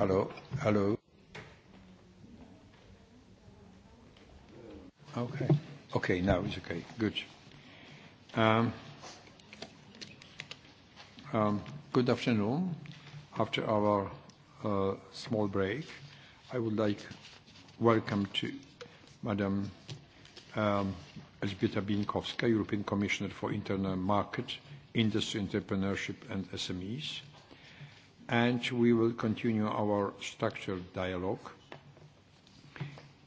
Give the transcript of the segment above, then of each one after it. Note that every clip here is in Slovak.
Hello, hello. Okay, okay, now it's okay, good. Um, um, good afternoon. After our uh, small break, I would like welcome to Madam um, Elżbieta Binkowska, European Commissioner for Internal Market, Industry, Entrepreneurship and SMEs and we will continue our structured dialogue,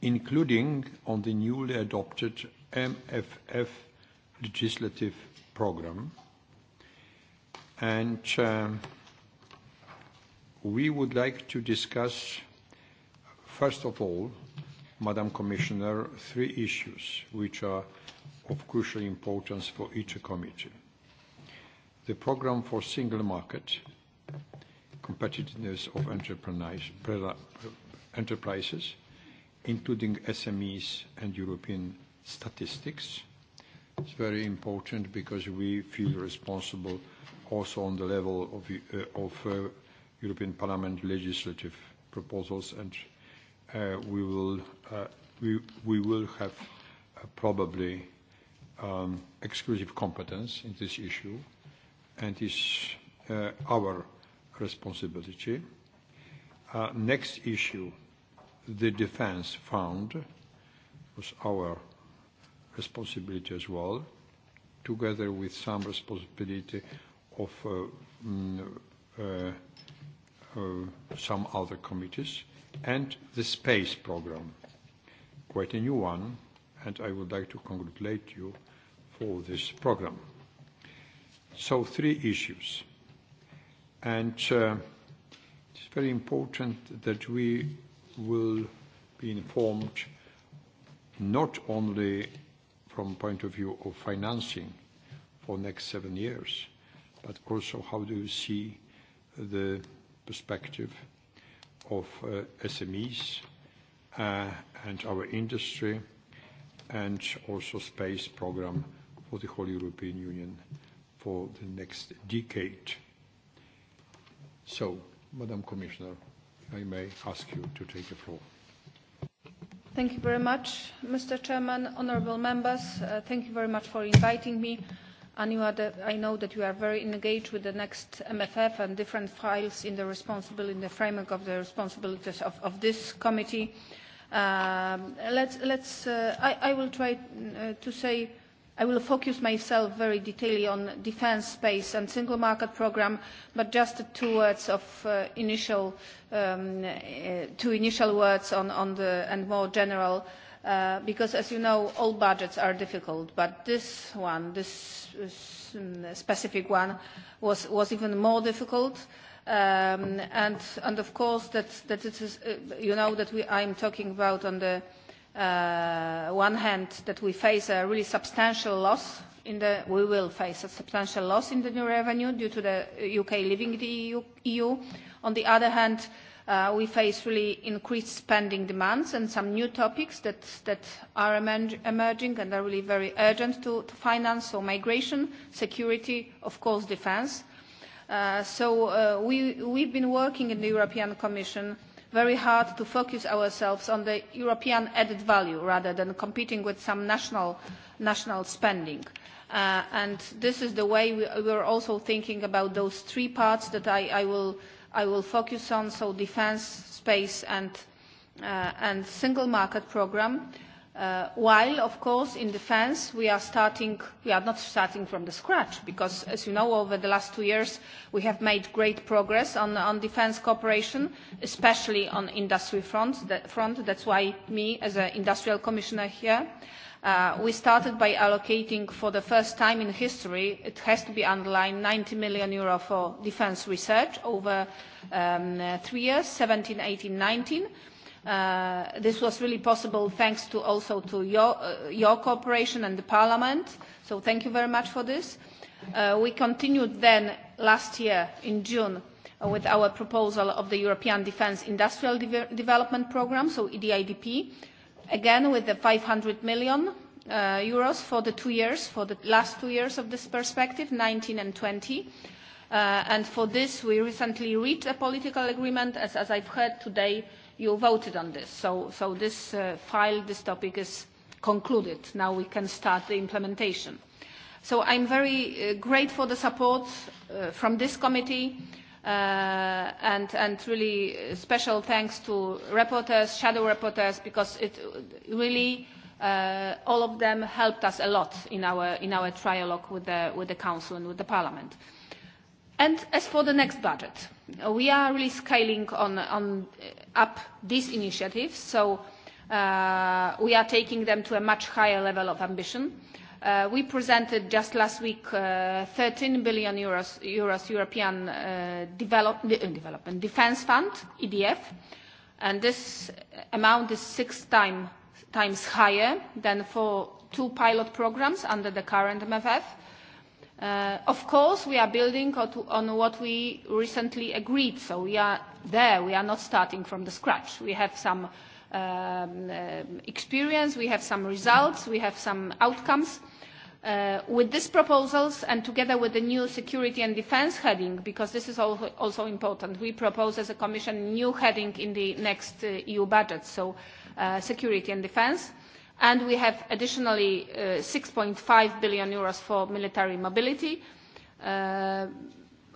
including on the newly adopted MFF legislative program. And um, we would like to discuss, first of all, Madam Commissioner, three issues which are of crucial importance for each committee. The program for single market, competitiveness of enterprises, including SMEs and European statistics. It's very important because we feel responsible also on the level of, uh, of uh, European Parliament legislative proposals, and uh, we will uh, we, we will have uh, probably um, exclusive competence in this issue, and it's uh, our responsibility. Uh, next issue, the defense fund was our responsibility as well, together with some responsibility of uh, mm, uh, uh, some other committees, and the space program, quite a new one, and I would like to congratulate you for this program. So three issues And uh, it's very important that we will be informed not only from point of view of financing for next seven years, but also how do you see the perspective of uh, SMEs uh, and our industry, and also space program for the whole European Union for the next decade. So, Madam Commissioner, I may ask you to take the floor. Thank you very much, Mr. Chairman, honourable members. Uh, thank you very much for inviting me. And you are the, I know that you are very engaged with the next MFF and different files in the responsibility, in the framework of the responsibilities of, of this committee. Um, let's, let's, uh, I, I will try uh, to say i will focus myself very detailedly on defence, space and single market programme, but just two words of uh, initial, um, uh, two initial words on, on the, and more general, uh, because as you know, all budgets are difficult, but this one, this um, specific one, was, was even more difficult. Um, and, and of course, that, that it is, uh, you know that we, I'm talking about on the Uh, one hand that we face a really substantial loss in the we will face a substantial loss in the new revenue due to the U.K. leaving the EU. E On the other hand, uh, we face really increased spending demands and some new topics that, are emerging and are really very urgent to, finance, so migration, security, of course, defense. Uh, so we, we've been working in the European Commission very hard to focus ourselves on the European added value rather than competing with some national, spending. Uh, and this is the way we, are also thinking about those three parts that I, will, focus on, so defence, space and, the uh, and single market programme. Uh, while, of course, in defence, we are starting, we are not starting from the scratch, because, as you know, over the last two years, we have made great progress on, on defence cooperation, especially on industry front. That, front. That's why me, as an industrial commissioner here, uh, we started by allocating for the first time in history, it has to be underlined, 90 million euro for defence research over um, three years, 17, 18, 19 Uh, this was really possible thanks to also to your, uh, your cooperation and the Parliament. So thank you very much for this. Uh, we continued then last year in June uh, with our proposal of the European Defence Industrial De Development Programme, so EDIDP, again with the 500 million uh, euros for the two years, for the last two years of this perspective, 19 and 20. Uh, and for this, we recently reached a political agreement, as, as I've heard today, you voted on this. So, so this uh, file, this topic is concluded. Now we can start the implementation. So I'm very uh, grateful for the support uh, from this committee uh, and, and really uh, special thanks to rapporteurs, shadow rapporteurs, because it really uh, all of them helped us a lot in our, in our trialogue with the, with the Council and with the Parliament. And as for the next budget, we are really scaling on, on uh, up these initiatives. So uh, we are taking them to a much higher level of ambition. Uh, we presented just last week EUR 13 billion euros, European Development Defence Fund, EDF, and this amount is six times higher than for two pilot programs under the current MFF. Uh, of course, we are building on what we recently agreed, so we are there. We are not starting from the scratch. We have some um, uh, experience, we have some results, we have some outcomes. Uh, with these proposals and together with the new security and defence heading, because this is also important, we propose as a Commission a new heading in the next EU budget, so security and defence and we have additionally EUR uh, six five billion Euros for military mobility. Uh,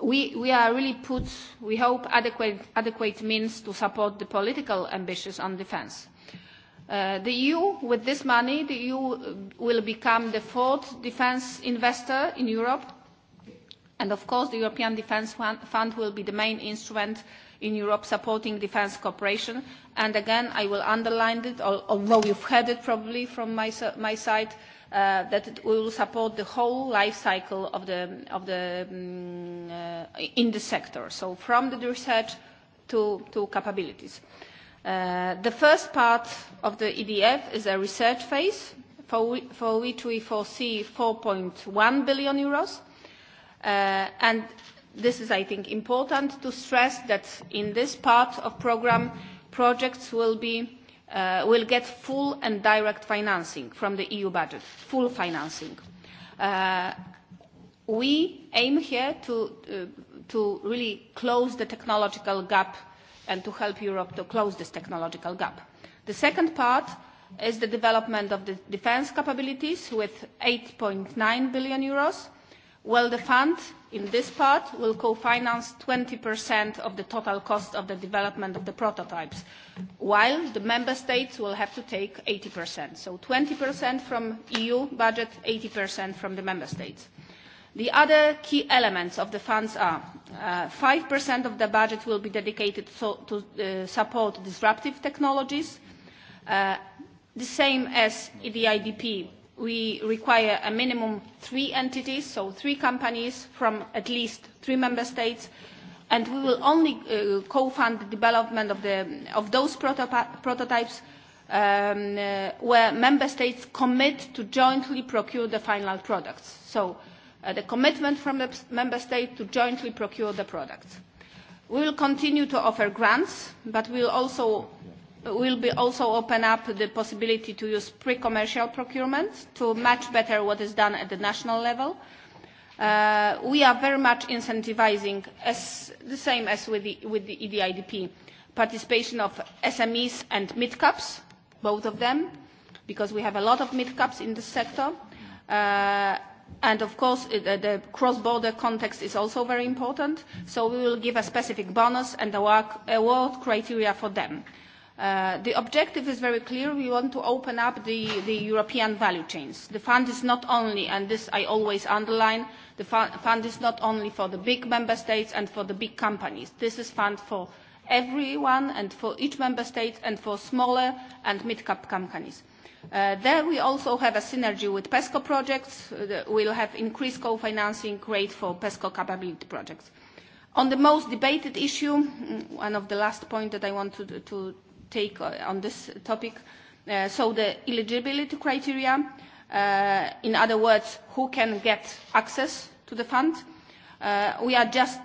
we, are really put, we hope, adequate, adequate means to support the political ambitions on defence. Uh, the EU, with this money, the EU will become the fourth defence investor in Europe. And of course, the European Defence Fund will be the main instrument in Europe supporting defence cooperation And again, I will underline it, although you've heard it probably from my, my side, uh, that it will support the whole life cycle of the, of the, mm, uh, in the sector, so from the research to, to capabilities. Uh, the first part of the EDF is a research phase, for, for which we foresee 4.1 billion euros. Uh, and this is, I think, important to stress that in this part of program, projects will, be, uh, will get full and direct financing from the EU budget, full financing. Uh, we aim here to, uh, to really close the technological gap and to help Europe to close this technological gap. The second part is the development of the defence capabilities with 8.9 billion euros. Well, the fund In this part, will co-finance 20% of the total cost of the development of the prototypes, while the member states will have to take 80%. So 20% from EU budget, 80% from the member states. The other key elements of the funds are 5% uh, of the budget will be dedicated to uh, support disruptive technologies, uh, the same as the IDP we require a minimum three entities, so three companies from at least three member states, and we will only uh, co-fund the development of, the, of those prototypes um, uh, where member states commit to jointly procure the final products. So uh, the commitment from the member state to jointly procure the products. We will continue to offer grants, but we will also will be also open up the possibility to use pre-commercial procurement to match better what is done at the national level. Uh, we are very much incentivizing, as, the same as with the, with the EDIDP, participation of SMEs and mid-caps, both of them, because we have a lot of mid-caps in this sector. Uh, and of course, the, the cross-border context is also very important, so we will give a specific bonus and award, award criteria for them. Uh, the objective is very clear. We want to open up the, the European value chains. The fund is not only, and this I always underline, the fund, is not only for the big member states and for the big companies. This is fund for everyone and for each member state and for smaller and mid-cap companies. Uh, there we also have a synergy with PESCO projects. Uh, we'll have increased co-financing rate for PESCO capability projects. On the most debated issue, mm, one of the last points that I want to, take uh, on this topic. Uh, so the eligibility criteria, uh, in other words, who can get access to the fund. Uh, we are just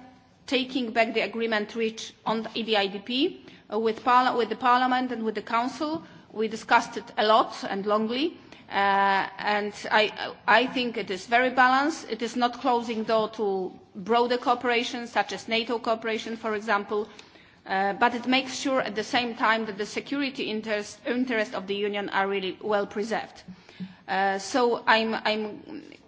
taking back the agreement reached on the EBIDP uh, with, with the Parliament and with the Council. We discussed it a lot and longly. Uh, and I, I think it is very balanced. It is not closing door to broader cooperation, such as NATO cooperation, for example, Uh, but it makes sure at the same time that the security interests interest of the Union are really well preserved. Uh, so I I'm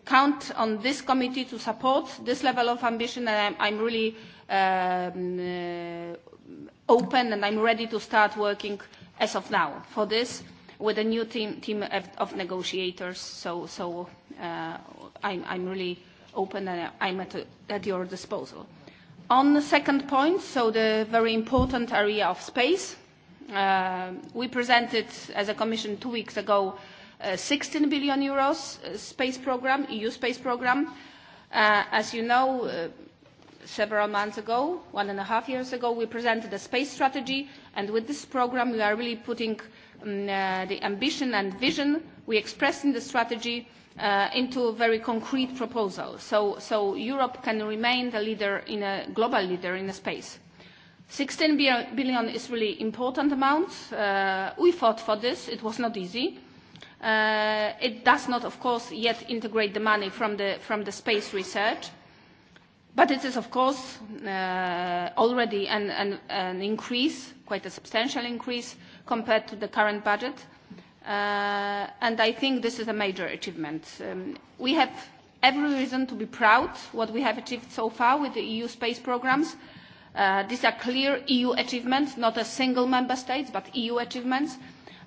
count on this committee to support this level of ambition and I am really um, uh, open and I am ready to start working as of now for this with a new team, team of negotiators. So, so uh, I am really open and I am at your disposal. On the second point, so the very important area of space, uh, we presented as a commission two weeks ago uh, EUR 16 billion euros uh, space program, EU space program. as you know, several months ago, one and a half years ago, we presented a space strategy, and with this program, we are really putting um, the ambition and vision we expressed in the strategy Uh, into a very concrete proposal so, so Europe can remain the leader in a global leader in the space. 16 billion is really important amount. Uh, we fought for this. It was not easy. Uh, it does not, of course, yet integrate the money from the, from the space research, but it is, of course, uh, already an, an, an increase, quite a substantial increase, compared to the current budget. Uh, and I think this is a major achievement. Um, we have every reason to be proud what we have achieved so far with the EU space programs. Uh, these are clear EU achievements, not a single member state, but EU achievements.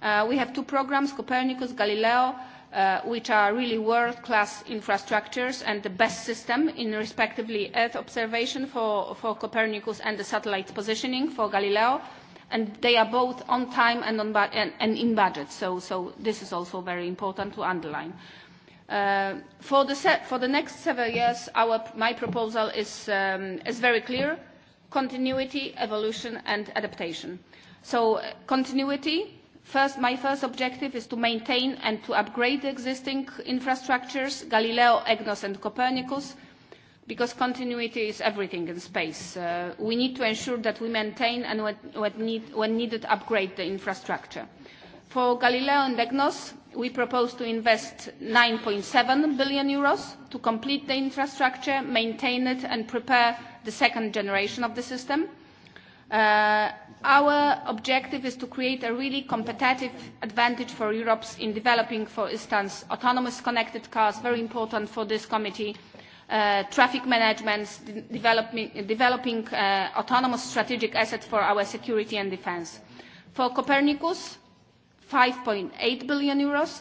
Uh, we have two programs, Copernicus, Galileo, which are really world-class infrastructures and the best system in respectively Earth observation for, for Copernicus and the satellite positioning for Galileo and they are both on time and, on and, and in budget. So, so this is also very important to underline. Uh, for, the set for the next several years, our, my proposal is, um, is very clear: continuity, evolution, and adaptation. So, uh, continuity. First, my first objective is to maintain and to upgrade the existing infrastructures, Galileo, EGNOS, and Copernicus because continuity is everything in space. Uh, we need to ensure that we maintain and when, need, when needed upgrade the infrastructure. For Galileo and EGNOS, we propose to invest EUR nine seven billion Euros to complete the infrastructure, maintain it and prepare the second generation of the system. Uh, our objective is to create a really competitive advantage for Europe in developing, for instance, autonomous connected cars, very important for this committee, Uh, traffic management, developing, uh, autonomous strategic assets for our security and defence. For Copernicus, 5.8 billion euros,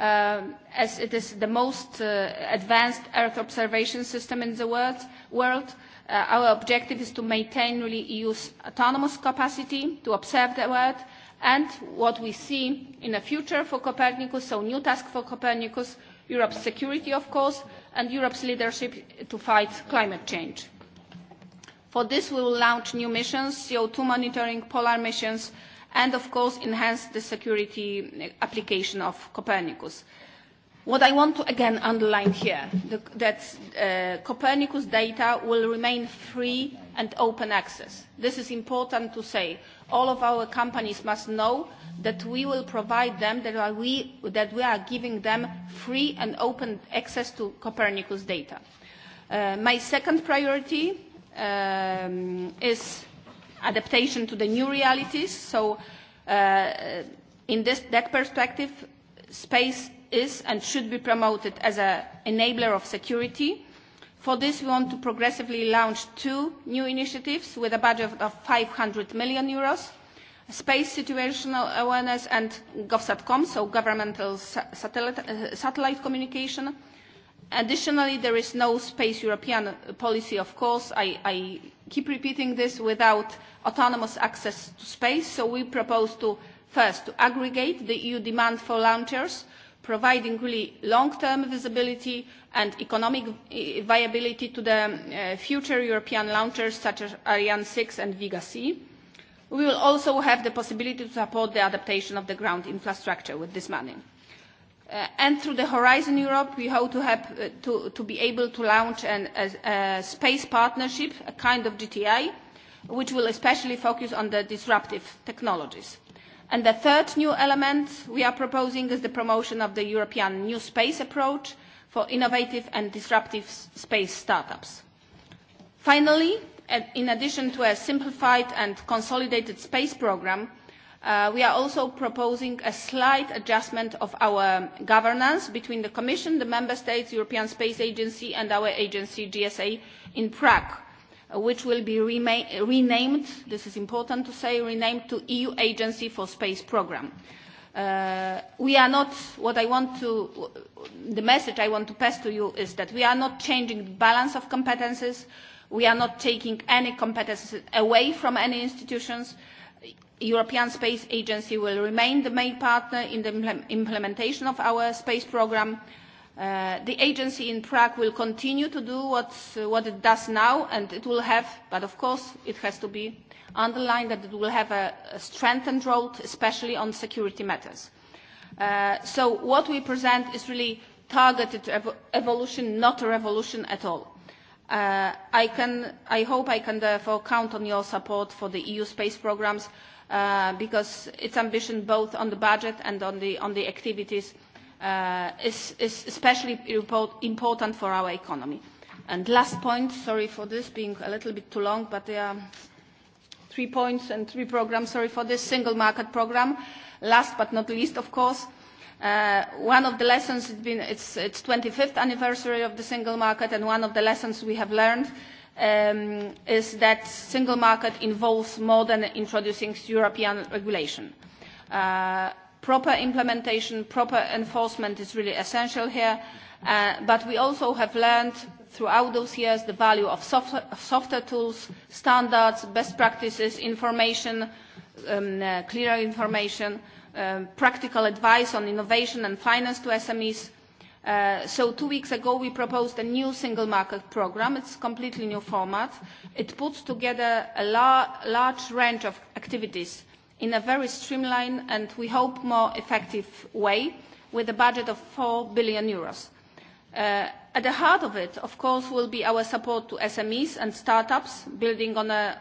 uh, as it is the most uh, advanced Earth observation system in the world. world. Uh, our objective is to maintain really EU's autonomous capacity to observe the world and what we see in the future for Copernicus, so new task for Copernicus, Europe's security, of course, and Europe's leadership to fight climate change. For this, we will launch new missions, co two monitoring, polar missions, and of course enhance the security eh, application of Copernicus. What I want to again underline here, the, that uh, Copernicus data will remain free and open access. This is important to say. All of our companies must know that we will provide them, that, we, that we are giving them free and open access to Copernicus data. Uh, my second priority um, is adaptation to the new realities. So uh, in this, that perspective, space is and should be promoted as an enabler of security For this, we want to progressively launch two new initiatives with a budget of 500 million euros, space situational awareness and GovSatcom, so governmental uh, satellite, communication. Additionally, there is no space European policy, of course. I, I keep repeating this without autonomous access to space. So we propose to, first, to aggregate the EU demand for launchers, providing really long-term visibility and economic viability to the uh, future European launchers such as Ariane 6 and Vega C. We will also have the possibility to support the adaptation of the ground infrastructure with this money. Uh, and through the Horizon Europe, we hope to, have, uh, to, to be able to launch an, a, a space partnership, a kind of GTI, which will especially focus on the disruptive technologies. And the third new element we are proposing is the promotion of the European new space approach for innovative and disruptive space startups. Finally, in addition to a simplified and consolidated space programme, uh, we are also proposing a slight adjustment of our governance between the Commission, the Member States, European Space Agency and our agency GSA in Prague Uh, which will be renamed, this is important to say, renamed to EU Agency for Space Programme. Uh, we are not, what I want to, the message I want to pass to you is that we are not changing the balance of competences, we are not taking any competences away from any institutions. European Space Agency will remain the main partner in the implementation of our space programme Uh, the agency in Prague will continue to do what, uh, what it does now, and it will have, but of course it has to be underlined that it will have a, a strengthened role, especially on security matters. Uh, so what we present is really targeted ev evolution, not a revolution at all. Uh, I, can, I hope I can therefore count on your support for the EU space programs uh, because its ambition both on the budget and on the, on the activities uh, Uh, is, is especially important for our economy. And last point, sorry for this being a little bit too long, but there are three points and three programs, sorry for this, single market program. Last but not least, of course, uh, one of the lessons, it's, been, it's, it's 25th anniversary of the single market, and one of the lessons we have learned um, is that single market involves more than introducing European regulation. Uh, proper implementation, proper enforcement is really essential here. Uh, but we also have learned throughout those years the value of software, tools, standards, best practices, information, um, uh, clearer information, uh, practical advice on innovation and finance to SMEs. Uh, so two weeks ago we proposed a new single market programme. It's a completely new format. It puts together a la large range of activities in a very streamlined and, we hope, more effective way with a budget of 4 billion euros. Uh, at the heart of it, of course, will be our support to SMEs and startups, building on the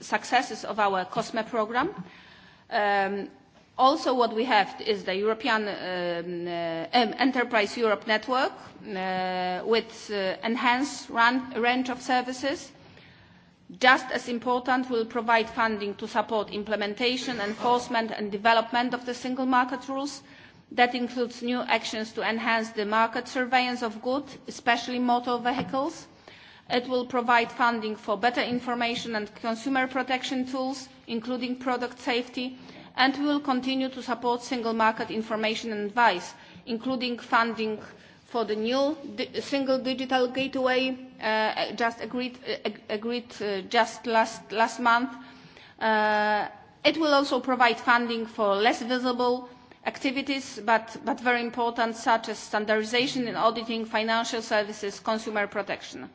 successes of our COSME programme. Um, also, what we have is the European um, uh, Enterprise Europe Network uh, with enhanced range of services – Just as important, we will provide funding to support implementation, enforcement and development of the single market rules. That includes new actions to enhance the market surveillance of goods, especially motor vehicles. It will provide funding for better information and consumer protection tools, including product safety, and we will continue to support single market information and advice, including funding for the new single digital gateway uh, just agreed, uh, agreed uh, just last, last month. Uh, it will also provide funding for less visible activities, but, but very important, such as standardization and auditing, financial services, consumer protection.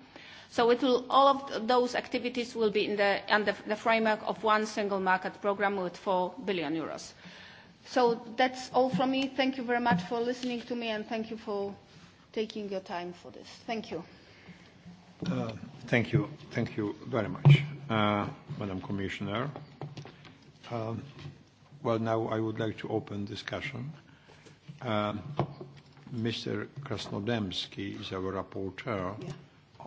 So it will, all of those activities will be in the, under the framework of one single market program with 4 billion euros. So that's all from me. Thank you very much for listening to me and thank you for taking your time for this. Thank you. Uh, thank you. Thank you very much, uh, Madam Commissioner. Uh, well, now I would like to open discussion. Uh, Mr. Krasnodemsky is our rapporteur yeah.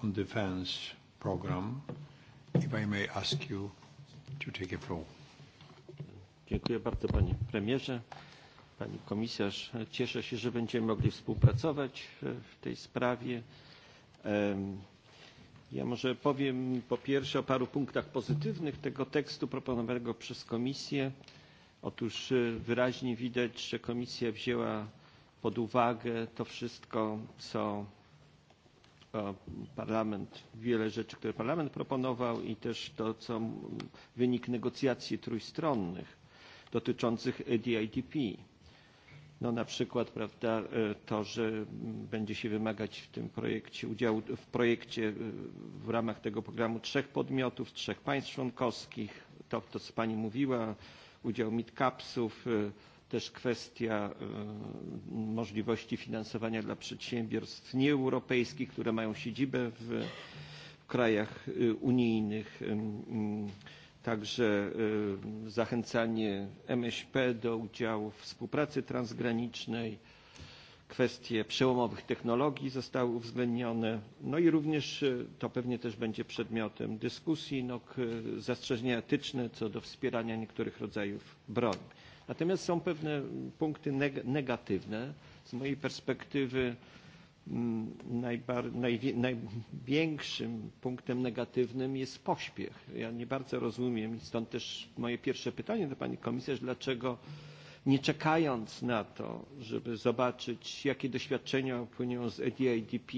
on defense program. If I may ask you to take a floor. Dziękuję bardzo, panie premierze. Pani komisarz, cieszę się, że będziemy mogli współpracować e, w tej sprawie. Ja może powiem po pierwsze o paru punktach pozytywnych tego tekstu proponowanego przez Komisję. Otóż e, wyraźnie widać, że Komisja wzięła pod uwagę to wszystko, co Parlament, wiele rzeczy, które Parlament proponował i też to, co wynik negocjacji trójstronnych dotyczących EDIDP. No na przykład prawda, e, to, że będzie się wymagać w tym projekcie udziału w projekcie e, w ramach tego programu trzech podmiotów, trzech państw członkowskich, to, to co Pani mówiła, udział capsów, e, też kwestia możliwości finansowania dla przedsiębiorstw nieeuropejskich, które mają siedzibę w krajach unijnych także e, zachęcanie MŚP do udziału w współpracy transgranicznej, kwestie przełomowych technologii zostały uwzględnione, no i również e, to pewnie też będzie przedmiotem dyskusji, no, zastrzeżenia etyczne co do wspierania niektórych rodzajów broni. Natomiast są pewne punkty negatywne z mojej perspektywy największym punktem negatywnym jest pośpiech. Ja nie bardzo rozumiem i stąd też moje pierwsze pytanie do pani komisarz, dlaczego nie czekając na to, żeby zobaczyć, jakie doświadczenia płyną z EDIDP,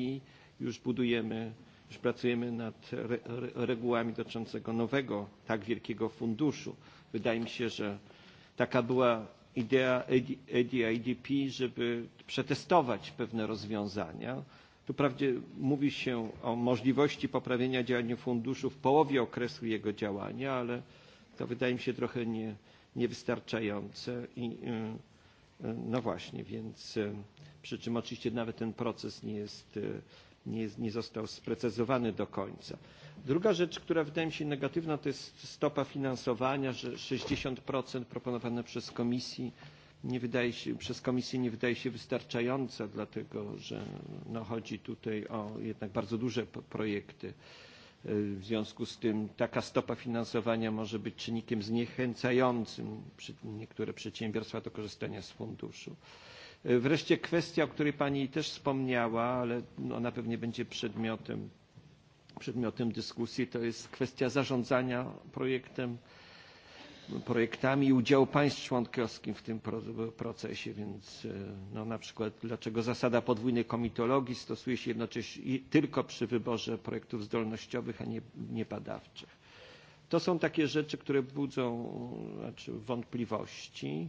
już budujemy, już pracujemy nad re, re, regułami dotyczącego nowego, tak wielkiego funduszu. Wydaje mi się, że taka była idea ADIDP, e żeby przetestować pewne rozwiązania. Tu prawdzie mówi się o możliwości poprawienia działania funduszu w połowie okresu jego działania, ale to wydaje mi się trochę nie, niewystarczające i no właśnie, więc przy czym oczywiście nawet ten proces nie jest, nie, jest, nie został sprecyzowany do końca. Druga rzecz, która wydaje mi się negatywna, to jest stopa finansowania, że 60% proponowane przez Komisję nie wydaje się, przez Komisję nie wydaje się wystarczająca, dlatego że no, chodzi tutaj o jednak bardzo duże projekty. W związku z tym taka stopa finansowania może być czynnikiem zniechęcającym niektóre przedsiębiorstwa do korzystania z funduszu. Wreszcie kwestia, o której Pani też wspomniała, ale ona pewnie będzie przedmiotem przedmiotem dyskusji, to jest kwestia zarządzania projektem, projektami i udziału państw członkowskich w tym procesie, więc e, no, na przykład dlaczego zasada podwójnej komitologii stosuje się jednocześnie tylko przy wyborze projektów zdolnościowych, a nie, nie badawczych. To są takie rzeczy, które budzą znaczy, wątpliwości.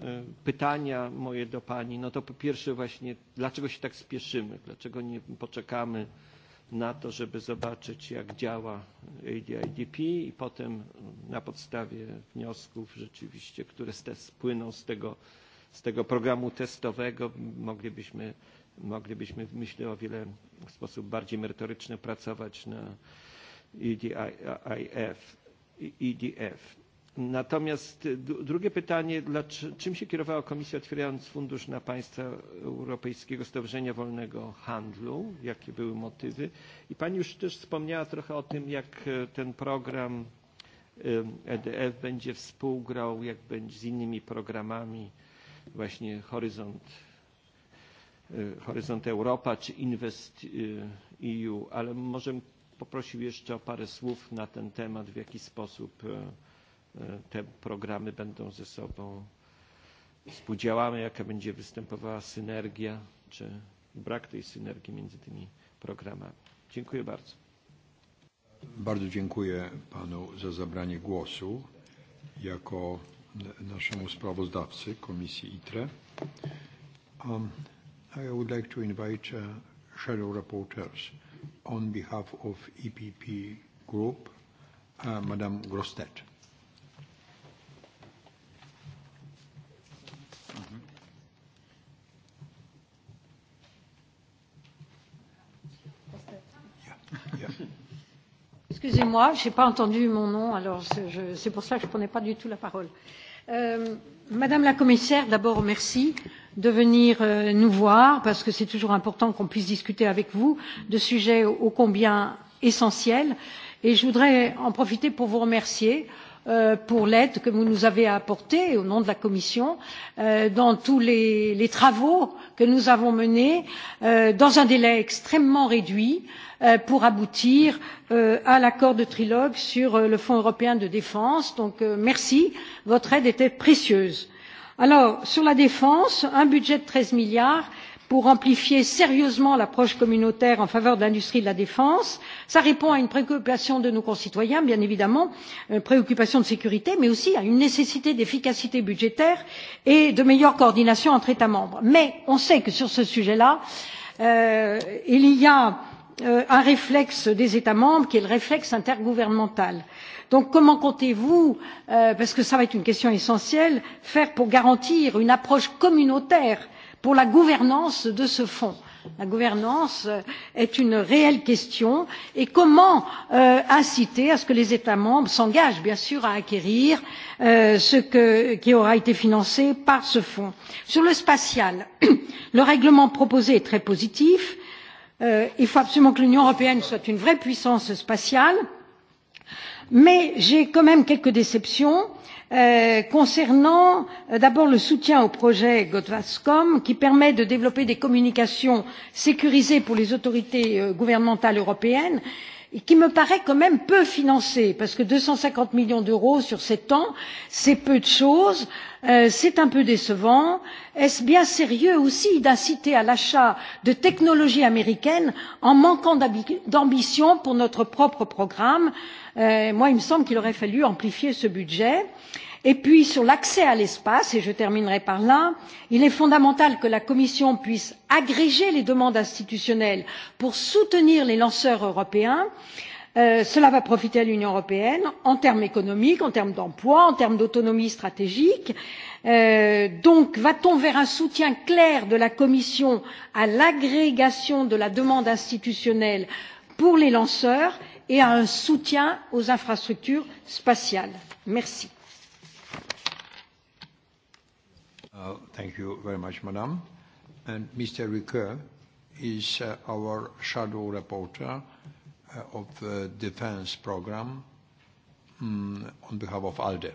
E, pytania moje do Pani, no to po pierwsze właśnie, dlaczego się tak spieszymy, dlaczego nie poczekamy na to, żeby zobaczyć, jak działa ADIDP i potem na podstawie wniosków rzeczywiście, które spłyną z tego, z tego programu testowego, moglibyśmy, moglibyśmy myślę o wiele w sposób bardziej merytoryczny pracować na EDIF. EDF. Natomiast e, drugie pytanie, czym się kierowała Komisja otwierając fundusz na państwa Europejskiego Stowarzyszenia Wolnego Handlu? Jakie były motywy? I Pani już też wspomniała trochę o tym, jak e, ten program EDF e będzie współgrał, jak będzie z innymi programami, właśnie Horyzont, Horyzont Europa czy Invest EU, ale może poprosił jeszcze o parę słów na ten temat, w jaki sposób E, te programy będą ze sobą współdziałały, jaka będzie występowała synergia czy brak tej synergii między tymi programami. Dziękuję bardzo. Bardzo dziękuję panu za zabranie głosu jako naszemu sprawozdawcy Komisji ITRE. Um, I would like to invite uh, shadow reporters on behalf of EPP Group, uh, Madame Grostet. Excusez-moi, je n'ai pas entendu mon nom, alors c'est pour cela que je ne prenais pas du tout la parole. Euh, Madame la commissaire, d'abord merci de venir euh, nous voir parce que c'est toujours important qu'on puisse discuter avec vous de sujets ô combien essentiels et je voudrais en profiter pour vous remercier euh, Euh, pour l'aide que vous nous avez apportée au nom de la commission euh, dans tous les, travaux que nous avons menés euh, dans un délai extrêmement réduit pour aboutir à l'accord de trilogue sur le fonds européen de défense. donc merci votre aide était précieuse. Alors, sur la défense un budget de treize milliards pour amplifier sérieusement l'approche communautaire en faveur de l'industrie de la défense. cela répond à une préoccupation de nos concitoyens bien évidemment une préoccupation de sécurité mais aussi à une nécessité d'efficacité budgétaire et de meilleure coordination entre états membres. mais on sait que sur ce sujet là euh, il y a euh, un réflexe des états membres qui est le réflexe intergouvernemental. donc comment comptez vous euh, parce que cela va être une question essentielle faire pour garantir une approche communautaire pour la gouvernance de ce fonds. La gouvernance euh, est une réelle question et comment euh, inciter à ce que les États membres s'engagent bien sûr à acquérir euh, ce que, qui aura été financé par ce fonds. Sur le spatial, le règlement proposé est très positif. Euh, il faut absolument que l'Union européenne soit une vraie puissance spatiale, mais j'ai quand même quelques déceptions. Euh, Euh, concernant euh, d'abord le soutien au projet Gotwascom qui permet de développer des communications sécurisées pour les autorités euh, gouvernementales européennes et qui me paraît quand même peu financé parce que deux cent cinquante millions d'euros sur sept ans c'est peu de chose c'est un peu décevant. est ce bien sérieux aussi d'inciter à l'achat de technologies américaines en manquant d'ambition pour notre propre programme? Euh, moi, il me semble qu'il aurait fallu amplifier ce budget. Et puis, sur l'accès à l'espace, et je terminerai par là, il est fondamental que la Commission puisse agréger les demandes institutionnelles pour soutenir les lanceurs européens. Euh, cela va profiter à l'union européenne en termes économiques en termes d'emploi en termes d'autonomie stratégique. Euh, donc va t on vers un soutien clair de la commission à l'agrégation de la demande institutionnelle pour les lanceurs et à un soutien aux infrastructures spatiales. merci. Uh, thank you very much, madam. And Mr. Ricoeur is uh, our shadow reporter uh, of the defense program um, on behalf of ALDE.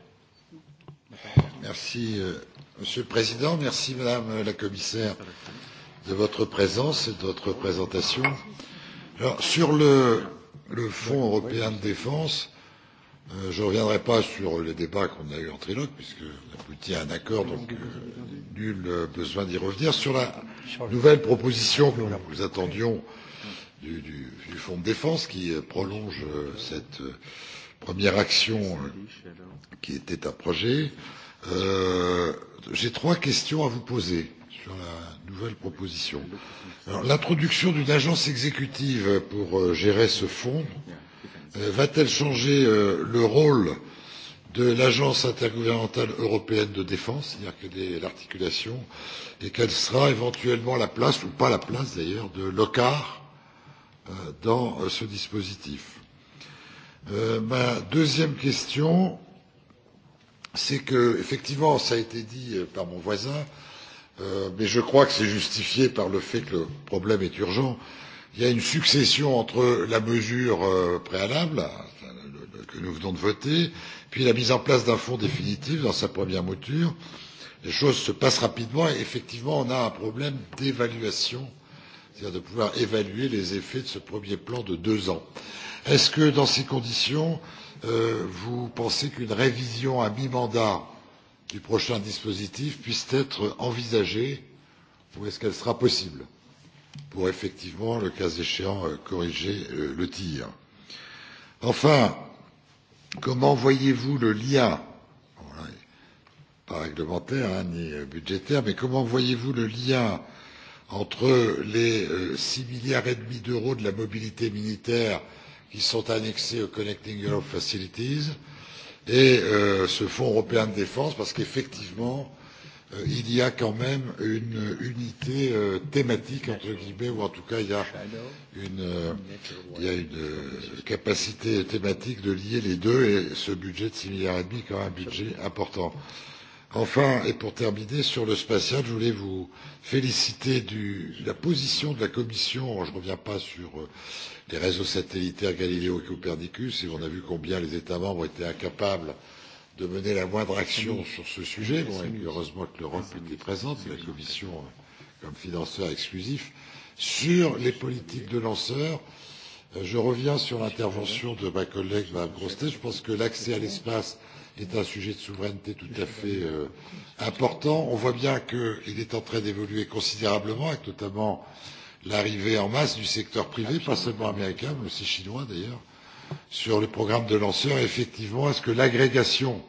Merci, euh, Monsieur le Président. Merci, Madame la Commissaire, de votre présence et de votre présentation. Alors, sur le le Fonds européen de défense, euh, je ne reviendrai pas sur les débats qu'on a eus en trilogue, puisqu'on aboutit à un accord, donc euh, nul besoin d'y revenir. Sur la nouvelle proposition que nous attendions du, du, du Fonds de défense, qui euh, prolonge euh, cette euh, première action euh, qui était un projet, euh, j'ai trois questions à vous poser sur la nouvelle proposition. L'introduction d'une agence exécutive pour euh, gérer ce fonds euh, va-t-elle changer euh, le rôle de l'Agence intergouvernementale européenne de défense, c'est-à-dire quelle est l'articulation, et quelle sera éventuellement la place, ou pas la place d'ailleurs, de l'OCAR dans ce dispositif. Euh, ma deuxième question, c'est que, effectivement, ça a été dit par mon voisin, euh, Euh, mais je crois que c'est justifié par le fait que le problème est urgent. Il y a une succession entre la mesure euh, préalable que nous venons de voter, puis la mise en place d'un fonds définitif dans sa première mouture. Les choses se passent rapidement et effectivement, on a un problème d'évaluation, c'est-à-dire de pouvoir évaluer les effets de ce premier plan de deux ans. Est-ce que dans ces conditions, euh, vous pensez qu'une révision à mi-mandat euh, du prochain dispositif puisse être envisagée ou est-ce qu'elle sera possible pour effectivement, le cas échéant, euh, corriger euh, le tir. Enfin, comment voyez-vous le lien, pas réglementaire hein, ni euh, budgétaire, mais comment voyez-vous le lien entre les six milliards et demi d'euros de la mobilité militaire qui sont annexés au Connecting Europe Facilities et euh, ce Fonds européen de défense, parce qu'effectivement, euh, il y a quand même une unité euh, thématique, entre guillemets, ou en tout cas, il y a une, euh, il y a une euh, capacité thématique de lier les deux, et ce budget de 6 milliards et demi est quand même un budget important. Enfin, et pour terminer, sur le spatial, je voulais vous féliciter de la position de la Commission. Je ne reviens pas sur euh, les réseaux satellitaires Galileo et Copernicus, et on a vu combien les États membres étaient incapables de mener la moindre action sur ce sujet. Bon, et heureusement que l'Europe était présente, la Commission euh, comme financeur exclusif. Sur les politiques de lanceurs, euh, je reviens sur l'intervention de ma collègue Mme Grostet. Je pense que l'accès à l'espace est un sujet de souveraineté tout à fait euh, important. On voit bien qu'il est en train d'évoluer considérablement, avec notamment euh, l'arrivée en masse du secteur privé, pas seulement américain, mais aussi chinois d'ailleurs, sur les programmes de lanceurs. Effectivement, est-ce que l'agrégation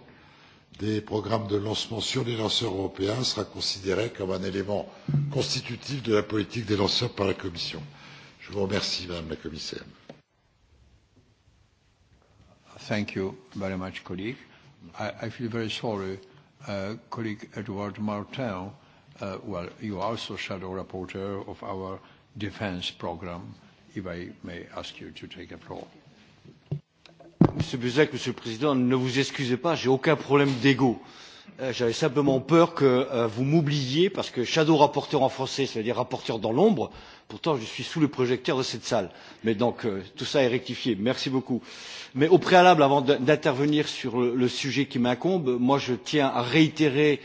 des programmes de lancement sur les lanceurs européens sera considérée comme un élément constitutif de la politique des lanceurs par la Commission Je vous remercie, Madame la Commissaire. Thank you very much, colleague. I, I feel very sorry, uh, colleague Edward Martin. Uh, well, you are also shadow rapporteur of our defense program, if I may ask you to take a floor. Monsieur Buzek, Monsieur le Président, ne vous excusez pas, j'ai aucun problème d'ego. Euh, J'avais simplement peur que euh, vous m'oubliez, parce que shadow rapporteur en français, c'est-à-dire rapporteur dans l'ombre, pourtant je suis sous le projecteur de cette salle. Mais donc euh, tout ça est rectifié, merci beaucoup. Mais au préalable, avant d'intervenir sur le, le sujet qui m'incombe, moi je tiens à réitérer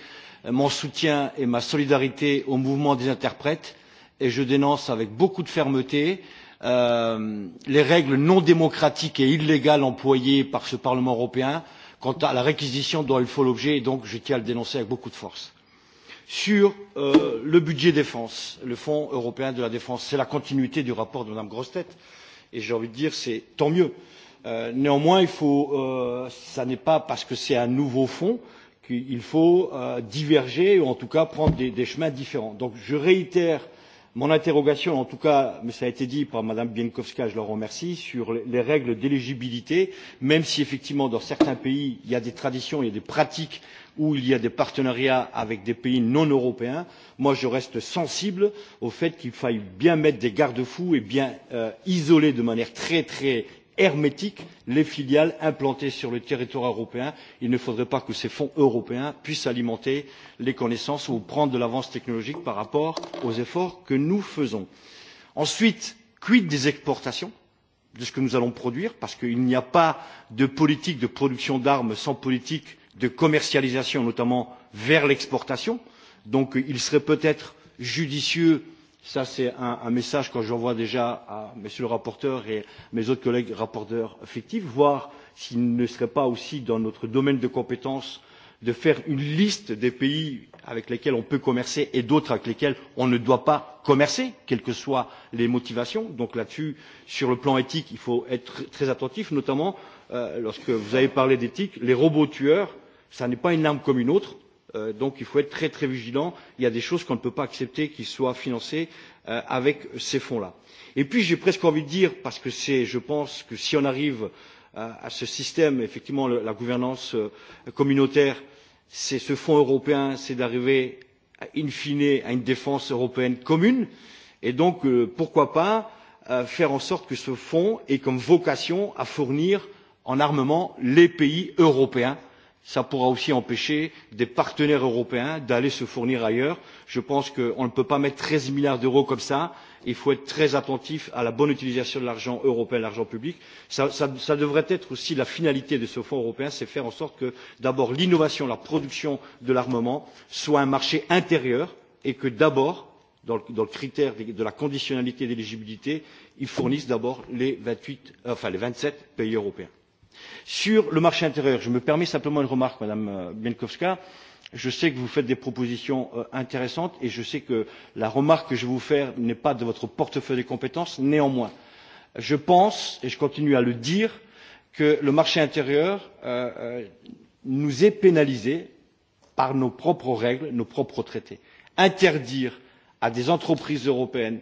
mon soutien et ma solidarité au mouvement des interprètes et je dénonce avec beaucoup de fermeté euh, les règles non démocratiques et illégales employées par ce Parlement européen quant à la réquisition dont il faut l'objet et donc je tiens à le dénoncer avec beaucoup de force. Sur euh, le budget défense, le Fonds européen de la défense, c'est la continuité du rapport de Mme Grossetête et j'ai envie de dire c'est tant mieux. Euh, néanmoins, il faut, euh, ça n'est pas parce que c'est un nouveau fonds qu'il faut euh, diverger ou en tout cas prendre des, des chemins différents. Donc je réitère euh, Mon interrogation, en tout cas, mais cela a été dit par Mme Bienkowska, je la remercie, sur les règles d'éligibilité, même si effectivement dans certains pays il y a des traditions, il y a des pratiques où il y a des partenariats avec des pays non européens, moi je reste sensible au fait qu'il faille bien mettre des garde-fous et bien euh, isoler de manière très très hermétique les filiales implantées sur le territoire européen. il ne faudrait pas que ces fonds européens puissent alimenter les connaissances ou prendre de l'avance technologique par rapport aux efforts que nous faisons. ensuite quid des exportations de ce que nous allons produire parce qu'il n'y a pas de politique de production d'armes sans politique de commercialisation notamment vers l'exportation. donc il serait peut être judicieux Ça, c'est un, un message que j'envoie déjà à Monsieur le rapporteur et à mes autres collègues rapporteurs fictifs, voir s'il ne serait pas aussi dans notre domaine de compétences de faire une liste des pays avec lesquels on peut commercer et d'autres avec lesquels on ne doit pas commercer, quelles que soient les motivations. Donc là-dessus, sur le plan éthique, il faut être très attentif, notamment euh, lorsque vous avez parlé d'éthique, les robots tueurs, ce n'est pas une arme comme une autre Euh, donc il faut être très très vigilant il y a des choses qu'on ne peut pas accepter qui soient financées euh, avec ces fonds là. et puis j'ai presque envie de dire parce que je pense que si on arrive euh, à ce système effectivement la gouvernance communautaire c'est ce fonds européen c'est d'arriver in fine à une défense européenne commune et donc pourquoi pas faire en sorte que ce fonds ait comme vocation à fournir en armement les pays européens Cela pourra aussi empêcher des partenaires européens d'aller se fournir ailleurs. Je pense qu'on ne peut pas mettre treize milliards d'euros comme cela. Il faut être très attentif à la bonne utilisation de l'argent européen, de l'argent public. Cela devrait être aussi la finalité de ce fonds européen, c'est faire en sorte que d'abord l'innovation, la production de l'armement soit un marché intérieur et que d'abord, dans, le critère de la conditionnalité d'éligibilité, ils fournissent d'abord les vingt sept pays européens sur le marché intérieur je me permets simplement une remarque madame euh, biekowska je sais que vous faites des propositions euh, intéressantes et je sais que la remarque que je vais vous faire n'est pas de votre portefeuille de compétences néanmoins je pense et je continue à le dire que le marché intérieur euh, euh nous est pénalisé par nos propres règles, nos propres traités. Interdire à des entreprises européennes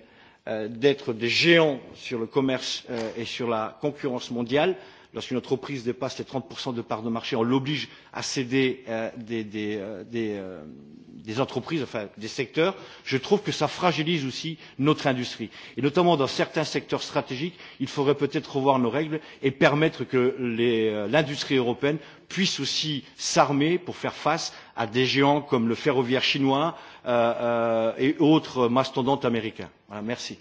euh, d'être des géants sur le commerce euh, et sur la concurrence mondiale lorsqu'une entreprise dépasse les trente de parts de marché on l'oblige à céder euh, des, des, euh, des, euh, des entreprises enfin des secteurs je trouve que cela fragilise aussi notre industrie et notamment dans certains secteurs stratégiques il faudrait peut être revoir nos règles et permettre que euh, l'industrie européenne puisse aussi s'armer pour faire face à des géants comme le ferroviaire chinois euh, euh, et autres mastodontes américains. Voilà, merci.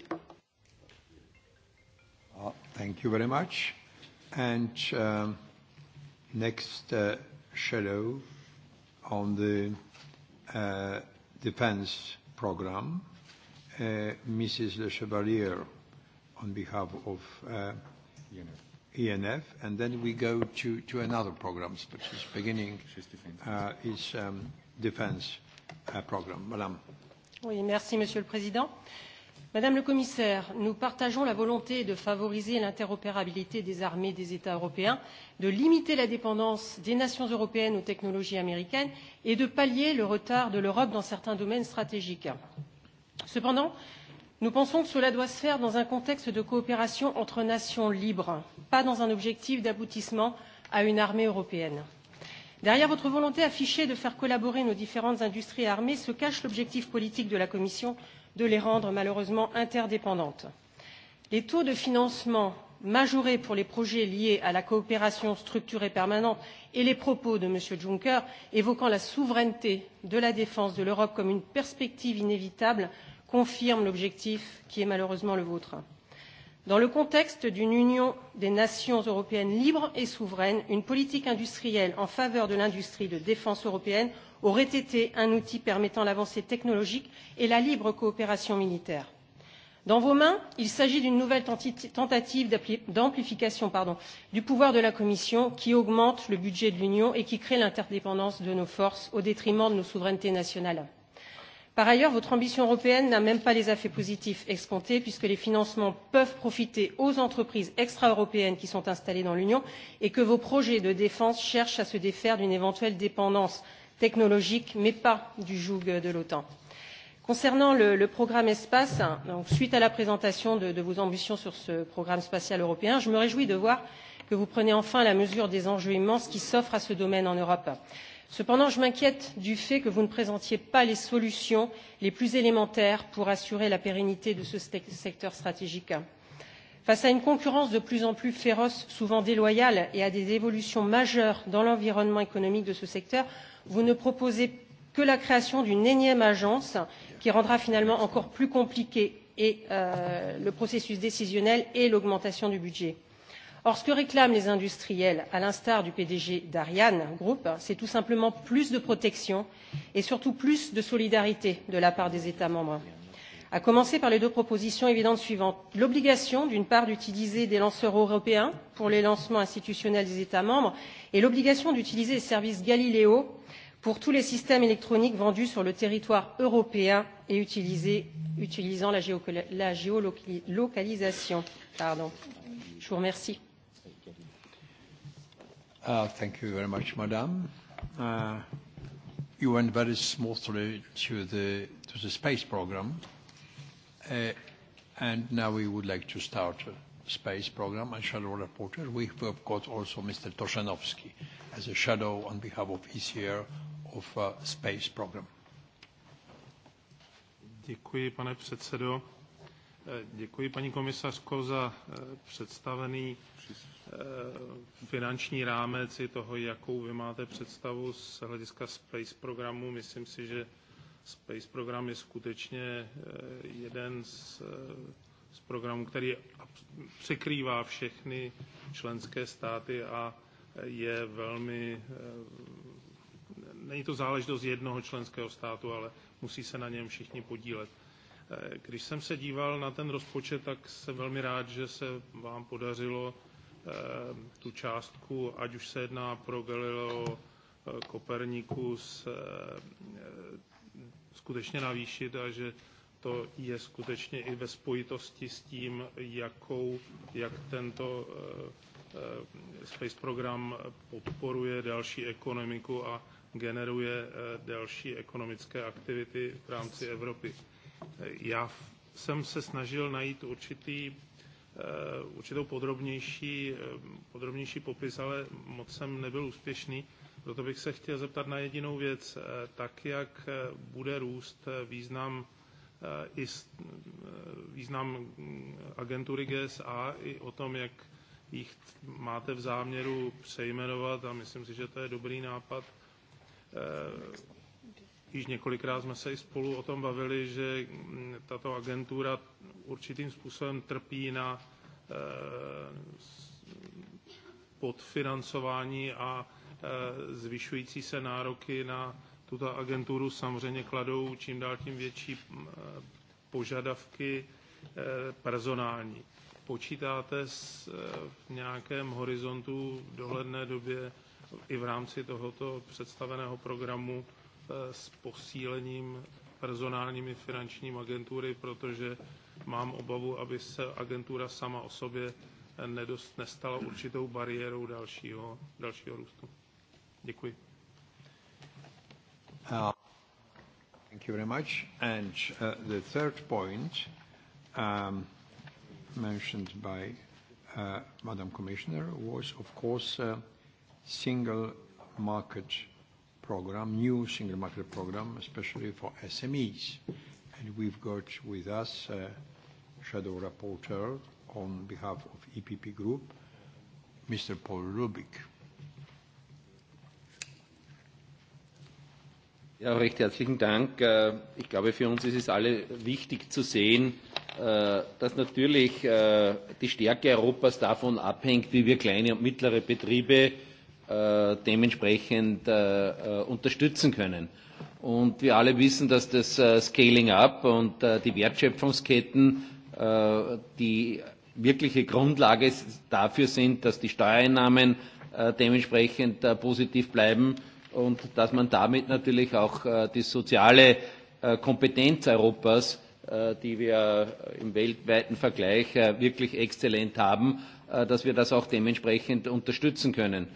Ah, thank you very much. And um, next, uh, shadow on the uh, defense program, uh, Mrs. Le Chevalier on behalf of uh, ENF, and then we go to, to another program, which is beginning, uh, is um, defense uh, program. Madame. Oui, merci, Monsieur le Président madame la commissaire nous partageons la volonté de favoriser l'interopérabilité des armées des états européens de limiter la dépendance des nations européennes aux technologies américaines et de pallier le retard de l'europe dans certains domaines stratégiques. cependant nous pensons que cela doit se faire dans un contexte de coopération entre nations libres pas dans un objectif d'aboutissement à une armée européenne. derrière votre volonté affichée de faire collaborer nos différentes industries armées se cache l'objectif politique de la commission de les rendre malheureusement interdépendantes. les taux de financement majorés pour les projets liés à la coopération structurée permanente et les propos de m. juncker évoquant la souveraineté de la défense de l'europe comme une perspective inévitable confirment l'objectif qui est malheureusement le vôtre. Dans le contexte d'une Union des nations européennes libres et souveraines, une politique industrielle en faveur de l'industrie de défense européenne aurait été un outil permettant l'avancée technologique et la libre coopération militaire. Dans vos mains, il s'agit d'une nouvelle tentative d'amplification du pouvoir de la Commission qui augmente le budget de l'Union et qui crée l'interdépendance de nos forces au détriment de nos souverainetés nationales par ailleurs votre ambition européenne n'a même pas les effets positifs escomptés puisque les financements peuvent profiter aux entreprises extra européennes qui sont installées dans l'union et que vos projets de défense cherchent à se défaire d'une éventuelle dépendance technologique mais pas du joug de l'otan. concernant le, le programme espace donc, suite à la présentation de, de vos ambitions sur ce programme spatial européen je me réjouis de voir que vous prenez enfin la mesure des enjeux immenses qui s'offrent à ce domaine en europe cependant je m'inquiète du fait que vous ne présentiez pas les solutions les plus élémentaires pour assurer la pérennité de ce secteur stratégique. face à une concurrence de plus en plus féroce souvent déloyale et à des évolutions majeures dans l'environnement économique de ce secteur vous ne proposez que la création d'une énième agence qui rendra finalement encore plus compliqué euh, le processus décisionnel et l'augmentation du budget or ce que réclament les industriels à l'instar du pdg d'ariane group c'est tout simplement plus de protection et surtout plus de solidarité de la part des états membres à commencer par les deux propositions évidentes suivantes l'obligation d'une part d'utiliser des lanceurs européens pour les lancements institutionnels des états membres et l'obligation d'utiliser les services galileo pour tous les systèmes électroniques vendus sur le territoire européen et utilisés, utilisant la, géolocalisation. Pardon. Je vous remercie. Uh, thank you very much, madam. Uh, you went very smoothly to the, to the space program. Uh, and now we would like to start a space program and shadow reporter. We have got also Mr. Toshanovsky as a shadow on behalf of ECR of space program. Děkuji, pane předsedo. Děkuji paní komisařko za eh, představený eh, finanční rámec i toho, jakou vy máte představu z hlediska Space programu. Myslím si, že Space program je skutečně eh, jeden z, z programů, který překrývá všechny členské státy a je velmi, není to záležitost jednoho členského státu, ale musí se na něm všichni podílet. Eh, když jsem se díval na ten rozpočet, tak jsem velmi rád, že se vám podařilo eh, tu částku, ať už se jedná pro Galileo, eh, Kopernikus, skutečně navýšit a že to je skutečně i ve spojitosti s tím, jakou, jak tento space program podporuje další ekonomiku a generuje další ekonomické aktivity v rámci Evropy. Já jsem se snažil najít určitý, eh, určitou podrobnější, eh, podrobnější popis, ale moc jsem nebyl úspěšný. Proto bych se chtěl zeptat na jedinou věc. Eh, tak, jak bude růst význam i význam mm, agentury GSA i o tom, jak jich máte v záměru přejmenovat a myslím si, že to je dobrý nápad. Již několikrát jsme se i spolu o tom bavili, že mm, tato agentura určitým způsobem trpí na eh, podfinancování a eh, zvyšující se nároky na tuto agenturu samozřejmě kladou čím dál tím větší mm, eh, požadavky personální. Počítáte s, v nějakém horizontu v dohledné době i v rámci tohoto představeného programu Eh, s posílením personálními finančním agentury, protože mám obavu, aby se agentura sama o sobě eh, nedost, nestala určitou bariérou dalšího, dalšího růstu. Děkuji. Uh, thank you very much. And uh, the third point um, mentioned by uh, Madam Commissioner was, of course, uh, single market program, new single market program, especially for SMEs. And we've got with us a uh, shadow rapporteur on behalf of EPP Group, Mr. Paul Rubik. Ja, recht herzlichen Dank. Äh, ich glaube, für uns ist es alle wichtig zu sehen, äh, dass natürlich äh, die Stärke Europas davon abhängt, wie wir kleine und mittlere Betriebe äh, dementsprechend äh, äh, unterstützen können. Und wir alle wissen, dass das äh, Scaling Up und äh, die Wertschöpfungsketten äh, die wirkliche Grundlage dafür sind, dass die Steuereinnahmen äh, dementsprechend äh, positiv bleiben und dass man damit natürlich auch äh, die soziale äh, Kompetenz Europas, äh, die wir im weltweiten Vergleich äh, wirklich exzellent haben, äh, dass wir das auch dementsprechend unterstützen können.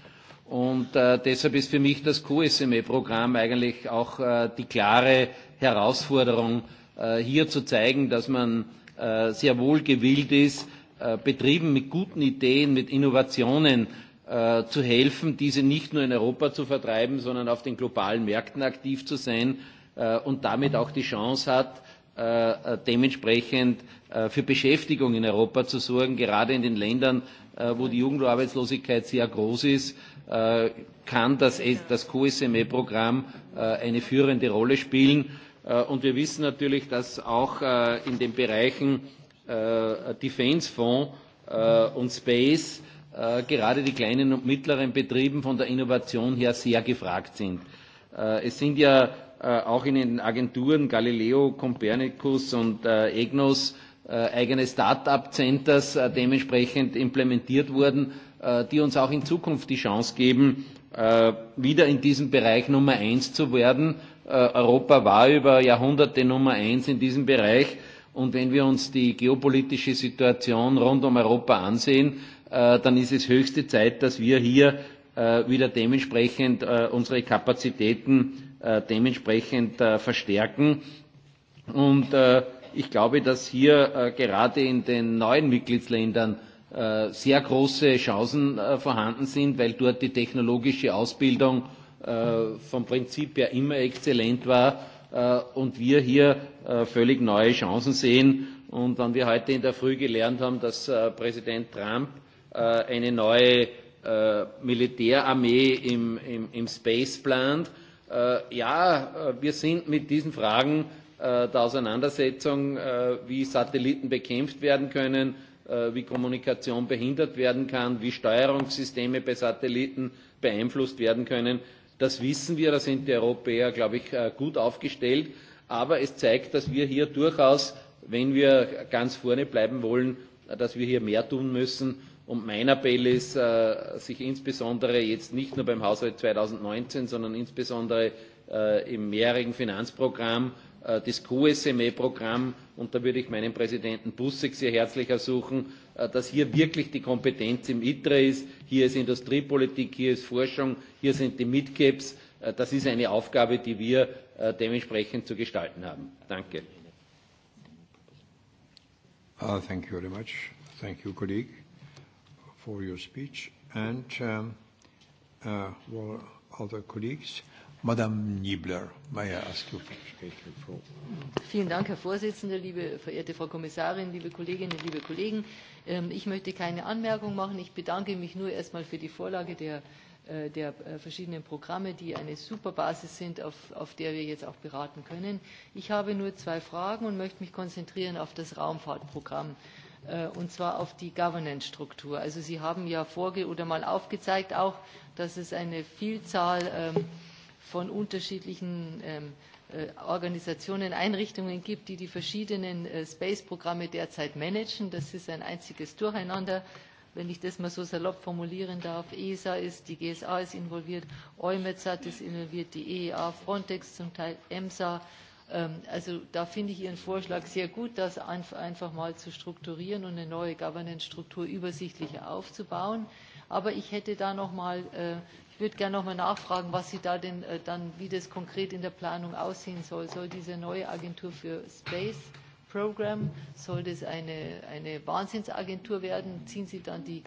Und äh, deshalb ist für mich das QSME-Programm eigentlich auch äh, die klare Herausforderung, äh, hier zu zeigen, dass man äh, sehr wohl gewillt ist, äh, Betrieben mit guten Ideen, mit Innovationen äh, zu helfen, diese nicht nur in Europa zu vertreiben, sondern auf den globalen Märkten aktiv zu sein äh, und damit auch die Chance hat, äh, äh dementsprechend äh, für Beschäftigung in Europa zu sorgen, gerade in den Ländern, äh, wo die Jugendarbeitslosigkeit sehr groß ist Äh, kann das, das QSME-Programm äh, eine führende Rolle spielen. Äh, und wir wissen natürlich, dass auch in den Bereichen Defense Fonds und Space gerade die kleinen und mittleren Betrieben von der Innovation her sehr gefragt sind. Es sind ja auch in den Agenturen Galileo, Copernicus und EGNOS eigene Start-up-Centers dementsprechend implementiert worden Äh, die uns auch in Zukunft die Chance geben, äh, wieder in diesem Bereich Nummer eins zu werden. Äh, Europa war über Jahrhunderte Nummer eins in diesem Bereich. Und wenn wir uns die geopolitische Situation rund um Europa ansehen, dann ist es höchste Zeit, dass wir hier wieder dementsprechend unsere Kapazitäten dementsprechend verstärken. Und ich glaube, dass hier gerade in den neuen Mitgliedsländern Äh, sehr große Chancen äh, vorhanden sind, weil dort die technologische Ausbildung äh, vom Prinzip her immer exzellent war und wir hier völlig neue Chancen sehen. Und wenn wir heute in der Früh gelernt haben, dass Präsident Trump eine neue Militärarmee im, im, im Space plant, ja, wir sind mit diesen Fragen der Auseinandersetzung, wie Satelliten bekämpft werden können, Äh, wie Kommunikation behindert werden kann, wie Steuerungssysteme bei Satelliten beeinflusst werden können. Das wissen wir, da sind die Europäer, glaube ich, äh, gut aufgestellt. Aber es zeigt, dass wir hier durchaus, wenn wir ganz vorne bleiben wollen, dass wir hier mehr tun müssen. Und mein Appell ist, äh, sich insbesondere jetzt nicht nur beim Haushalt 2019, sondern insbesondere im mehrjährigen Finanzprogramm Äh, das QSME Programm und da würde ich meinen Präsidenten Busek sehr herzlich ersuchen, äh, dass hier wirklich die Kompetenz im ITRE ist. Hier ist Industriepolitik, hier ist Forschung, hier sind die Midcaps. Äh, das ist eine Aufgabe, die wir dementsprechend zu gestalten haben. Danke. Uh, thank you very much. Thank you, colleague, for your speech. And um, uh, well, other colleagues. Madame Niebler, Vielen Dank, Herr Vorsitzender, liebe verehrte Frau Kommissarin, liebe Kolleginnen, liebe Kollegen. Ähm, ich möchte keine Anmerkung machen. Ich bedanke mich nur erstmal für die Vorlage der, äh, der äh, verschiedenen Programme, die eine super Basis sind, auf, auf der wir jetzt auch beraten können. Ich habe nur zwei Fragen und möchte mich konzentrieren auf das Raumfahrtprogramm äh, und zwar auf die Governance Struktur. Also Sie haben ja vorge oder mal aufgezeigt auch, dass es eine Vielzahl ähm, von unterschiedlichen ähm, äh, Organisationen, Einrichtungen gibt, die die verschiedenen äh, Space-Programme derzeit managen. Das ist ein einziges Durcheinander, wenn ich das mal so salopp formulieren darf. ESA ist, die GSA ist involviert, EUMETSAT ist involviert, die EEA, Frontex zum Teil, EMSA. Ähm, also da finde ich Ihren Vorschlag sehr gut, das einfach mal zu strukturieren und eine neue Governance-Struktur übersichtlicher aufzubauen. Aber ich hätte da noch mal äh, ich würde gerne noch mal nachfragen, was Sie da denn äh, dann, wie das konkret in der Planung aussehen soll. Soll diese neue Agentur für Space Program, soll das eine, eine Wahnsinnsagentur werden? Ziehen Sie dann die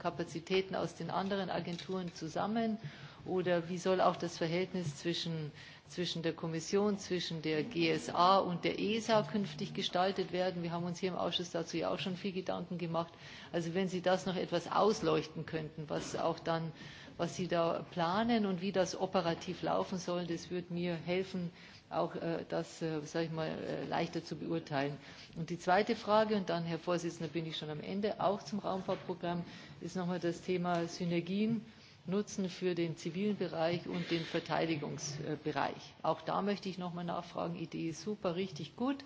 Kapazitäten aus den anderen Agenturen zusammen? Oder wie soll auch das Verhältnis zwischen, zwischen der Kommission, zwischen der GSA und der ESA künftig gestaltet werden? Wir haben uns hier im Ausschuss dazu ja auch schon viel Gedanken gemacht. Also wenn Sie das noch etwas ausleuchten könnten, was auch dann was Sie da planen und wie das operativ laufen soll. Das wird mir helfen, auch äh, das äh, sag ich mal, äh, leichter zu beurteilen. Und die zweite Frage, und dann, Herr Vorsitzender, bin ich schon am Ende, auch zum Raumfahrtprogramm, ist nochmal das Thema Synergien nutzen für den zivilen Bereich und den Verteidigungsbereich. Auch da möchte ich nochmal nachfragen. Idee ist super, richtig gut,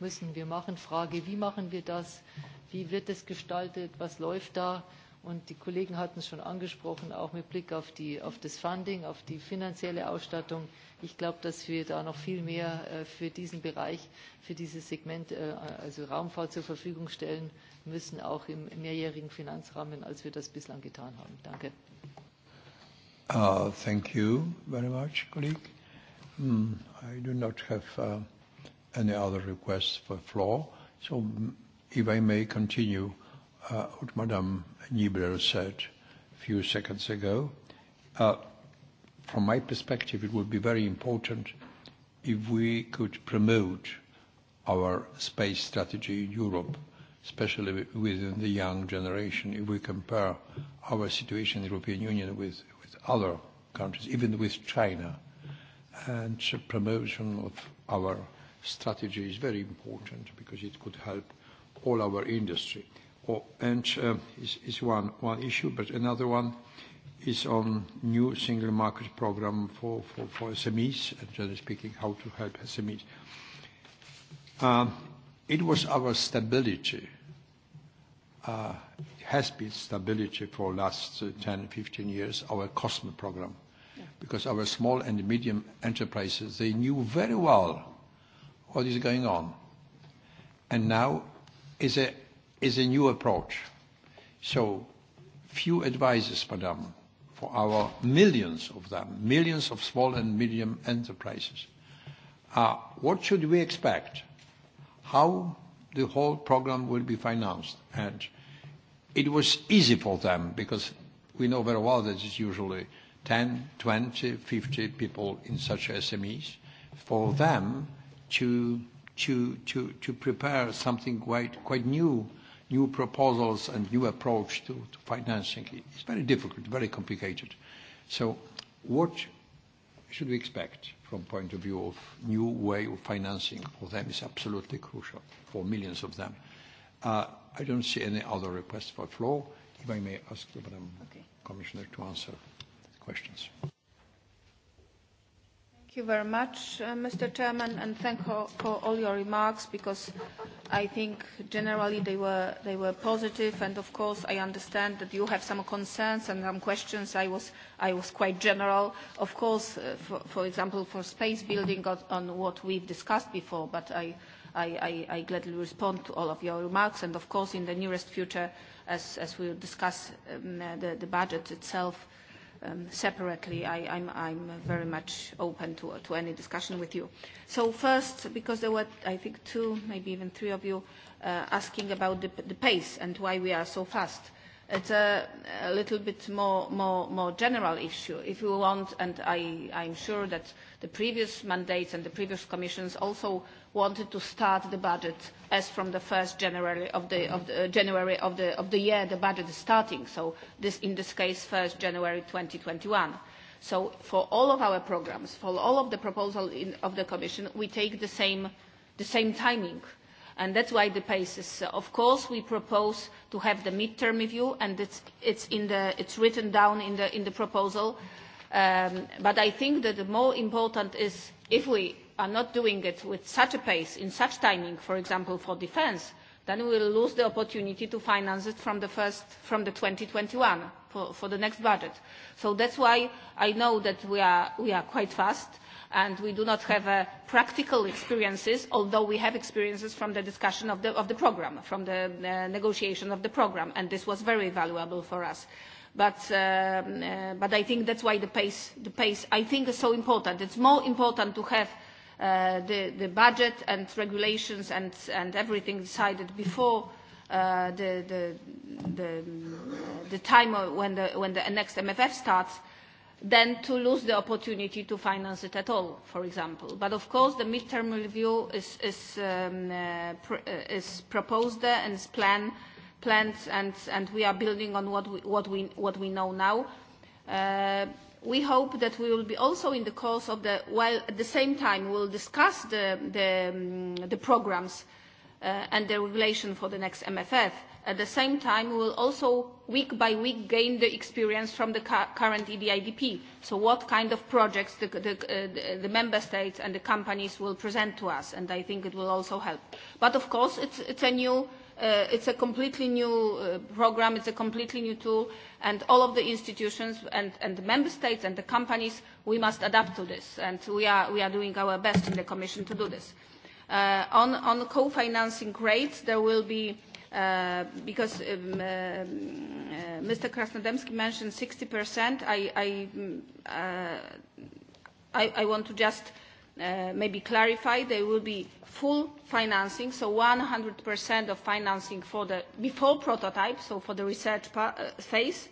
müssen wir machen. Frage, wie machen wir das? Wie wird es gestaltet? Was läuft da? Und die Kollegen hatten es schon angesprochen, auch mit Blick auf, die, auf das Funding, auf die finanzielle Ausstattung. Ich glaube, dass wir da noch viel mehr äh, für diesen Bereich, für dieses Segment, äh, also Raumfahrt zur Verfügung stellen müssen, auch im mehrjährigen Finanzrahmen, als wir das bislang getan haben. Danke. Uh, thank you very much, colleague. Mm, I do not have uh, any other requests for floor, so if I may continue uh, what Madame Niebler said a few seconds ago. Uh, from my perspective, it would be very important if we could promote our space strategy in Europe, especially within the young generation, if we compare our situation in the European Union with, with other countries, even with China. And promotion of our strategy is very important because it could help all our industry and uh, is, is one, one issue, but another one is on new single market program for, for, for SMEs, and generally speaking, how to help SMEs. Um, it was our stability, uh, it has been stability for last uh, 10, 15 years, our COSME program, yeah. because our small and medium enterprises, they knew very well what is going on. And now is a is a new approach. So few advisors, them, for our millions of them, millions of small and medium enterprises. Uh, what should we expect? How the whole program will be financed? And it was easy for them because we know very well that it's usually 10, 20, 50 people in such SMEs. For them to, to, to, to prepare something quite, quite new new proposals and new approach to, to financing. It's very difficult, very complicated. So what should we expect from point of view of new way of financing for them is absolutely crucial for millions of them. Uh, I don't see any other requests for floor. If I may ask the Madam okay. Commissioner to answer the questions. Thank you very much, uh, Mr. Chairman, and thank you for all your remarks because I think generally they were, they were positive and of course I understand that you have some concerns and some questions. I was, I was quite general, of course, uh, for, for example, for space building on, on what we've discussed before, but I, I, I, I gladly respond to all of your remarks and of course in the nearest future as, as we discuss um, the, the budget itself, um, separately, I, I'm, I'm very much open to, to any discussion with you. So first, because there were, I think, two, maybe even three of you uh, asking about the, the pace and why we are so fast it's a, a little bit more, more, more general issue. If you want, and I, I'm sure that the previous mandates and the previous commissions also wanted to start the budget as from the 1st January of the, of the, uh, January of the, of the year the budget is starting, so this in this case 1st January 2021. So for all of our programs, for all of the proposal in, of the Commission, we take the same, the same timing and that's why the pace is, uh, of course, we propose to have the mid-term review, and it's, it's, in the, it's written down in the, in the proposal. Um, but I think that the more important is if we are not doing it with such a pace, in such timing, for example, for defence, then we will lose the opportunity to finance it from the first, from the 2021 for, for the next budget. So that's why I know that we are, we are quite fast, and we do not have uh, practical experiences, although we have experiences from the discussion of the, of the programme, from the uh, negotiation of the programme, and this was very valuable for us. But, um, uh, but I think that's why the pace, the pace, I think, is so important. It's more important to have uh, the, the budget and regulations and, and everything decided before uh, the, the, the, the time when the, when the next MFF starts than to lose the opportunity to finance it at all, for example. But of course, the midterm review is, is, um, uh, pr uh, is proposed there and is plan, planned, and, and we are building on what we, what we, what we know now. Uh, we hope that we will be also in the course of the, while at the same time we will discuss the, the, um, the programs uh, and the regulation for the next MFF. At the same time, we will also week by week gain the experience from the current EDIDP. So what kind of projects the, the, uh, the member states and the companies will present to us, and I think it will also help. But of course, it's, it's a new uh, it's a completely new uh, program, it's a completely new tool, and all of the institutions and, and the member states and the companies, we must adapt to this, and we are, we are doing our best in the Commission to do this. Uh, on on co-financing rates, there will be Uh, because um, uh, uh Mr. Krasnodemsky mentioned 60%. I, I, uh, I, I want to just uh, maybe clarify there will be full financing, so 100% of financing for the before prototype, so for the research pa uh, phase,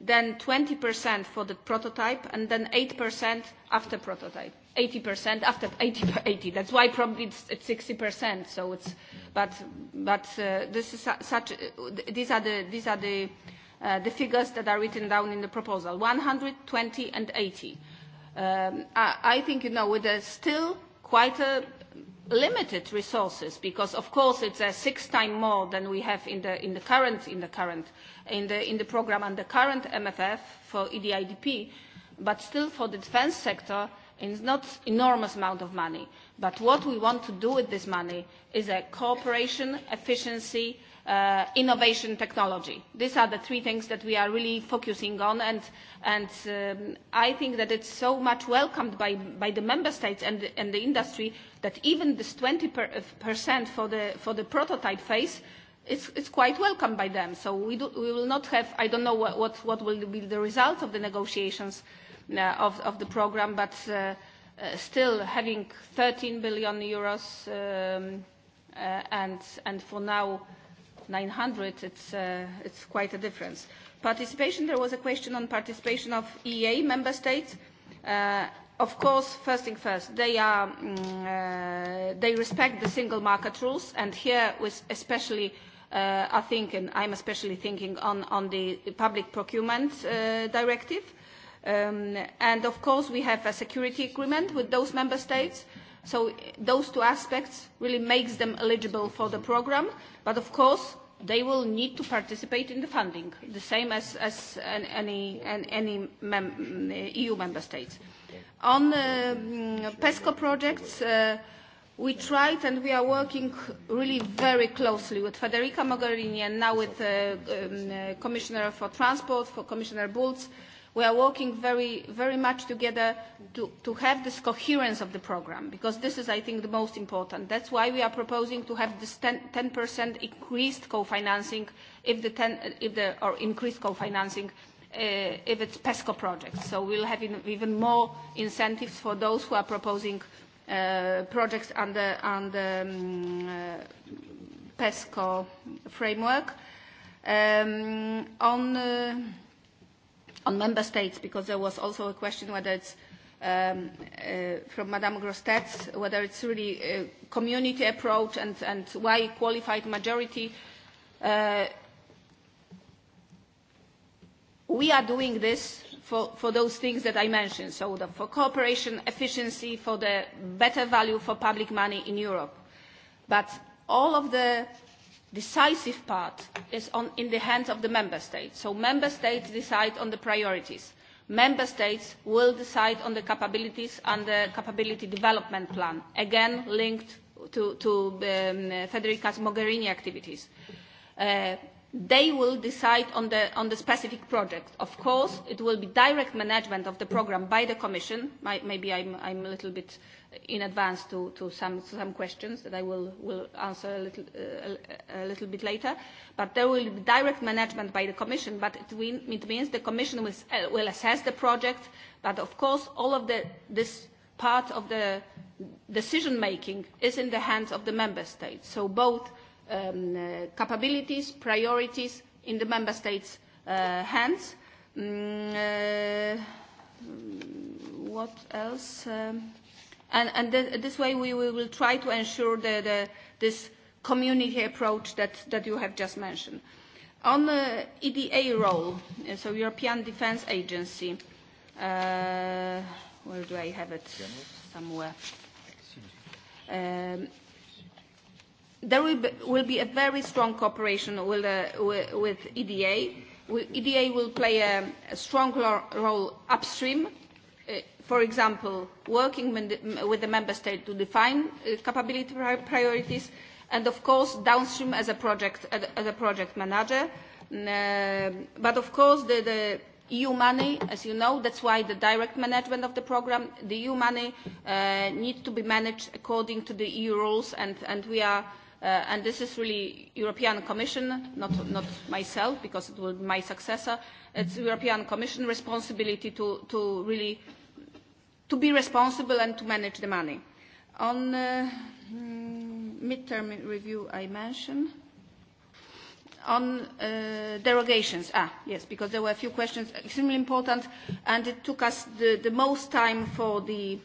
then 20% for the prototype, and then 8% after prototype 80% after 80 80. That's why probably it's, it's 60%. So it's, but but uh, this is such. Uh, these are the these are the uh, the figures that are written down in the proposal. 120 and 80. Um, I, I think you know with a still quite a limited resources because of course it's a six times more than we have in the in the current in the current in the in the program and the current MFF for EDIDP, but still for the defence sector It's not enormous amount of money, but what we want to do with this money is a cooperation, efficiency, uh, innovation technology. These are the three things that we are really focusing on, and, um, I think that it's so much welcomed by, by the member states and, and the industry that even this 20% uh, for the, for the prototype phase it's, quite welcomed by them. So we, do, we will not have, I don't know what, what, what will be the result of the negotiations Uh, of, of the programme, but uh, uh, still having 13 billion euros um, and, and for now 900, it's, uh, it's quite a difference. Participation, there was a question on participation of EEA member states. of course, first thing first, they, are, mm, they respect the single market rules, and here with especially uh, are thinking, I'm especially thinking on, on the public procurement directive. Um, and of course, we have a security agreement with those member states. So those two aspects really makes them eligible for the program. But of course, they will need to participate in the funding, the same as, as any, any mem EU member states. On um, PESCO projects, uh, we tried and we are working really very closely with Federica Mogherini and now with uh, um, uh, Commissioner for Transport, for Commissioner Bulc, we are working very, very much together to, to have this coherence of the program, because this is, I think, the most important. That's why we are proposing to have this 10, 10% increased co-financing, if the 10, if the, or increased co-financing uh, if it's PESCO projects. So we'll have in, even more incentives for those who are proposing uh, projects under, under um, uh, PESCO framework. Um, on... Uh, on member states, because there was also a question whether it's um, uh, from Madame Grostetz, whether it's really a community approach and, and why qualified majority. Uh, we are doing this for, for those things that I mentioned, so the, for cooperation, efficiency, for the better value for public money in Europe. But all of the decisive part is on, in the hands of the member states. So member states decide on the priorities. Member states will decide on the capabilities and the capability development plan, again linked to, to um, Federica Mogherini activities. Uh, they will decide on the, on the specific project. Of course, it will be direct management of the programme by the Commission. My, maybe I'm, I'm a little bit in advance to, to some, some questions that I will, will answer a little, uh, a little bit later. But there will be direct management by the Commission, but it, will, it means the Commission will, uh, will assess the project, but of course all of the, this part of the decision making is in the hands of the Member States. So both um, uh, capabilities, priorities in the Member States' uh, hands. Mm, uh, what else? Um, And, and th this way we, we will try to ensure the, the, this community approach that, that you have just mentioned. On the EDA role, uh, so European Defence Agency, uh, where do I have it? Somewhere. Um, there will be, will be a very strong cooperation with, uh, with, e with EDA. EDA will play a, a strong role upstream Uh, for example, working with the member state to define uh, capability priorities, and of course downstream as a project, as a project manager. Mm, uh, but of course, the, the EU money, as you know, that's why the direct management of the programme, the EU money uh, needs to be managed according to the EU rules, and, and we are Uh, and this is really European Commission, not, not myself, because it will be my successor. It's European Commission responsibility to, to really to be responsible and to manage the money. On uh, hmm, midterm review, I mentioned. On uh, derogations, ah, yes, because there were a few questions, extremely important, and it took us the, the most time for the,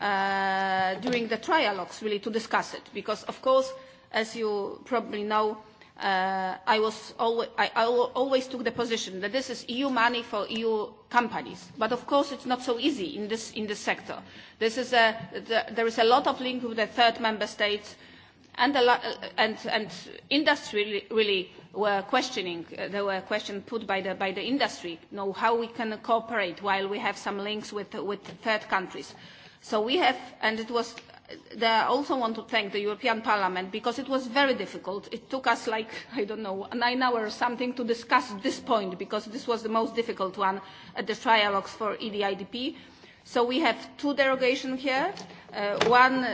uh, during the trialogues, really, to discuss it, because, of course, as you probably know, uh, I, was always, I, I always took the position that this is EU money for EU companies. But of course, it's not so easy in this, in this sector. This is a, the, there is a lot of link with the third member states, and, a lot, and, and industry really, really were questioning, uh, there were questions put by the, by the industry, you know, how we can cooperate while we have some links with, with third countries. So we have, and it was i also want to thank the European Parliament because it was very difficult. It took us like, I don't know, nine hours or something to discuss this point because this was the most difficult one at the trialogues for EDIDP. So we have two derogations here, uh, one um,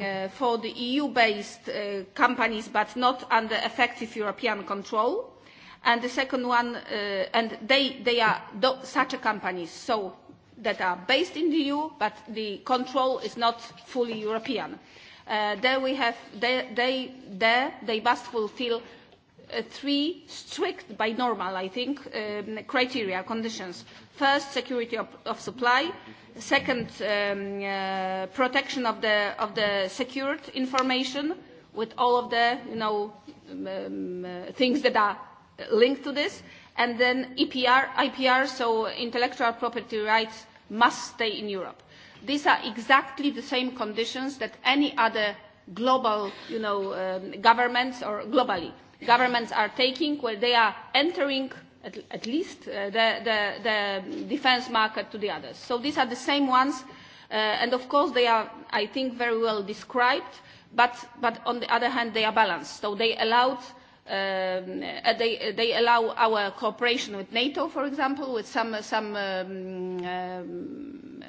uh, for the EU-based uh, companies but not under effective European control, and the second one, uh, and they, they are such a companies, so that are based in the EU, but the control is not fully European. Uh, there we have, they, they, there they must fulfill uh, three strict, by normal, I think, um, criteria, conditions. First, security of, of supply. Second, um, uh, protection of the, of the secured information with all of the, you know, um, uh, things that are linked to this. And then EPR, IPR, so intellectual property rights must stay in Europe. These are exactly the same conditions that any other global you know, um, governments or globally governments are taking where they are entering at, at least uh, the, the, the defense market to the others. So these are the same ones uh, and of course they are, I think, very well described but, but on the other hand they are balanced. So they allowed Um, uh, they, they allow our cooperation with NATO, for example, with some, some um, uh,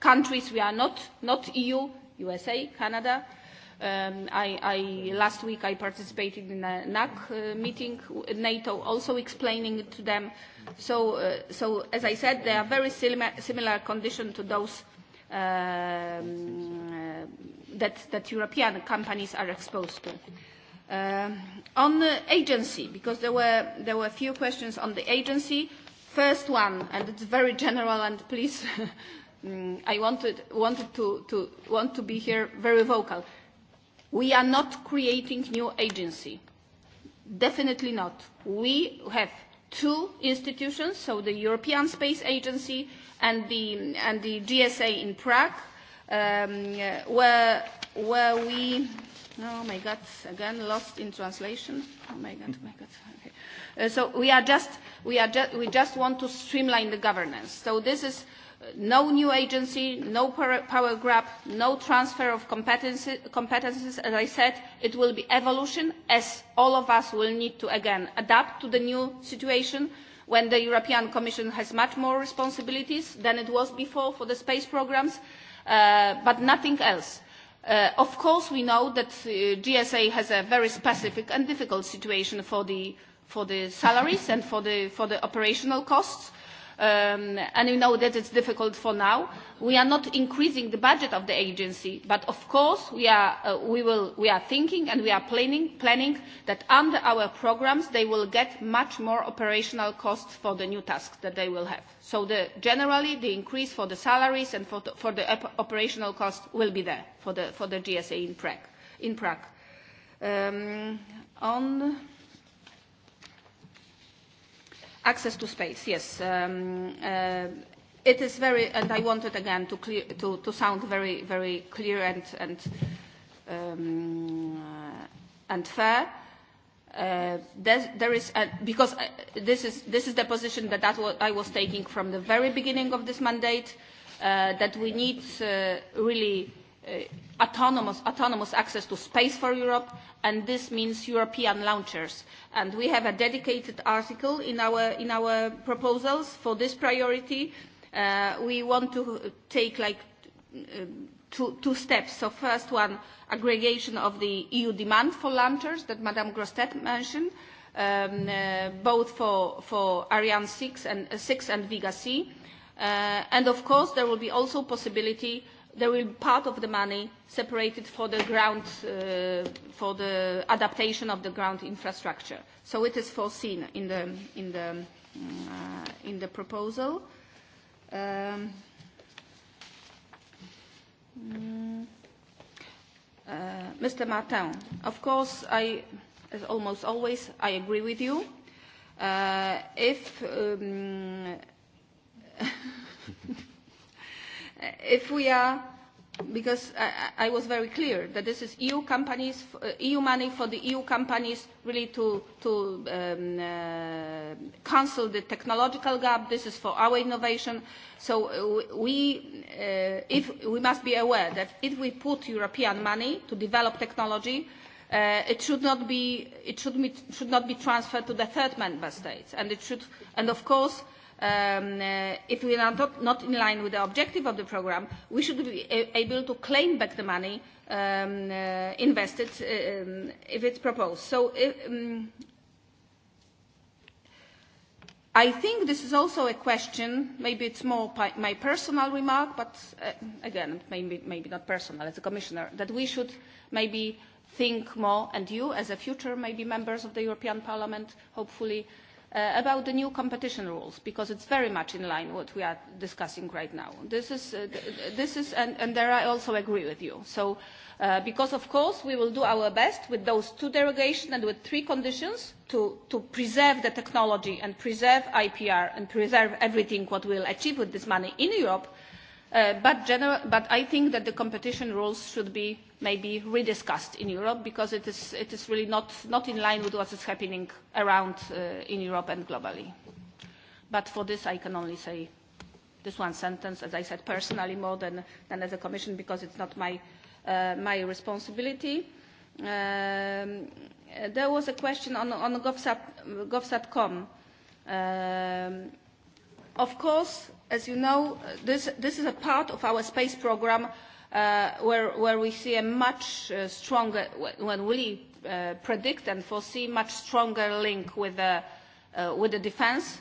countries we are not, not EU, USA, Canada. Um, I, I, last week I participated in a NAC uh, meeting, NATO, also explaining it to them. So, uh, so as I said, they are very similar, similar conditions to those um, uh, that, that European companies are exposed to. Um, on the agency, because there were, there were a few questions on the agency. First one, and it's very general, and please, mm, I wanted, wanted to, to, want to be here very vocal. We are not creating new agency. Definitely not. We have two institutions, so the European Space Agency and the, and the GSA in Prague, um, where, where we No, oh my God, again lost in translation. Oh my God, oh my God. Okay. Uh, so we are just, we are just, we just want to streamline the governance. So this is uh, no new agency, no power grab, no transfer of competences, competences. As I said, it will be evolution as all of us will need to again adapt to the new situation when the European Commission has much more responsibilities than it was before for the space programmes, uh, but nothing else Uh, of course, we know that the uh, GSA has a very specific and difficult situation for the, salaries and for the operational costs um, and we know that it's difficult for now. We are not increasing the budget of the agency, but of course we are, uh, we will, we are thinking and we are planning, planning that under our programs they will get much more operational costs for the new tasks that they will have. So the, generally the increase for the salaries and for the, for the op operational costs will be there for the, for the GSA in Prague. In Prague. Um, on Access to space, yes. Um, uh, it is very, and I wanted again to, clear, to, to sound very, very clear and, and, um, uh, and fair. Uh, there, is a, because uh, this is this is the position that that was, I was taking from the very beginning of this mandate uh, that we need uh, really Uh, autonomous, access to space for Europe, and this means European launchers. And we have a dedicated article in our, proposals for this priority. Uh, we want to take like uh, two, two steps. So first one, aggregation of the EU demand for launchers that Madame Grostet mentioned, um, both for, for Ariane 6 and, Vega C. and of course, there will be also possibility there will be part of the money separated for the ground, uh, for the adaptation of the ground infrastructure. So it is foreseen in the, in the, mm, uh, in the proposal. Um, mm, uh, Mr. Martin, of course, I, as almost always, I agree with you. Uh, if um, if we are because I, I was very clear that this is EU companies, uh, EU money for the EU companies really to, to um, uh, cancel the technological gap. This is for our innovation. So uh, we, uh, if, we must be aware that if we put European money to develop technology, uh, it should not be, it should, be, should not be transferred to the third member states. And, it should, and of course, um, uh, if we are not, not in line with the objective of the programme, we should be able to claim back the money um, uh, invested uh, um, if it's proposed. So uh, um, I think this is also a question, maybe it's more my personal remark, but uh, again, maybe, maybe not personal as a commissioner, that we should maybe think more, and you as a future maybe members of the European Parliament, hopefully, Uh, about the new competition rules because it's very much in line with what we are discussing right now. This is, uh, this is and, and there I also agree with you. So, uh, because of course we will do our best with those two derogations and with three conditions to, to preserve the technology and preserve IPR and preserve everything what we will achieve with this money in Europe, Uh, but, general, but I think that the competition rules should be maybe rediscussed in Europe because it is, it is really not, not in line with what is happening around uh, in Europe and globally. But for this, I can only say this one sentence, as I said personally, more than, than as a Commission because it's not my, uh, my responsibility. Um, there was a question on, on GovSat, GovSatCom. Um, of course, as you know, this, this is a part of our space programme uh, where, where we see a much uh, stronger, when we uh, predict and foresee much stronger link with the, uh, with the defence.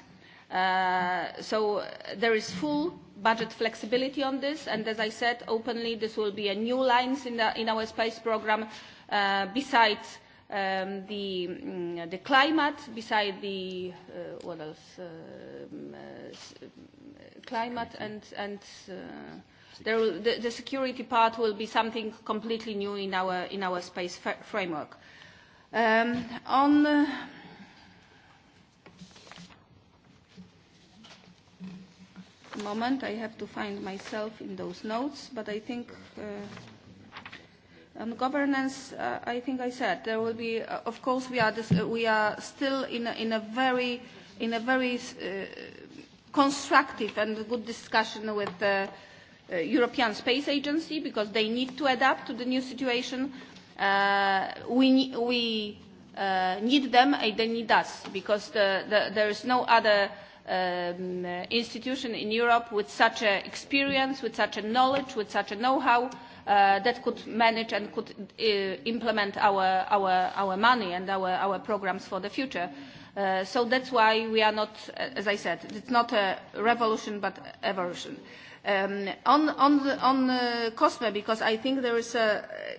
Uh, so there is full budget flexibility on this, and as I said openly, this will be a new line in, the, in our space programme uh, besides uh, um, the, um, the climate, beside the, uh, what else, uh, um, uh, climate and, and uh, there will, the, the security part will be something completely new in our, in our space f framework. Um, on, uh, moment, I have to find myself in those notes, but I think uh, on um, governance, uh, I think I said there will be. Uh, of course, we are this, uh, we are still in a, in a very in a very uh, constructive and good discussion with the uh, European Space Agency because they need to adapt to the new situation. Uh, we we uh, need them and uh, they need us because the, the, there is no other um, institution in Europe with such a experience, with such a knowledge, with such a know-how uh, that could manage and could uh, implement our, our, our money and our, our programs for the future. Uh, so that's why we are not, uh, as I said, it's not a revolution but evolution. Um, on on, the, on uh, COSME, because I think there is a, uh,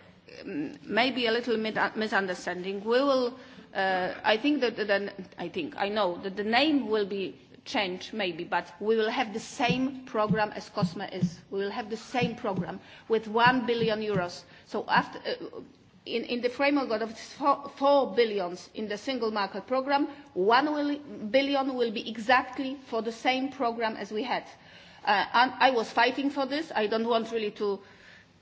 maybe a little misunderstanding, we will, uh, I think that, the, I think, I know that the name will be change maybe, but we will have the same program as COSME is. We will have the same program with 1 billion euros. So after, uh, in, in the framework of four, 4 billion in the single market program, 1 will, billion will be exactly for the same program as we had. Uh, and I was fighting for this. I don't want really to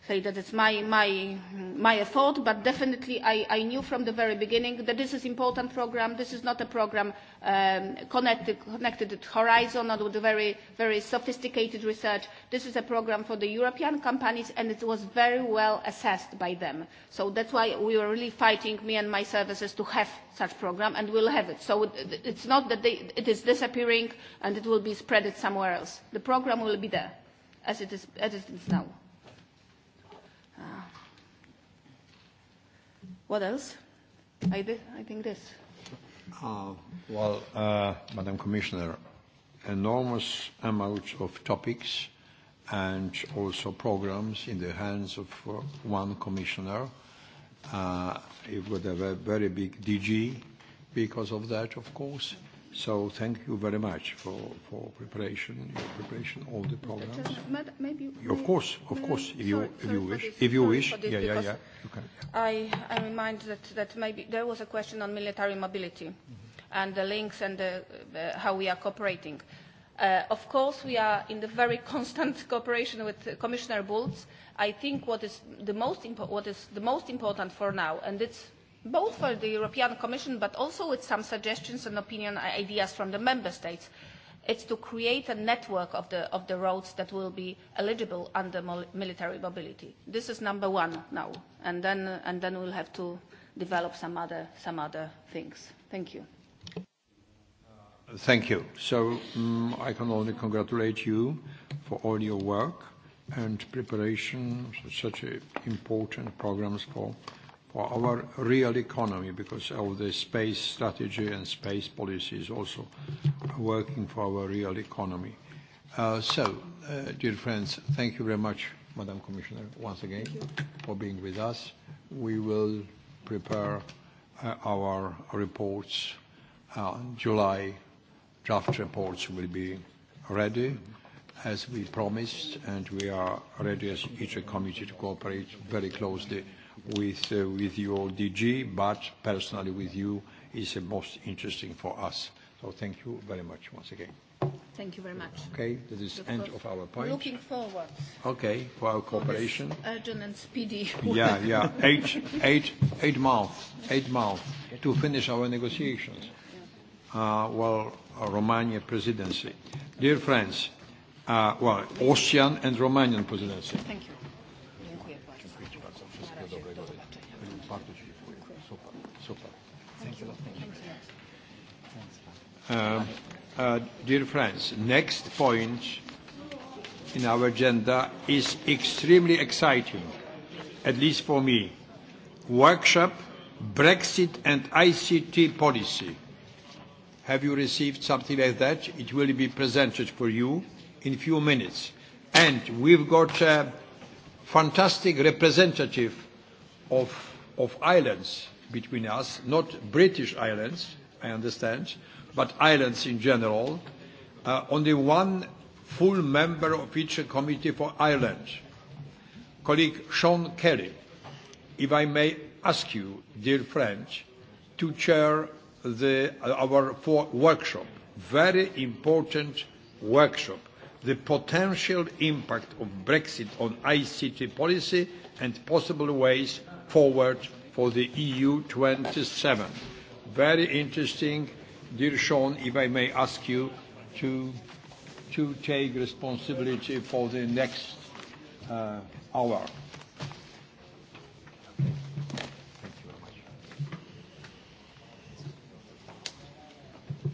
say that it's my, my, my effort, but definitely I, I knew from the very beginning that this is an important program. This is not a program um, connected, connected to Horizon or with very, very sophisticated research. This is a program for the European companies, and it was very well assessed by them. So that's why we were really fighting, me and my services, to have such program, and we'll have it. So it, it's not that they, it is disappearing and it will be spread somewhere else. The program will be there, as it is, as it is now. What else? I, did, I think this. Uh, well, uh, Madam Commissioner, enormous amounts of topics and also programs in the hands of uh, one commissioner. Uh, it would have a very big DG because of that, of course. So thank you very much for, for preparation, your preparation, all the programs. Just, maybe, of course, of no, course, if you, if you wish. If you wish, yeah, yeah, yeah. Okay. I, I remind that, that maybe there was a question on military mobility mm-hmm. and the links and the, uh, how we are cooperating. Uh, of course, we are in the very constant cooperation with uh, Commissioner Bulc. I think what is, the most impo- what is the most important for now, and it's both for the European Commission, but also with some suggestions and opinion uh, ideas from the member states. It's to create a network of the, of the roads that will be eligible under military mobility. This is number one now, and then, uh, and then we'll have to develop some other, some other things. Thank you. Thank you. So um, I can only congratulate you for all your work and preparation for such uh, important programs for for our real economy because of the space strategy and space policy is also working for our real economy. Uh, so, uh, dear friends, thank you very much, Madam Commissioner, once again for being with us. We will prepare uh, our reports. Uh, July draft reports will be ready as we promised, and we are ready as each committee to cooperate very closely with, uh, with your DG, but personally with you is the most interesting for us. So thank you very much once again. Thank you very much. Okay, this is end of our point. Looking forward. Okay, for our cooperation. For urgent and speedy. yeah, yeah. Eight, eight, eight months, eight months to finish our negotiations. Uh, well, uh, presidency. Dear friends, uh, well, Austrian and Romanian presidency. Thank you. Uh, uh, dear friends, next point in our agenda is extremely exciting, at least for me. Workshop Brexit and ICT policy. Have you received something like that? It will be presented for you in a few minutes. And we've got a fantastic representative of, of islands between us, not British islands, I understand, but islands in general, uh, only one full member of each committee for Ireland. Colleague Sean Kelly, if I may ask you, dear friend, to chair the, uh, our four workshop, very important workshop, the potential impact of Brexit on ICT policy and possible ways forward for the EU 27. Very interesting Dear Sean, if I may ask you to, to take responsibility for the next uh, hour.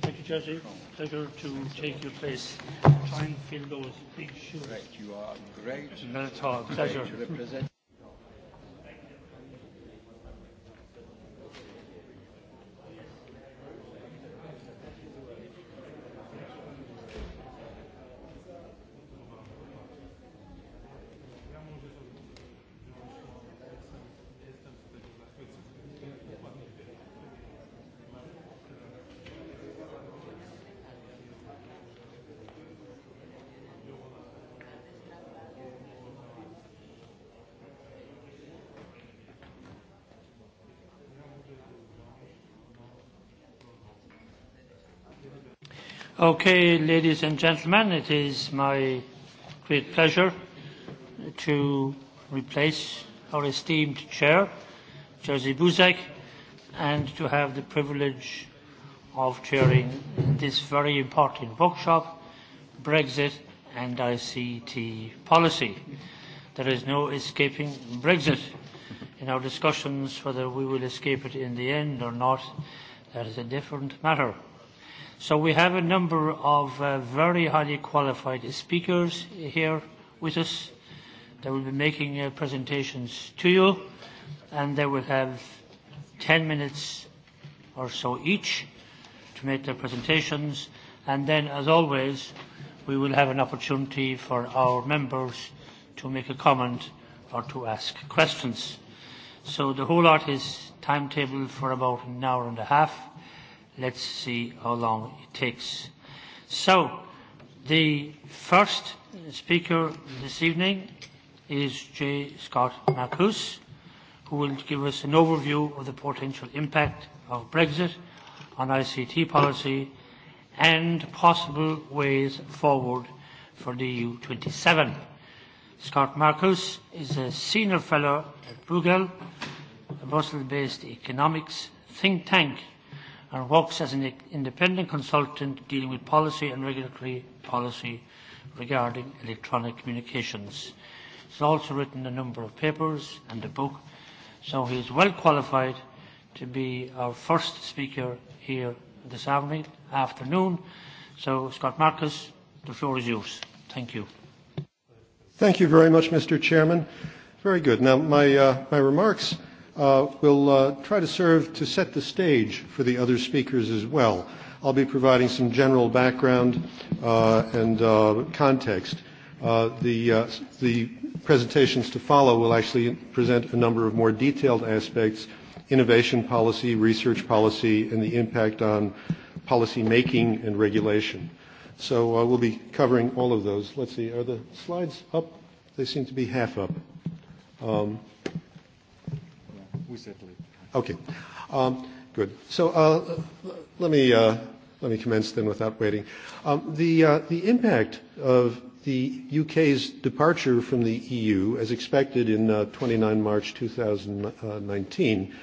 Thank you, Jesse. Pleasure to take your place. Try and fill those big shoes. Great, you are great. Not at all. Pleasure. Great to represent. Okay, ladies and gentlemen, it is my great pleasure to replace our esteemed chair, Jerzy Buzek, and to have the privilege of chairing this very important workshop, Brexit and ICT policy. There is no escaping Brexit. In our discussions whether we will escape it in the end or not, that is a different matter. So we have a number of uh, very highly qualified speakers here with us. that will be making uh, presentations to you, and they will have 10 minutes or so each to make their presentations. And then, as always, we will have an opportunity for our members to make a comment or to ask questions. So the whole lot is timetable for about an hour and a half Let's see how long it takes. So, the first speaker this evening is J. Scott Marcus, who will give us an overview of the potential impact of Brexit on ICT policy and possible ways forward for the EU27. Scott Marcus is a senior fellow at Bruegel, a Brussels-based economics think tank and works as an independent consultant dealing with policy and regulatory policy regarding electronic communications. He's also written a number of papers and a book, so he is well qualified to be our first speaker here this evening, afternoon. So, Scott Marcus, the floor is yours. Thank you. Thank you very much, Mr. Chairman. Very good. Now, my, uh, my remarks uh, will uh, try to serve to set the stage for the other speakers as well. I'll be providing some general background uh, and uh, context. Uh, the, uh, the presentations to follow will actually present a number of more detailed aspects, innovation policy, research policy, and the impact on policy making and regulation. So uh, we'll be covering all of those. Let's see, are the slides up? They seem to be half up. Um, We settle it. Okay. Um, good. So uh, let me uh, let me commence then without waiting. Um, the uh, the impact of the UK's departure from the EU, as expected in uh, 29 March 2019,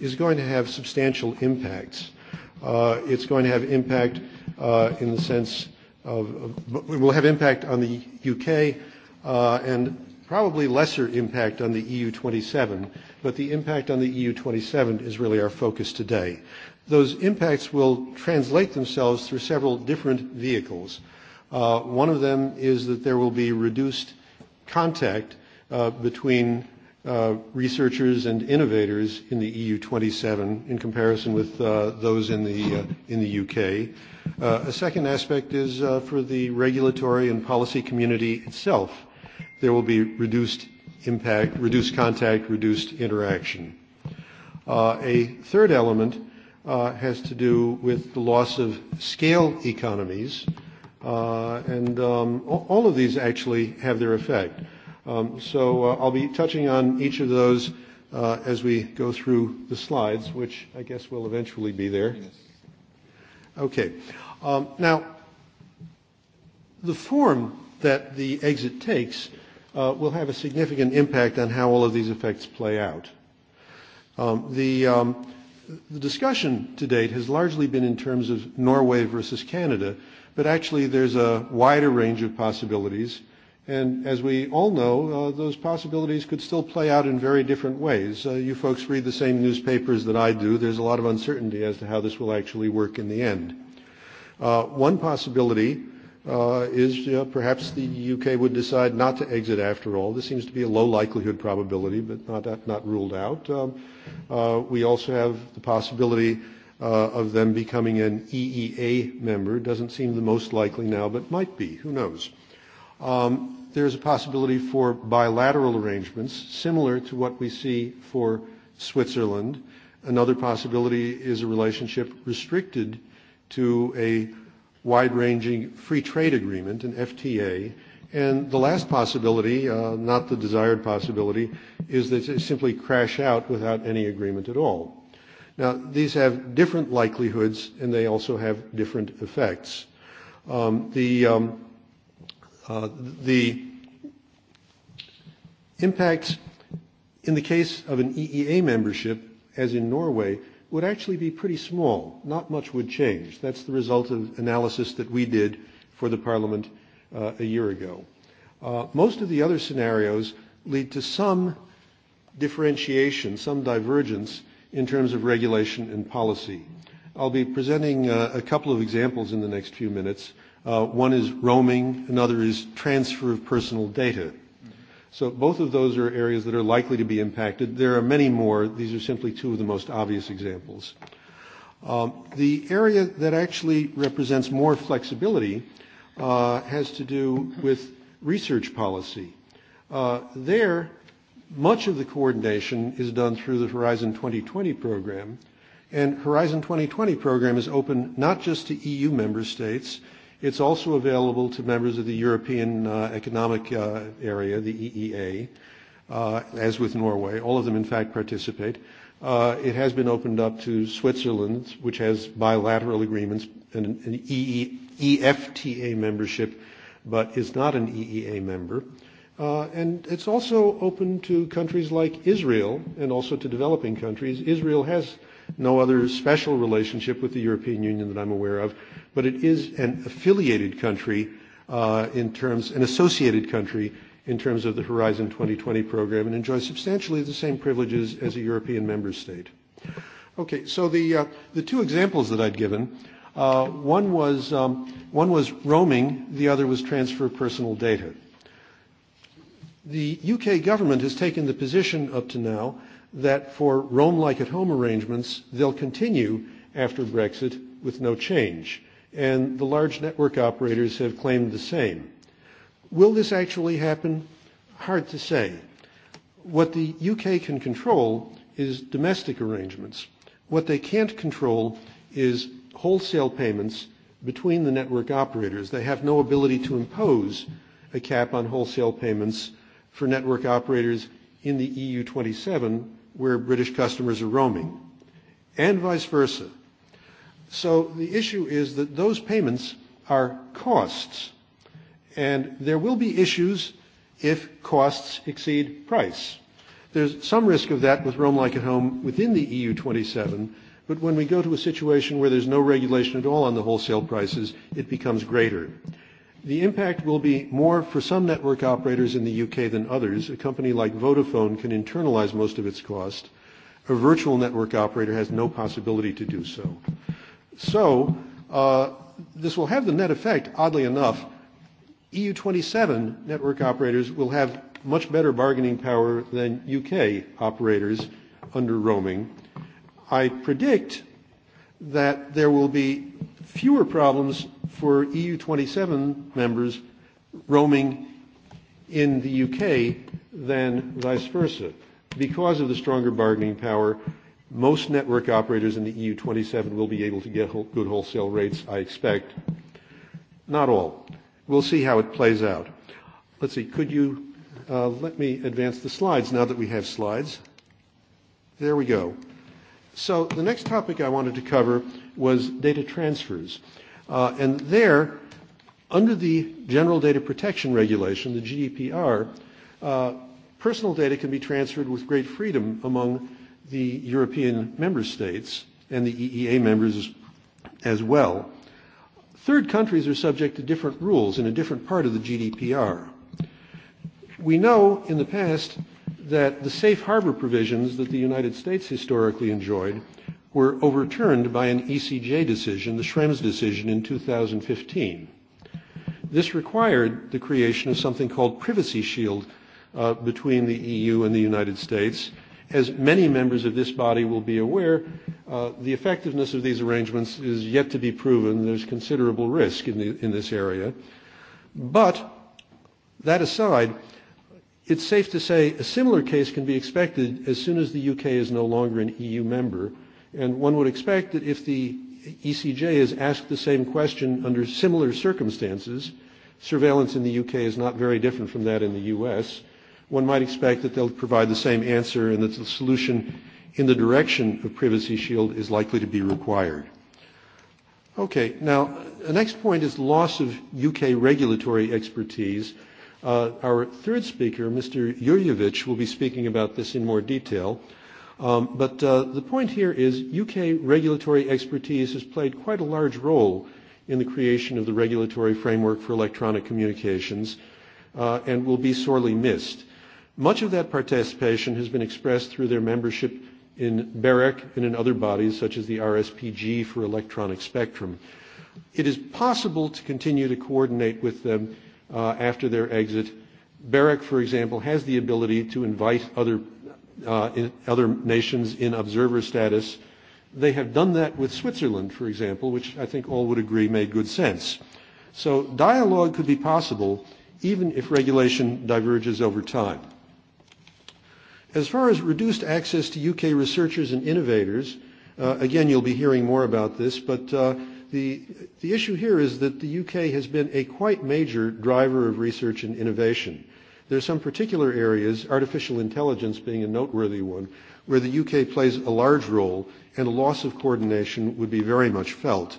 is going to have substantial impacts. Uh, it's going to have impact uh, in the sense of, of it will have impact on the UK uh, and probably lesser impact on the EU27, but the impact on the EU27 is really our focus today. Those impacts will translate themselves through several different vehicles. Uh, one of them is that there will be reduced contact uh, between uh, researchers and innovators in the EU27 in comparison with uh, those in the, uh, in the UK. Uh, a second aspect is uh, for the regulatory and policy community itself there will be reduced impact, reduced contact, reduced interaction. Uh, a third element uh, has to do with the loss of scale economies, uh, and um, all of these actually have their effect. Um, so uh, I'll be touching on each of those uh, as we go through the slides, which I guess will eventually be there. Yes. Okay. Um, now, the form that the exit takes uh, will have a significant impact on how all of these effects play out. Um, the, um, the discussion to date has largely been in terms of Norway versus Canada, but actually there's a wider range of possibilities. And as we all know, uh, those possibilities could still play out in very different ways. Uh, you folks read the same newspapers that I do. There's a lot of uncertainty as to how this will actually work in the end. Uh, one possibility uh, is uh, perhaps the UK would decide not to exit after all. This seems to be a low likelihood probability, but not, not ruled out. Um, uh, we also have the possibility uh, of them becoming an EEA member. Doesn't seem the most likely now, but might be. Who knows? Um, there's a possibility for bilateral arrangements similar to what we see for Switzerland. Another possibility is a relationship restricted to a wide-ranging free trade agreement, an FTA. And the last possibility, uh, not the desired possibility, is that they simply crash out without any agreement at all. Now, these have different likelihoods, and they also have different effects. Um, the, um, uh, the impacts in the case of an EEA membership, as in Norway, would actually be pretty small. Not much would change. That's the result of analysis that we did for the Parliament uh, a year ago. Uh, most of the other scenarios lead to some differentiation, some divergence in terms of regulation and policy. I'll be presenting uh, a couple of examples in the next few minutes. Uh, one is roaming, another is transfer of personal data. So both of those are areas that are likely to be impacted. There are many more. These are simply two of the most obvious examples. Um, the area that actually represents more flexibility uh, has to do with research policy. Uh, there, much of the coordination is done through the Horizon 2020 program, and Horizon 2020 program is open not just to EU member states, It's also available to members of the European uh, Economic uh, Area, the EEA, uh, as with Norway. All of them, in fact, participate. Uh, it has been opened up to Switzerland, which has bilateral agreements and an EE, EFTA e membership, but is not an EEA member. Uh, and it's also open to countries like Israel and also to developing countries. Israel has no other special relationship with the European Union that I'm aware of, but it is an affiliated country uh, in terms, an associated country in terms of the Horizon 2020 program and enjoys substantially the same privileges as a European member state. Okay, so the, uh, the two examples that I'd given, uh, one, was, um, one was roaming, the other was transfer of personal data. The UK government has taken the position up to now that for Rome like at home arrangements, they'll continue after Brexit with no change. And the large network operators have claimed the same. Will this actually happen? Hard to say. What the UK can control is domestic arrangements. What they can't control is wholesale payments between the network operators. They have no ability to impose a cap on wholesale payments for network operators in the EU 27 where British customers are roaming, and vice versa. So the issue is that those payments are costs, and there will be issues if costs exceed price. There's some risk of that with Roam Like at Home within the EU 27, but when we go to a situation where there's no regulation at all on the wholesale prices, it becomes greater. The impact will be more for some network operators in the U.K. than others. A company like Vodafone can internalize most of its cost. A virtual network operator has no possibility to do so. So uh, this will have the net effect, oddly enough, EU27 network operators will have much better bargaining power than UK operators under roaming. I predict that there will be fewer problems for EU27 members roaming in the UK than vice versa. Because of the stronger bargaining power, most network operators in the EU27 will be able to get good wholesale rates, I expect. Not all. We'll see how it plays out. Let's see, could you uh, let me advance the slides now that we have slides? There we go. So the next topic I wanted to cover was data transfers. Uh, and there, under the General Data Protection Regulation, the GDPR, uh, personal data can be transferred with great freedom among the European member states and the EEA members as, as well. Third countries are subject to different rules in a different part of the GDPR. We know in the past that the safe harbor provisions that the United States historically enjoyed – were overturned by an ECJ decision, the Schrems decision in 2015. This required the creation of something called Privacy Shield uh, between the EU and the United States. As many members of this body will be aware, uh, the effectiveness of these arrangements is yet to be proven. There's considerable risk in, the, in this area. But that aside, it's safe to say a similar case can be expected as soon as the UK is no longer an EU member And one would expect that if the ECJ is asked the same question under similar circumstances, surveillance in the UK is not very different from that in the US, one might expect that they'll provide the same answer and that the solution in the direction of Privacy Shield is likely to be required. Okay, now the next point is loss of UK regulatory expertise. Uh, our third speaker, Mr. Jurjevic, will be speaking about this in more detail. Um, but uh, the point here is UK regulatory expertise has played quite a large role in the creation of the regulatory framework for electronic communications uh, and will be sorely missed. Much of that participation has been expressed through their membership in BEREC and in other bodies such as the RSPG for electronic spectrum. It is possible to continue to coordinate with them uh, after their exit. BEREC, for example, has the ability to invite other uh, in other nations in observer status. They have done that with Switzerland, for example, which I think all would agree made good sense. So dialogue could be possible even if regulation diverges over time. As far as reduced access to UK researchers and innovators, uh, again, you'll be hearing more about this, but uh, the, the issue here is that the UK has been a quite major driver of research and innovation. There's some particular areas, artificial intelligence being a noteworthy one, where the UK plays a large role and a loss of coordination would be very much felt.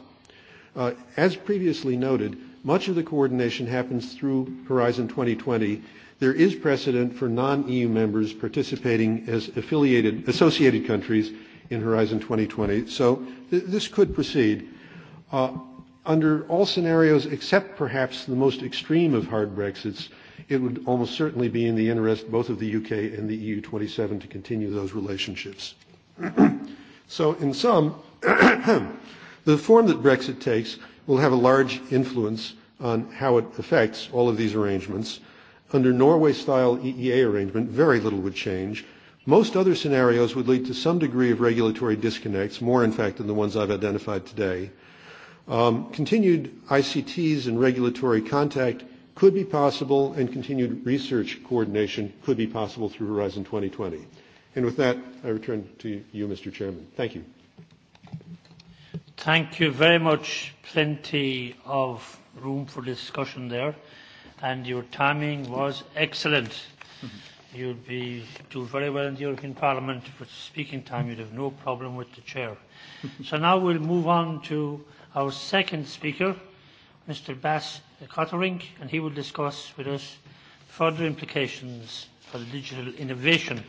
Uh, as previously noted, much of the coordination happens through Horizon 2020. There is precedent for non-EU members participating as affiliated, associated countries in Horizon 2020, so th- this could proceed. Uh, under all scenarios except perhaps the most extreme of hard Brexits, it would almost certainly be in the interest both of the UK and the EU27 to continue those relationships. so in sum, the form that Brexit takes will have a large influence on how it affects all of these arrangements. Under Norway-style EEA arrangement, very little would change. Most other scenarios would lead to some degree of regulatory disconnects, more in fact than the ones I've identified today. Um, continued ICTs and regulatory contact could be possible, and continued research coordination could be possible through Horizon 2020. And with that, I return to you, Mr. Chairman. Thank you. Thank you very much. Plenty of room for discussion there, and your timing was excellent. Mm-hmm. You'll be do very well in the European Parliament for speaking time. You'd have no problem with the chair. so now we'll move on to our second speaker, Mr. Bass Kottering, and he will discuss with us further implications for the digital innovation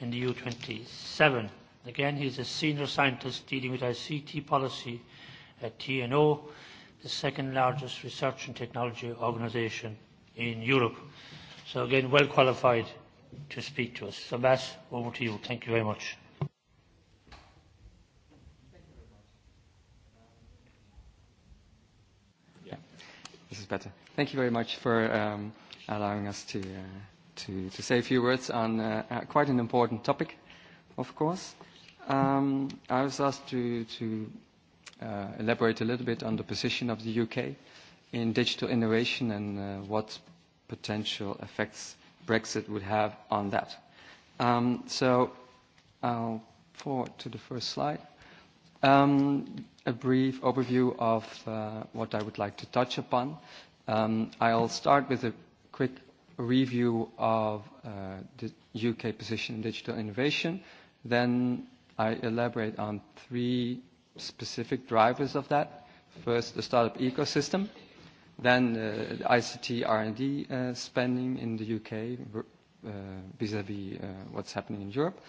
in the EU27. Again, he is a senior scientist dealing with ICT policy at TNO, the second largest research and technology organisation in Europe. So again, well qualified to speak to us. So Bas, over to you. Thank you very much. This is better. Thank you very much for um, allowing us to, uh, to, to say a few words on uh, uh, quite an important topic, of course. Um, I was asked to, to uh, elaborate a little bit on the position of the UK in digital innovation and uh, what potential effects Brexit would have on that. Um, so I'll uh, forward to the first slide. Um, a brief overview of uh, what I would like to touch upon. Um, I'll start with a quick review of uh, the U.K. position in digital innovation. Then I elaborate on three specific drivers of that. First, the startup ecosystem, then uh, the ICT R&D uh, spending in the U.K. Uh, vis-à-vis uh, -vis, what's happening in Europe.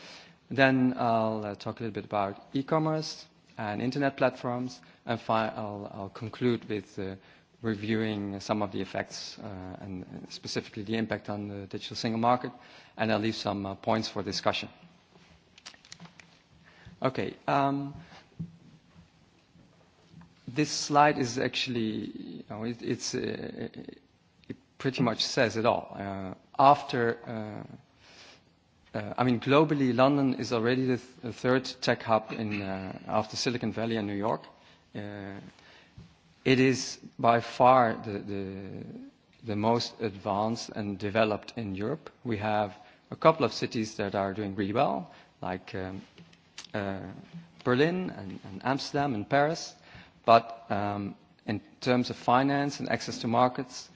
Then I'll uh talk a little bit about e-commerce, and internet platforms. And I'll, I'll conclude with uh, reviewing some of the effects uh, and specifically the impact on the digital single market. And I'll leave some uh, points for discussion. Okay. Um, this slide is actually, you know, it, it's, uh, it pretty much says it all. Uh, after uh, Uh, I mean, globally, London is already the, th the third tech hub in, uh, after Silicon Valley and New York. Uh, it is by far the, the, the most advanced and developed in Europe. We have a couple of cities that are doing really well, like um, uh, Berlin and, and Amsterdam and Paris. But um, in terms of finance and access to markets,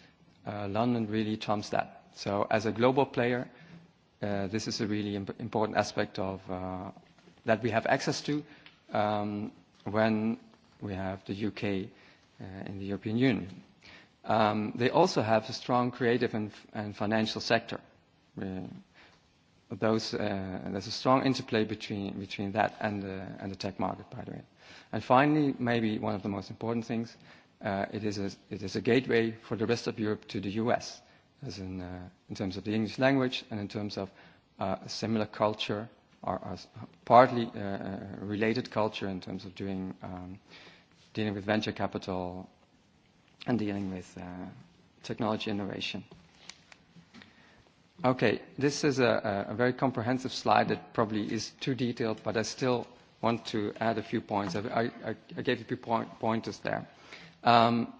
uh, London really trumps that. So as a global player, uh, this is a really imp important aspect of uh, that we have access to um, when we have the UK uh, in the European Union. Um, they also have a strong creative and, and financial sector. Uh, those, uh, there's a strong interplay between, between that and the, and the tech market, by the way. And finally, maybe one of the most important things, uh, it, is a, it is a gateway for the rest of Europe to the US as in, uh, in terms of the English language and in terms of uh, a similar culture or, a partly uh, uh, related culture in terms of doing um, dealing with venture capital and dealing with uh, technology innovation. Okay, this is a, a very comprehensive slide that probably is too detailed, but I still want to add a few points. I, I, I gave a few point, pointers there. Um,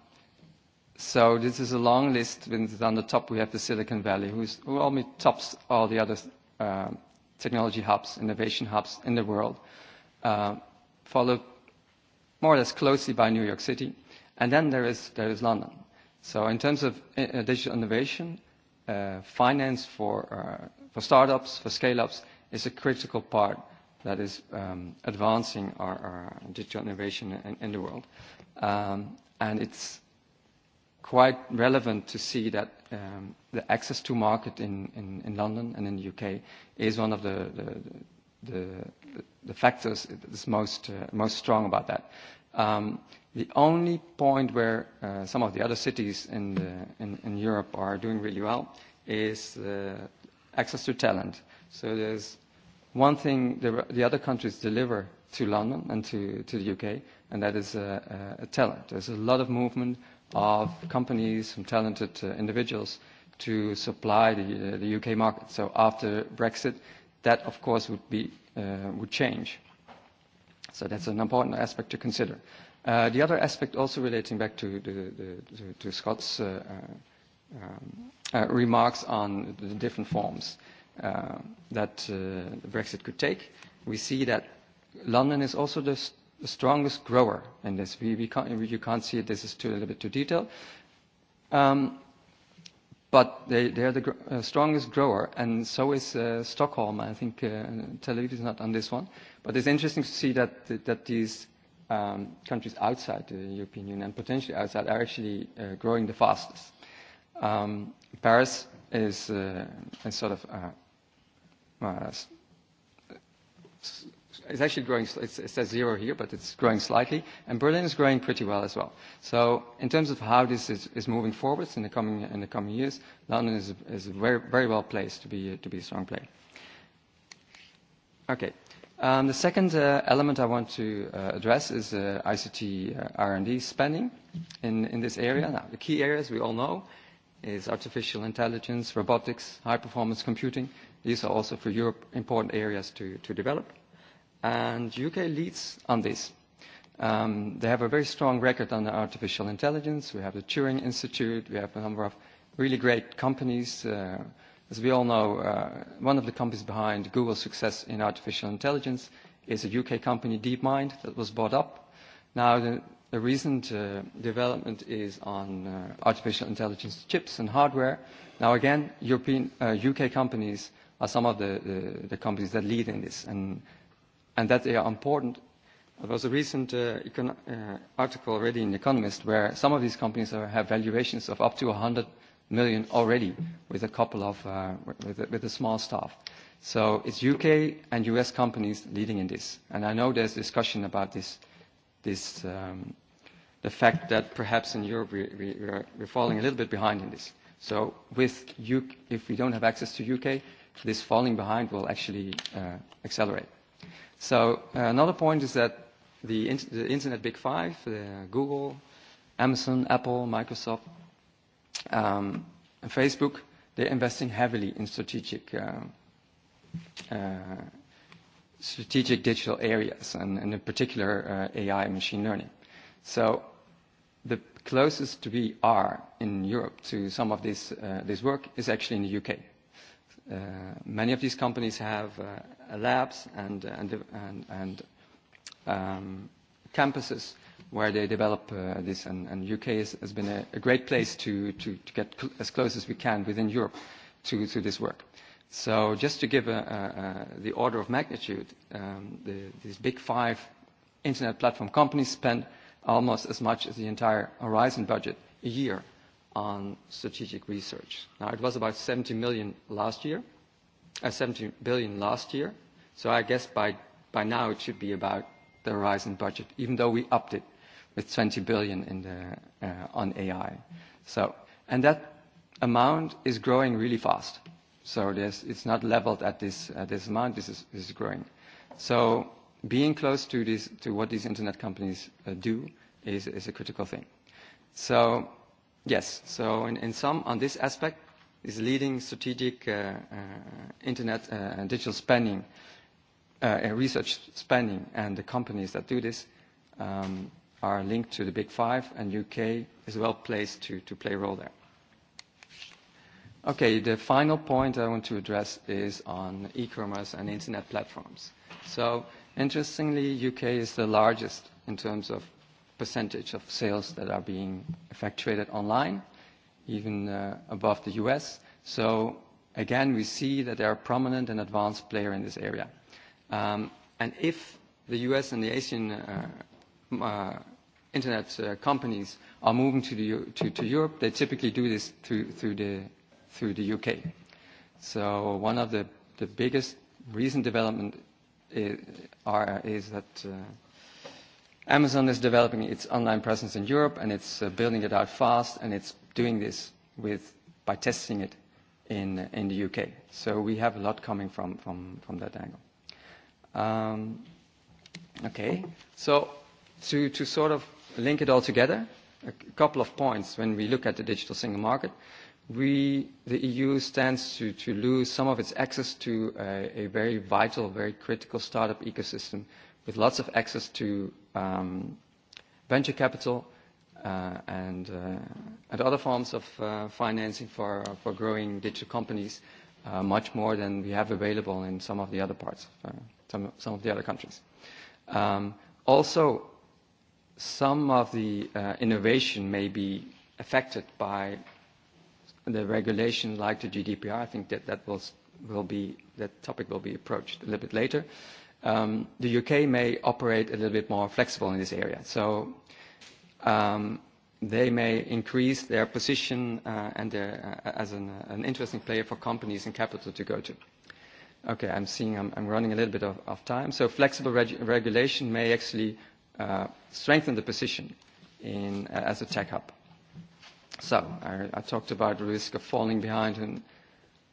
so this is a long list. on the top, we have the Silicon Valley, who's, who only tops all the other uh, technology hubs, innovation hubs in the world, uh, followed more or less closely by New York City. And then there is, there is London. So in terms of uh, uh, digital innovation, uh, finance for, uh, for startups, for scale-ups, is a critical part that is um, advancing our, our digital innovation in, in the world. Um, and it's quite relevant to see that um, the access to market in, in, in London and in the UK is one of the, the, the, the factors that's most, uh, most strong about that. Um, the only point where uh, some of the other cities in, the, in, in Europe are doing really well is uh, access to talent. So there's one thing the, the other countries deliver to London and to, to the UK, and that is uh, uh, talent. There's a lot of movement of companies, from talented uh, individuals to supply the, uh, the UK market. So after Brexit, that of course would, be, uh, would change. So that's an important aspect to consider. Uh, the other aspect also relating back to, the, the, to, to Scott's uh, uh um, uh, remarks on the different forms uh, that uh, Brexit could take, we see that London is also the the strongest grower in this. We, we can't, you can't see it. This is too, a little bit too detailed. Um, but they, they are the gr- uh, strongest grower, and so is uh, Stockholm. I think uh, Tel Aviv is not on this one. But it's interesting to see that, that these um, countries outside the European Union and potentially outside are actually uh, growing the fastest. Um, Paris is, uh, is sort of uh, uh, it's actually growing, it's, it says zero here, but it's growing slightly, and Berlin is growing pretty well as well. So in terms of how this is, is moving forwards in the coming, in the coming years, London is, is very, very well placed to be, uh, to be a strong player. Okay. Um, the second uh, element I want to uh, address is uh, ICT uh, R&D spending in, in this area. Now, the key areas we all know is artificial intelligence, robotics, high-performance computing. These are also for Europe important areas to, to develop and UK leads on this. Um, they have a very strong record on artificial intelligence. We have the Turing Institute. We have a number of really great companies. Uh, as we all know, uh, one of the companies behind Google's success in artificial intelligence is a UK company, DeepMind, that was bought up. Now, the, the recent uh, development is on uh, artificial intelligence chips and hardware. Now, again, European, uh, UK companies are some of the, the, the companies that lead in this. And and that they are important. There was a recent uh, econ- uh, article already in Economist where some of these companies are, have valuations of up to 100 million already with a couple of, uh, with, a, with a small staff. So it's UK and US companies leading in this. And I know there's discussion about this, this um, the fact that perhaps in Europe we, we, we are, we're falling a little bit behind in this. So with UK, if we don't have access to UK, this falling behind will actually uh, accelerate. So uh, another point is that the, in the Internet Big Five, uh, Google, Amazon, Apple, Microsoft, um, and Facebook, they're investing heavily in strategic, uh, uh, strategic digital areas, and, and in particular uh, AI and machine learning. So the closest we are in Europe to some of this, uh, this work is actually in the UK uh, many of these companies have uh, labs and, uh, and, and, and um, campuses where they develop uh, this, and, and UK has has been a, a great place to, to, to get cl as close as we can within Europe to, to this work. So just to give a, a, a, the order of magnitude, um, the, these big five internet platform companies spend almost as much as the entire Horizon budget a year on strategic research. Now, it was about 70 million last year, uh, 70 billion last year. So I guess by, by now it should be about the Horizon budget, even though we upped it with 20 billion in the, uh, on AI. So, and that amount is growing really fast. So there's, it's not leveled at this, at this amount. This is, this is growing. So being close to, this, to what these internet companies uh, do is, is a critical thing. So Yes. So in, in sum, on this aspect, is leading strategic uh, uh, internet uh, digital spending, uh, research spending, and the companies that do this um, are linked to the Big Five, and UK is well placed to, to play a role there. Okay, the final point I want to address is on e-commerce and internet platforms. So interestingly, UK is the largest in terms of percentage of sales that are being effectuated online, even uh, above the U.S. So again, we see that they are prominent and advanced player in this area. Um, and if the U.S. and the Asian uh, uh, internet uh, companies are moving to, the, to, to Europe, they typically do this through, through, the, through the U.K. So one of the, the biggest recent development is, uh, are, is that uh, Amazon is developing its online presence in Europe and it's uh, building it out fast and it's doing this with, by testing it in, uh, in the UK. So we have a lot coming from, from, from that angle. Um, okay, so to, to sort of link it all together, a couple of points when we look at the digital single market. We, the EU stands to, to lose some of its access to a, uh, a very vital, very critical startup ecosystem with lots of access to um, venture capital uh, and, uh, and other forms of uh, financing for, for growing digital companies, uh, much more than we have available in some of the other parts, of, uh, some, some of the other countries. Um, also, some of the uh, innovation may be affected by the regulation like the GDPR. I think that that will, will be, that topic will be approached a little bit later um, the UK may operate a little bit more flexible in this area. So um, they may increase their position uh, and their, uh, uh, as an, uh, an interesting player for companies and capital to go to. Okay, I'm seeing I'm, I'm running a little bit of, of time. So flexible regulation may actually uh, strengthen the position in, uh, as a tech hub. So I, I talked about the risk of falling behind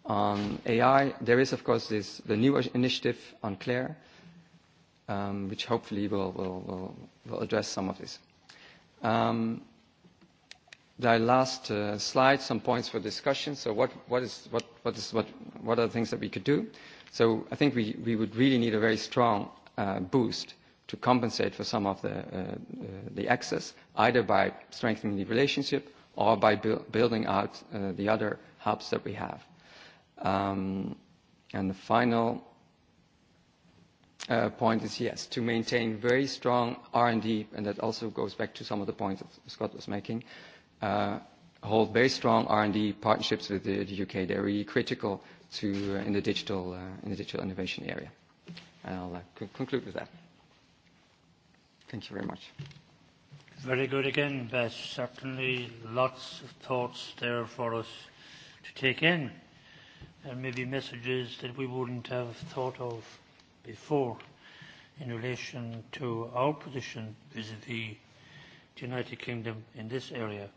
on AI. There is, of course, this, the new initiative on CLARE, um, which hopefully will, will, will, will address some of this. Um, the last uh, slide, some points for discussion. So what, what, is, what, what, is, what, what are the things that we could do? So I think we, we would really need a very strong uh, boost to compensate for some of the, uh, uh the excess, either by strengthening the relationship or by bu building out uh, the other hubs that we have. Um, and the final uh, point is yes, to maintain very strong R&D, and that also goes back to some of the points that Scott was making, uh, hold very strong R&D partnerships with the, the UK. They're really critical to, uh, in, the digital, uh, in the digital innovation area. And I'll uh, conclude with that. Thank you very much. Very good again, Bess. Certainly lots of thoughts there for us to take in, and maybe messages that we wouldn't have thought of before in relation to our position vis-à-vis the United Kingdom in this area.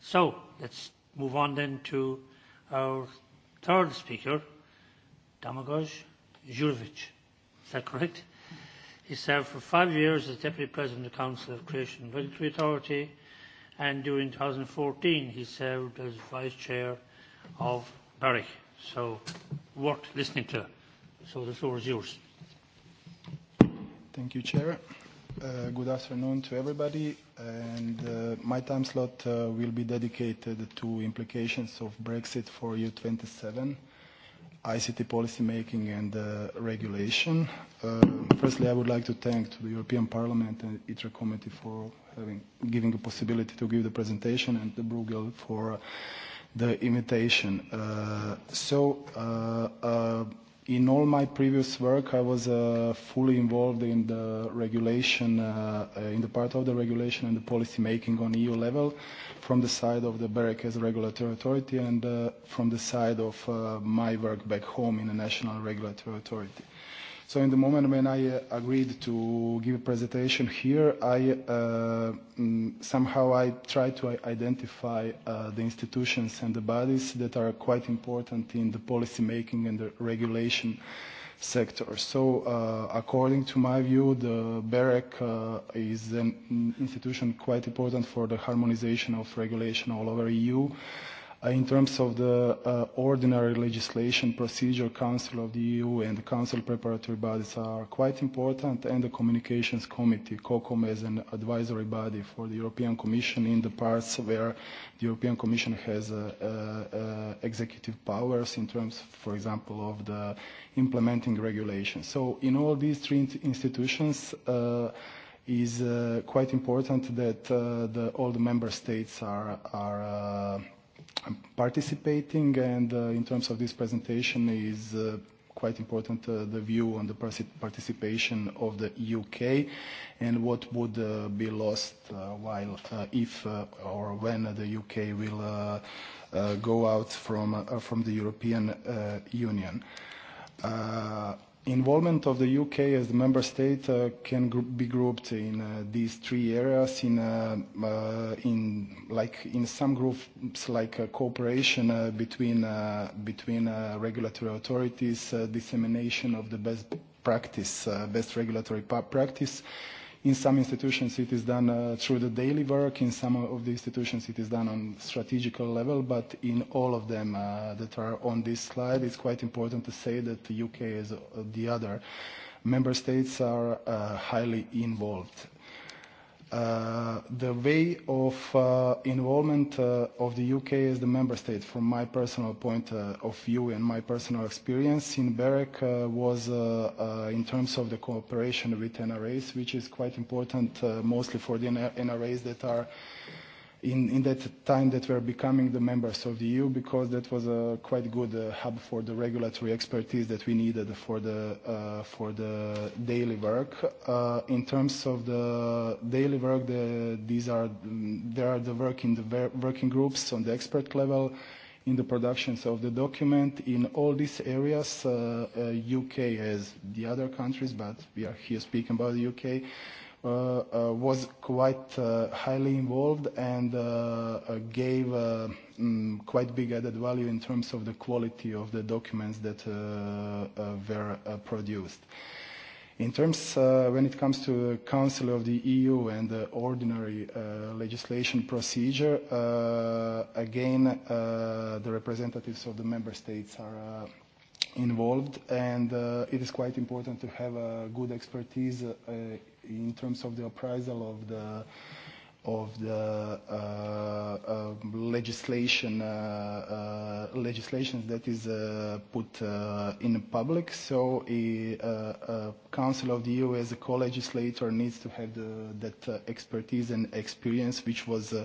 So let's move on then to our third speaker, Damagoj Jurovic. Is that correct? He served for five years as Deputy President of the Council of and Regulatory Authority and during 2014 he served as Vice Chair of BEREC. So worth listening to. So the floor is yours. Thank you, Chair. Uh, good afternoon to everybody. And uh, my time slot uh, will be dedicated to implications of Brexit for EU27, ICT policy making and uh, regulation. Uh, firstly, I would like to thank to the European Parliament and ITRA committee for having, giving the possibility to give the presentation and the Bruegel for uh, the invitation. Uh, so uh, uh, In all my previous work, I was uh, fully involved in the regulation, uh, uh in the part of the regulation and the policy making on EU level, from the side of the BEREC as a regulatory authority and uh, from the side of uh, my work back home in the national regulatory authority. So in the moment when I uh, agreed to give a presentation here, I uh, mm, somehow I tried to identify uh, the institutions and the bodies that are quite important in the policy making and the regulation sector. So uh, according to my view, the BEREC uh, is an mm, institution quite important for the harmonization of regulation all over EU. Uh, uh, in terms of the uh, ordinary legislation procedure, Council of the EU and the Council preparatory bodies are quite important, and the Communications Committee, COCOM, as an advisory body for the European Commission in the parts where the European Commission has uh, uh, uh, executive powers in terms, for example, of the implementing regulations. So in all these three institutions, uh, is uh, quite important that uh, the, all the member states are, are uh, participating. And uh, in terms of this presentation is uh, quite important, uh, the view on the participation of the UK and what would uh, be lost uh, while uh, if uh, or when the UK will uh, uh, go out from, uh, from the European uh, Union. Uh, involvement of the UK as the member state uh, can gr be grouped in uh, these three areas in uh, uh, in like in some groups like uh, cooperation uh, between uh, between uh, regulatory authorities uh, dissemination of the best practice uh, best regulatory practice In some institutions it is done uh, through the daily work, in some of the institutions it is done on strategical level, but in all of them uh, that are on this slide, it's quite important to say that the UK is uh, the other member states are uh, highly involved Uh, the way of uh, involvement uh, of the UK as the member state, from my personal point uh, of view and my personal experience in BEREC, uh, was uh, uh, in terms of the cooperation with NRAs, which is quite important, uh, mostly for the NRAs that are uh, in, in that time that were becoming the members of the EU because that was a quite good uh, hub for the regulatory expertise that we needed for the, uh, for the daily work. Uh, in terms of the daily work, the, these are, mm, there are the work in the ver working groups on the expert level, in the productions of the document. In all these areas, uh, uh, UK as the other countries, but we are here speaking about the UK, uh, uh, was quite uh, highly involved and uh, uh, gave uh, mm, quite big added value in terms of the quality of the documents that uh, uh, were uh, produced. In terms, uh, when it comes to the Council of the EU and the ordinary uh, legislation procedure, uh, again, uh, the representatives of the member states are uh, involved, and uh, it is quite important to have a uh, good expertise uh, in terms of the appraisal of the of the uh, uh, legislation uh, uh, legislation that is uh, put uh, in public. So a uh, uh, Council of the EU as a co-legislator needs to have the, that uh, expertise and experience, which was. Uh,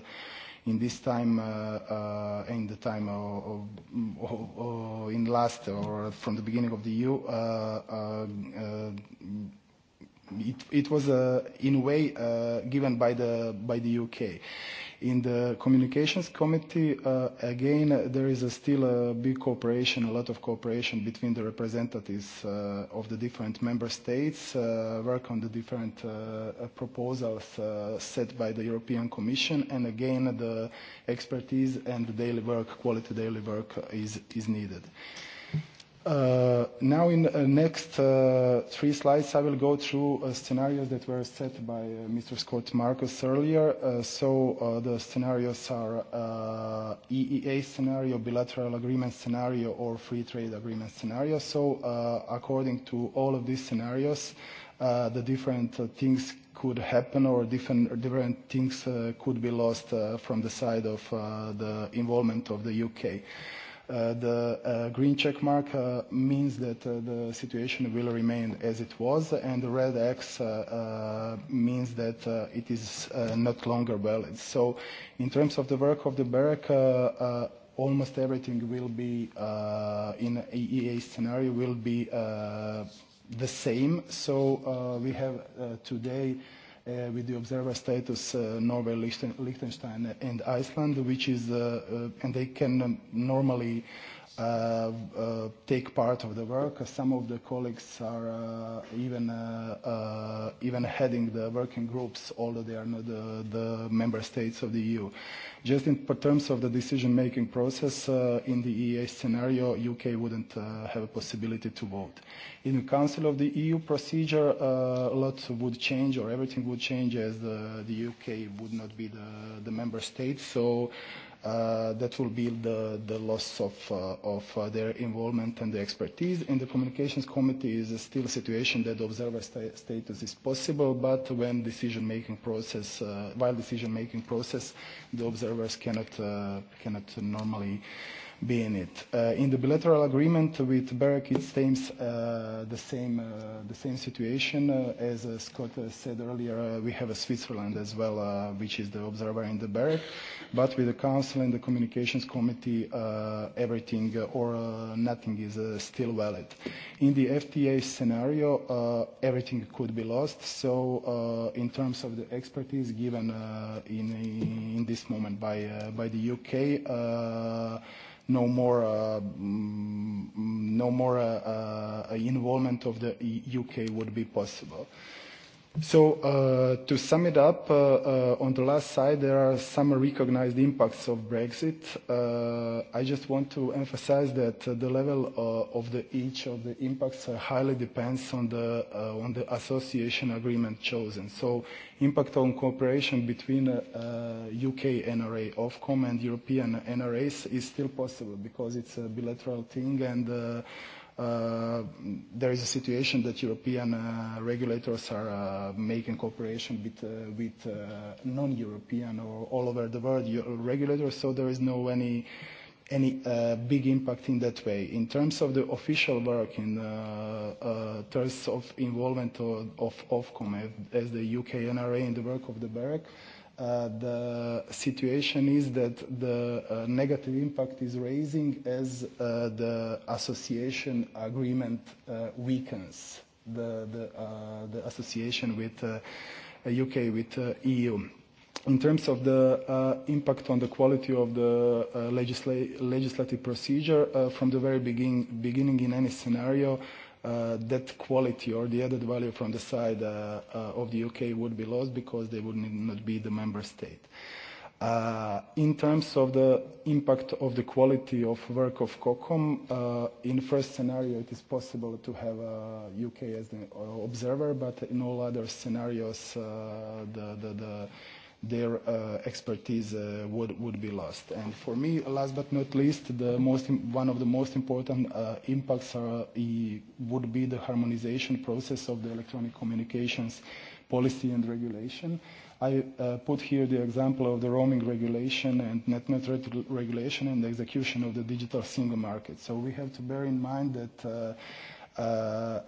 in this time, uh, uh, in the time of, of, of, in last or from the beginning of the EU, uh, uh, uh, it, it was uh, in a way uh, given by the by the UK. In the communications committee, uh, again, uh, there is a still a big cooperation, a lot of cooperation between the representatives uh, of the different member states, uh, work on the different uh, proposals uh, set by the European Commission, and again, the expertise and the daily work, quality daily work is, is needed. Uh, Uh, now in the uh, next uh, three slides, I will go through uh, scenarios that were set by uh, Mr. Scott Marcus earlier. Uh, so uh, the scenarios are uh, EEA scenario, bilateral agreement scenario, or free trade agreement scenario. So uh, according to all of these scenarios, uh, the different uh, things could happen or different, different things uh, could be lost uh, from the side of uh, the involvement of the UK. Uh, the uh, green check mark uh, means that uh, the situation will remain as it was, and the red X uh, uh, means that uh, it is uh, not longer valid. So, in terms of the work of the BEREC, uh, uh, almost everything will be uh, in EA e scenario will be uh, the same. So uh, we have uh, today uh, with the observer status uh, Norway, Lichten, Liechtenstein, uh, and Iceland, which is, uh, uh, and they can um, normally uh, uh, take part of the work. Some of the colleagues are uh, even uh, uh, even heading the working groups, although they are not the, uh, the member states of the EU. Just in terms of the decision-making process, uh, in the EEA scenario, U.K. wouldn't uh, have a possibility to vote. In the Council of the EU procedure, uh, a lot would change or everything would change as the, the U.K. would not be the, the member state. So uh, that will be the, the loss of, uh, of uh, their involvement and the expertise. In the Communications Committee is still a situation that observer status is possible, but when decision-making process, uh, while decision-making process, the observer servers cannot, uh, cannot normally uh, be in it. Uh, in the bilateral agreement with BEREC, it stays uh, the, same, uh, the same situation. Uh, as uh, Scott uh, said earlier, uh, we have a Switzerland as well, uh, which is the observer in the Barak. But with the Council and the Communications Committee, uh, everything uh, or uh, nothing is uh, still valid. In the FTA scenario, uh, everything could be lost. So uh, in terms of the expertise given uh, in, in this moment by, uh, by the UK, uh, no more uh, no more uh, uh, involvement of the UK would be possible. Uh, so uh, to sum it up, uh, uh, on the last side, there are some recognized impacts of Brexit. Uh, I just want to emphasize that uh, the level uh, of the, each of the impacts uh, highly depends on the, uh, on the association agreement chosen. So impact on cooperation between uh, uh, UK NRA, Ofcom, and European NRAs is still possible because it's a bilateral thing and uh, uh, there is a situation that European uh, regulators are uh, making cooperation with, uh, with uh, non-European or all over the world regulators, so there is no any any uh, big impact in that way. In terms of the official work, in uh, uh, terms of involvement of, of Ofcom as the UK NRA in the work of the BEREC, Uh, the situation is that the uh, negative impact is raising as uh, the association agreement uh, weakens the, the, uh, the association with uh, UK, with uh, EU. In terms of the uh, impact on the quality of the uh, legisla- legislative procedure, uh, from the very begin- beginning in any scenario, uh, that quality or the added value from the side uh, uh, of the UK would be lost because they would not be the member state. Uh, in terms of the impact of the quality of work of COCOM, uh, in first scenario it is possible to have uh, UK as the uh, observer, but in all other scenarios uh, the, the, the their uh, expertise uh, would, would be lost. And for me, last but not least, the most, one of the most important uh, impacts are, uh, e, would be the harmonization process of the electronic communications policy and regulation. I uh, put here the example of the roaming regulation and net net regulation and the execution of the digital single market. So we have to bear in mind that uh, uh,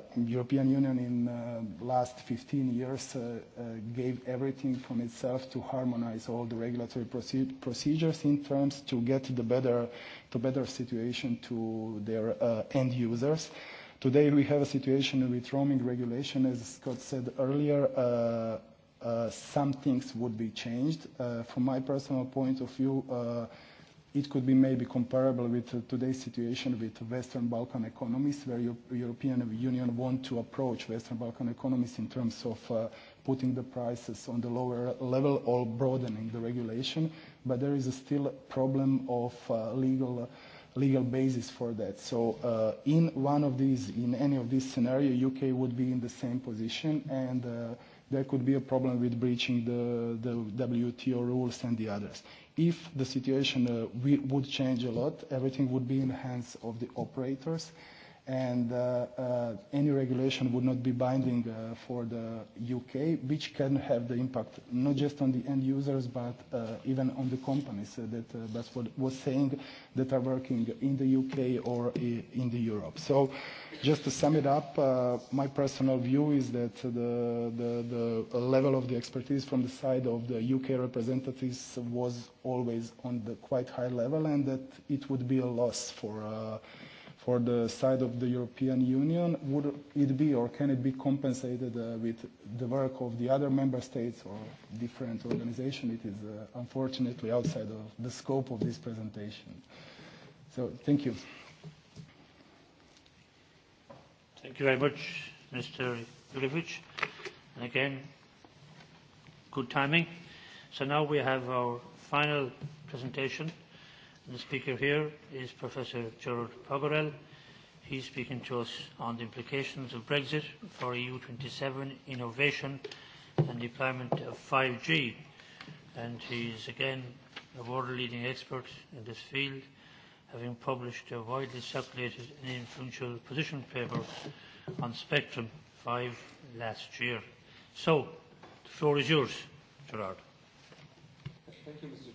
uh, European Union in uh, last 15 years uh, uh, gave everything from itself to harmonize all the regulatory proce procedures in terms to get the better, to better situation to their uh, end users. Today we have a situation with roaming regulation, as Scott said earlier, uh, uh, some things would be changed. Uh, from my personal point of view, uh, it could be maybe comparable with uh, today's situation with Western Balkan economies, where European Union want to approach Western Balkan economies in terms of uh, putting the prices on the lower level or broadening the regulation. But there is a still problem of uh, legal uh, legal basis for that. So uh, in one of these, in any of these scenarios, UK would be in the same position and uh, there could be a problem with breaching the, the WTO rules and the others if the situation uh, we would change a lot, everything would be in the hands of the operators and uh, uh, any regulation would not be binding uh, for the UK, which can have the impact not just on the end users, but uh, even on the companies uh, that uh, Basford was saying that are working in the UK or in the Europe. So just to sum it up, uh, my personal view is that the, the, the level of the expertise from the side of the UK representatives was always on the quite high level and that it would be a loss for uh, for the side of the European Union, would it be or can it be compensated uh, with the work of the other member states or different organizations? It is uh, unfortunately outside of the scope of this presentation. So thank you. Thank you very much, Mr. Jurevich. And again, good timing. So now we have our final presentation. The speaker here is Professor Gerard Pogarel. He's speaking to us on the implications of Brexit for EU27 innovation and deployment of 5G. And he's again a world-leading expert in this field, having published a widely circulated and influential position paper on Spectrum 5 last year. So, the floor is yours, Gerard. Thank you, Mr.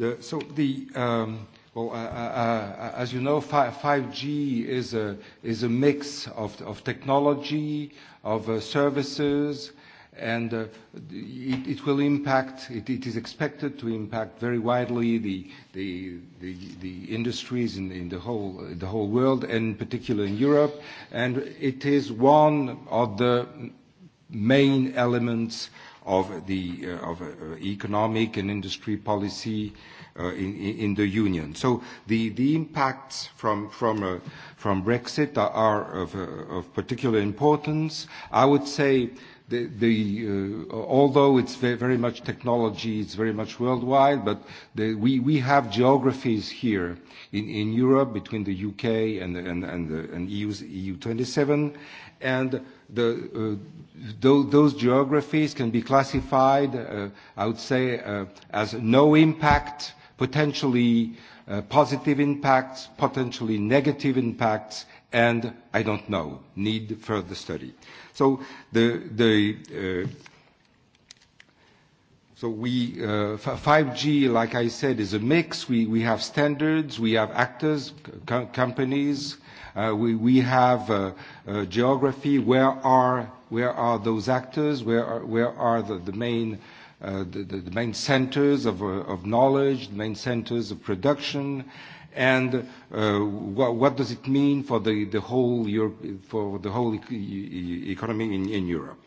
The, so the, um, well, uh, uh, uh, uh as you know, 5G is a, is a mix of, of technology, of uh, services, and uh, it, it will impact, it, it is expected to impact very widely the, the, the, the industries in, in the, whole, the whole world, and particular in Europe. And it is one of the main elements of the uh, of uh, economic and industry policy uh, in, in the union. So the, the impacts from from uh, from Brexit are, are of, uh, of particular importance. I would say. The, the, uh, although it's very, very much technology, it's very much worldwide, but the, we, we have geographies here in, in Europe between the UK and, and, and, the, and EU's, EU 27, and the, uh, th those geographies can be classified, uh, I would say, uh, as no impact, potentially uh, positive impacts, potentially negative impacts, and I don't know, need further study. So the, the uh, So we, uh, 5G, like I said, is a mix. We, we have standards, we have actors, co companies, Uh, we, we have uh, uh, geography. Where are, where are those actors? Where are, where are the, the main uh, the, the, the main centers of, uh, of knowledge, the main centers of production, and uh, what, what does it mean for the, the whole Europe, for the whole e- e-, e- economy in, in Europe?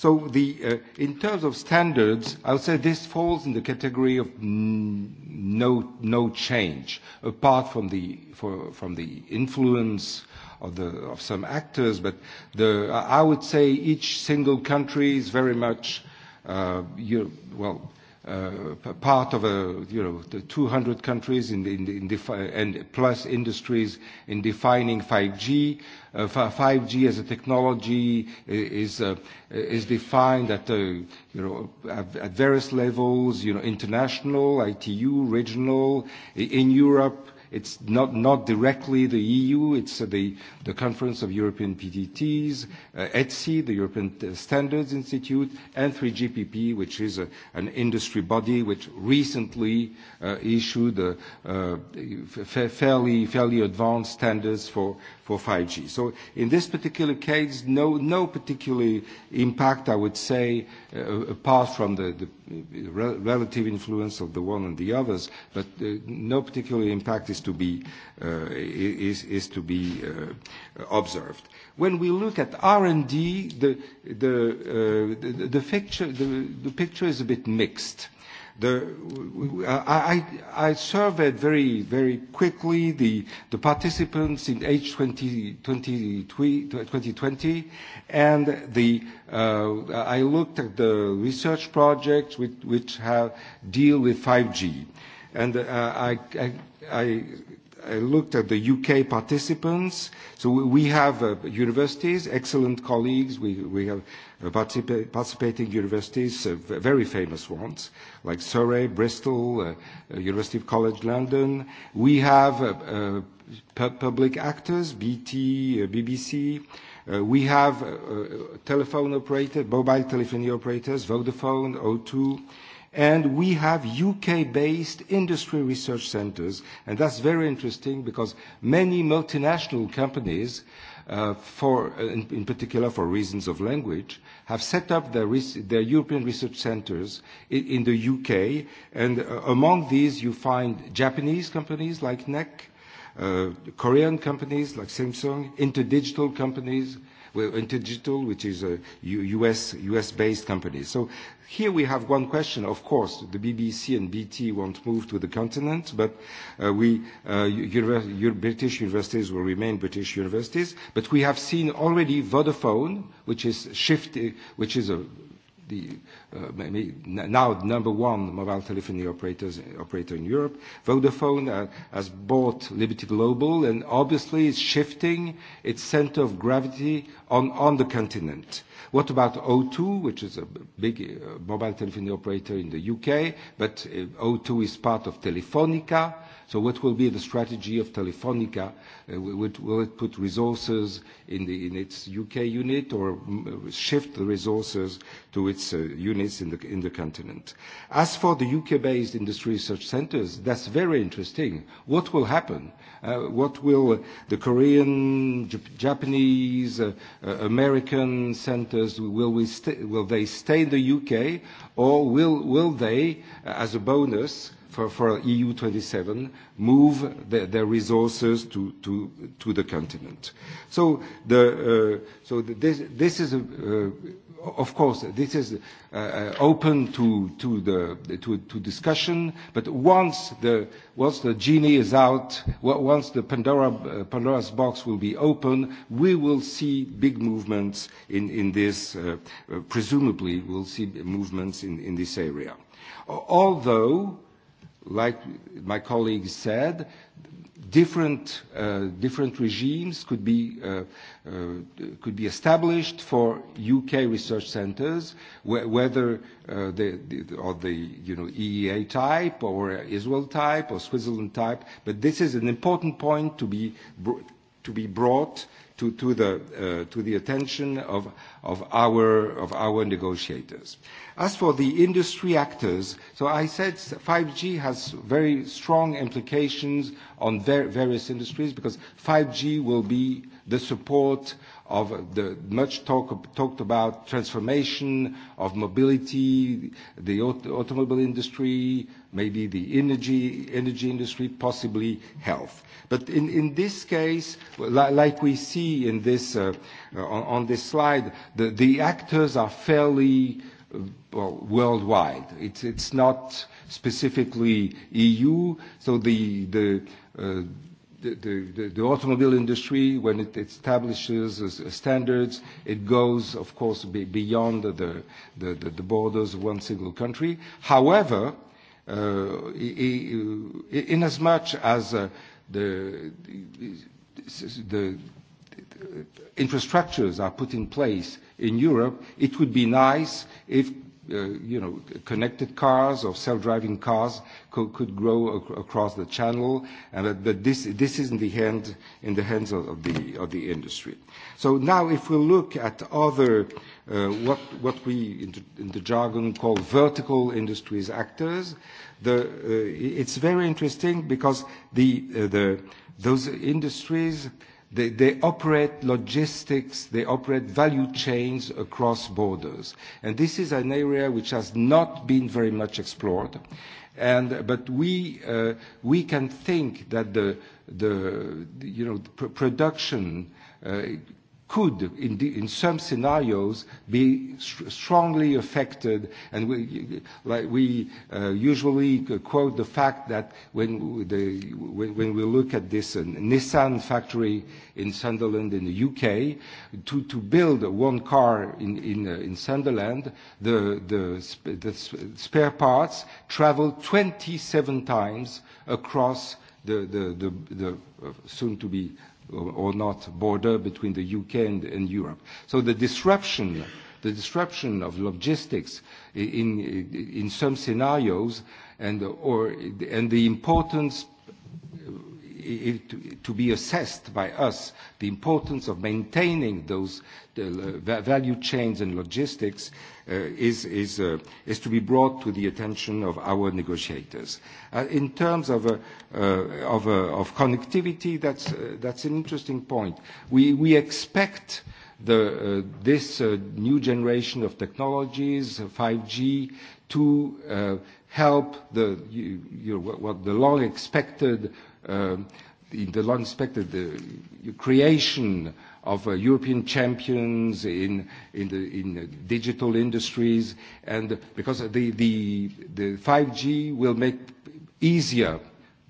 So the, uh, in terms of standards, I would say this falls in the category of no, no change, apart from the, for, from the influence of, the, of some actors. But the, I would say each single country is very much, uh, you, well, uh, part of a, you know, the 200 countries in, in, in defi- and plus industries in defining 5G. Uh, 5G as a technology is, uh, is defined at, uh, you know, at various levels, you know, international, ITU, regional, in Europe, It's not, not directly the EU, it's uh, the, the Conference of European PTTs, uh, ETSI, the European Standards Institute, and 3GPP, which is a, an industry body which recently uh, issued a, uh, uh, fa fairly, fairly advanced standards for, for 5G. So in this particular case, no, no particular impact, I would say, uh, apart from the, the re relative influence of the one and the others, but uh, no particular impact uh, is to be, uh, observed. When we look at R&D, the, the, uh, the, the, picture, is a bit mixed. The, I, I surveyed very, very quickly the, the participants in H2020, 2020 and the, uh, I looked at the research projects which, which have deal with 5G. And uh, I, I, I, I looked at the UK participants. So we have uh, universities, excellent colleagues. We, we have uh, participa participating universities, uh, very famous ones, like Surrey, Bristol, uh, uh, University of College London. We have uh, uh, pu public actors, BT, uh, BBC. Uh, we have uh, uh, telephone operators, mobile telephony operators, Vodafone, O2 and we have UK-based industry research centres, and that's very interesting because many multinational companies, uh, for, uh, in, in particular for reasons of language, have set up their, res their European research centres in, in the UK, and uh, among these you find Japanese companies like NEC, uh, Korean companies like Samsung, interdigital companies, InterDigital, which is a US, US-based company. So here we have one question. Of course, the BBC and BT won't move to the continent, but uh, we, uh, your British universities will remain British universities. But we have seen already Vodafone, which is, shift, uh, which is a the, uh, now number one mobile telephony operators, operator in Europe. Vodafone uh, has bought Liberty Global and obviously is shifting its center of gravity on, on the continent. What about O2, which is a big uh, mobile telephony operator in the UK, but uh, O2 is part of Telefonica. So what will be the strategy of Telefónica? Uh, will it put resources in, the, in its U.K. unit or mm, uh, shift the resources to its uh, units in the, in the continent? As for the U.K.-based industry research centers, that's very interesting. What will happen? Uh, what will the Korean, Jap Japanese, uh, uh, American centers, will, we will they stay in the U.K., or will, will they, as a bonus, for, for EU27 move their, their resources to, to, to the continent. So, the, uh, so the, this, this is, a, uh, of course, this is uh, open to, to, the, to, to discussion, but once the, once the genie is out, once the Pandora, uh, Pandora's box will be open, we will see big movements in, in this, uh, uh presumably we'll see movements in, in this area. Although, like my colleague said, different, uh, different regimes could be, uh, uh, could be established for UK research centres, wh whether uh, the, the, or the you know, EEA type or Israel type or Switzerland type. But this is an important point to be, br to be brought to, to, the, uh, to the attention of, of, our, of our negotiators. Uh, As for the industry actors, so I said 5G has very strong implications on ver various industries because 5G will be the support of the much talk, talked about transformation of mobility, the auto, automobile industry, maybe the energy, energy industry, possibly health. But in, in this case, li like we see in this, uh, on, on this slide, the, the actors are fairly well, worldwide. It's, it's not specifically EU, so the, the, uh, the, the, the automobile industry, when it establishes standards, it goes, of course, be, beyond the, the, the, the borders of one single country. However, uh, in as much as uh, the, the, the infrastructures are put in place in Europe, it would be nice if Uh, you know, connected cars or self-driving cars co could grow ac across the channel. And uh, that, but this, this is in the, hand, in the hands of, of, the, of the industry. So now if we look at other, uh, what, what we in the, in the jargon call vertical industries actors, the, uh, it's very interesting because the, uh, the, those industries They, they operate logistics, they operate value chains across borders. And this is an area which has not been very much explored. And, but we, uh, we can think that the, the you know, the pr production uh, could, in, in some scenarios, be st strongly affected. And we, like we uh, usually quote the fact that when, the, when, when we look at this uh, Nissan factory in Sunderland in the UK, to, to build one car in, in, uh, in Sunderland, the, the, sp the spare parts travel 27 times across the, the, the, the uh, soon to be or not border between the UK and, and Europe. So the disruption, the disruption of logistics in, in some scenarios and, or, and the importance it, to be assessed by us, the importance of maintaining those the value chains and logistics Uh, is, is, uh, is to be brought to the attention of our negotiators. Uh, in terms of, of, of connectivity, that's, that's an interesting point. We, we expect the, uh, this uh, new generation of technologies, 5G, to uh, help the, what the long expected, uh, the, long expected creation of uh, European champions in, in, the, in the digital industries, and because the, the, the 5G will make easier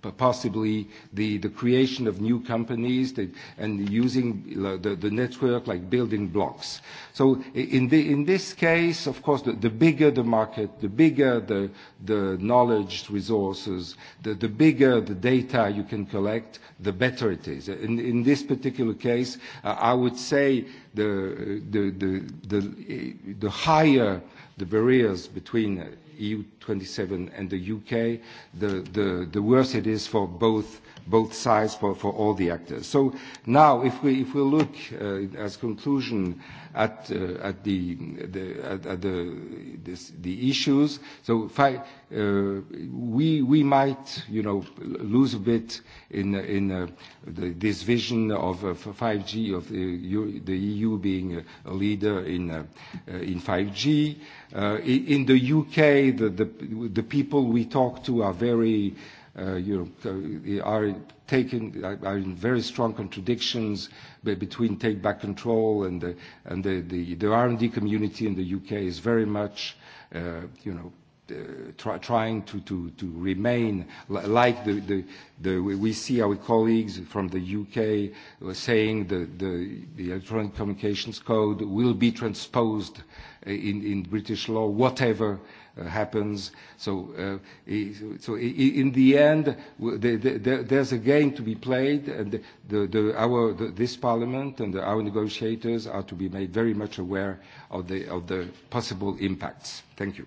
possibly the, the creation of new companies the, and using uh, the, the network like building blocks. So in, the, in this case, of course, the, the bigger the market, the bigger the, the knowledge resources, the, the bigger the data you can collect, the better it is. In, in this particular case, uh, I would say the, the, the, the, the higher the barriers between uh, EU27 and the UK, the, the, the worse it is for both, both sides, for, for all the actors. So now, if we, if we look uh, as conclusion at, uh, at, the, the, at, at the, this, the issues. So fi- uh, we, we might, you know, lose a bit in, in uh, the, this vision of uh, 5G, of the, EU, the EU being a, a leader in, uh, uh, in 5G. Uh, in, the UK, the, the, the people we talk to are very, uh, you know, are taken, are in very strong contradictions uh, between Take Back Control and the, and the, the, the R&D community in the UK is very much, uh, you know, uh, try, trying to, to, to remain like the, the, the, we see our colleagues from the UK uh, saying the, the, the electronic communications code will be transposed uh, in, in British law, whatever happens. So, uh so in the end, the, the, the, there's a game to be played, and the, the, our, the, this parliament and the our negotiators are to be made very much aware of the, of the possible impacts. Thank you.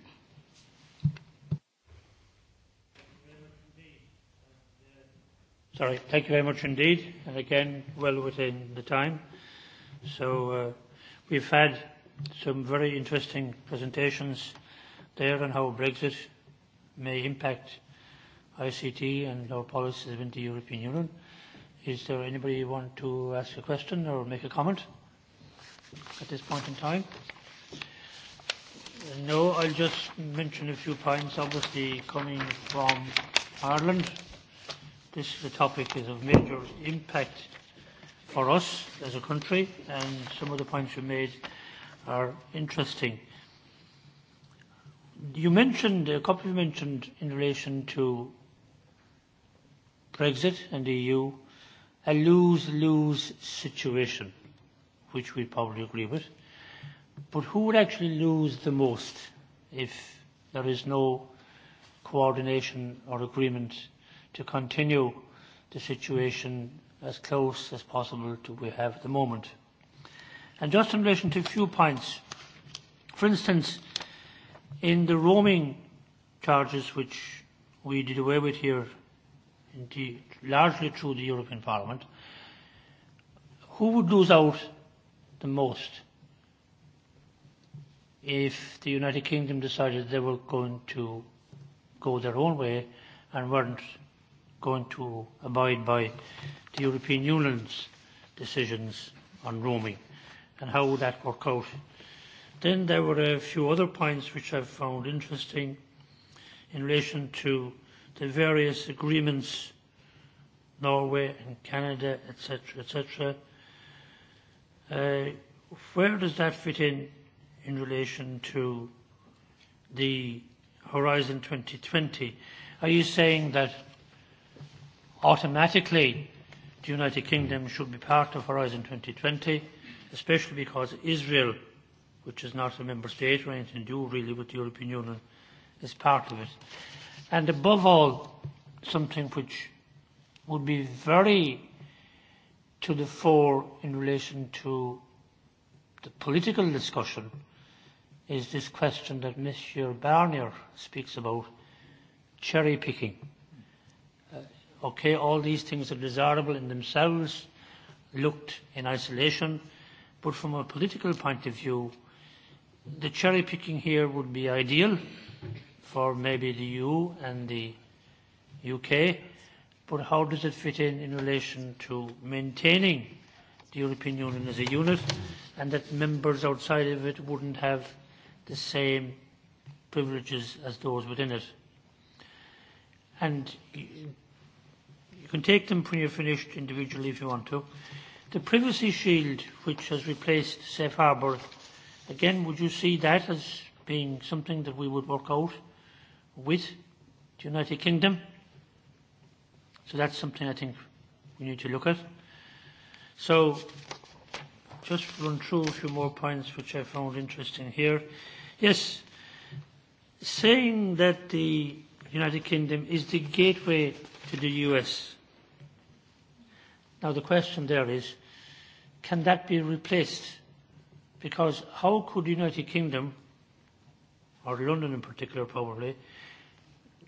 Sorry. Thank you very much indeed. and Again, well within the time. So uh We've had some very interesting presentations there on how Brexit may impact ICT and our policies within the European Union. Is there anybody who want to ask a question or make a comment at this point in time? No, I'll just mention a few points, obviously coming from Ireland. This is a topic is of major impact for us as a country, and some of the points you made are interesting you mentioned, a couple of you mentioned in relation to Brexit and the EU, a lose-lose situation, which we probably agree with. But who would actually lose the most if there is no coordination or agreement to continue the situation as close as possible to we have at the moment? And just in relation to a few points, for instance, In the roaming charges, which we did away with here, indeed, largely through the European Parliament, who would lose out the most if the United Kingdom decided they were going to go their own way and weren't going to abide by the European Union's decisions on roaming and how would that work out Then there were a few other points which I found interesting in relation to the various agreements, Norway and Canada, etc., etc. Uh, where does that fit in in relation to the Horizon 2020? Are you saying that automatically the United Kingdom should be part of Horizon 2020, especially because Israel – which is not a member state or anything to do really with the European Union, is part of it. And above all, something which would be very to the fore in relation to the political discussion is this question that Monsieur Barnier speaks about, cherry picking. Uh, okay, all these things are desirable in themselves, looked in isolation, but from a political point of view, the cherry picking here would be ideal for maybe the EU and the UK, but how does it fit in in relation to maintaining the European Union as a unit and that members outside of it wouldn't have the same privileges as those within it? And you can take them when you're finished individually if you want to. The privacy shield, which has replaced Safe Harbour Again, would you see that as being something that we would work out with the United Kingdom? So that's something I think we need to look at. So just run through a few more points which I found interesting here. Yes, saying that the United Kingdom is the gateway to the US. Now the question there is, can that be replaced because how could the United Kingdom, or London in particular probably,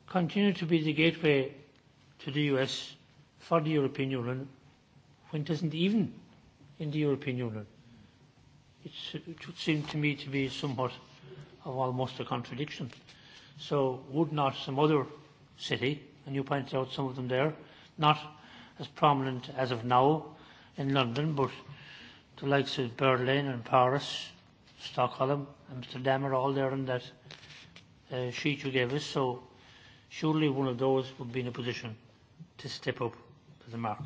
continue to be the gateway to the US for the European Union when it isn't even in the European Union? it would seem to me to be somewhat of almost a contradiction. So would not some other city, and you pointed out some of them there, not as prominent as of now in London, but the likes of Berlin and Paris, Stockholm, Amsterdam are all there in that uh, sheet you gave us. So surely one of those would be in a position to step up to the mark.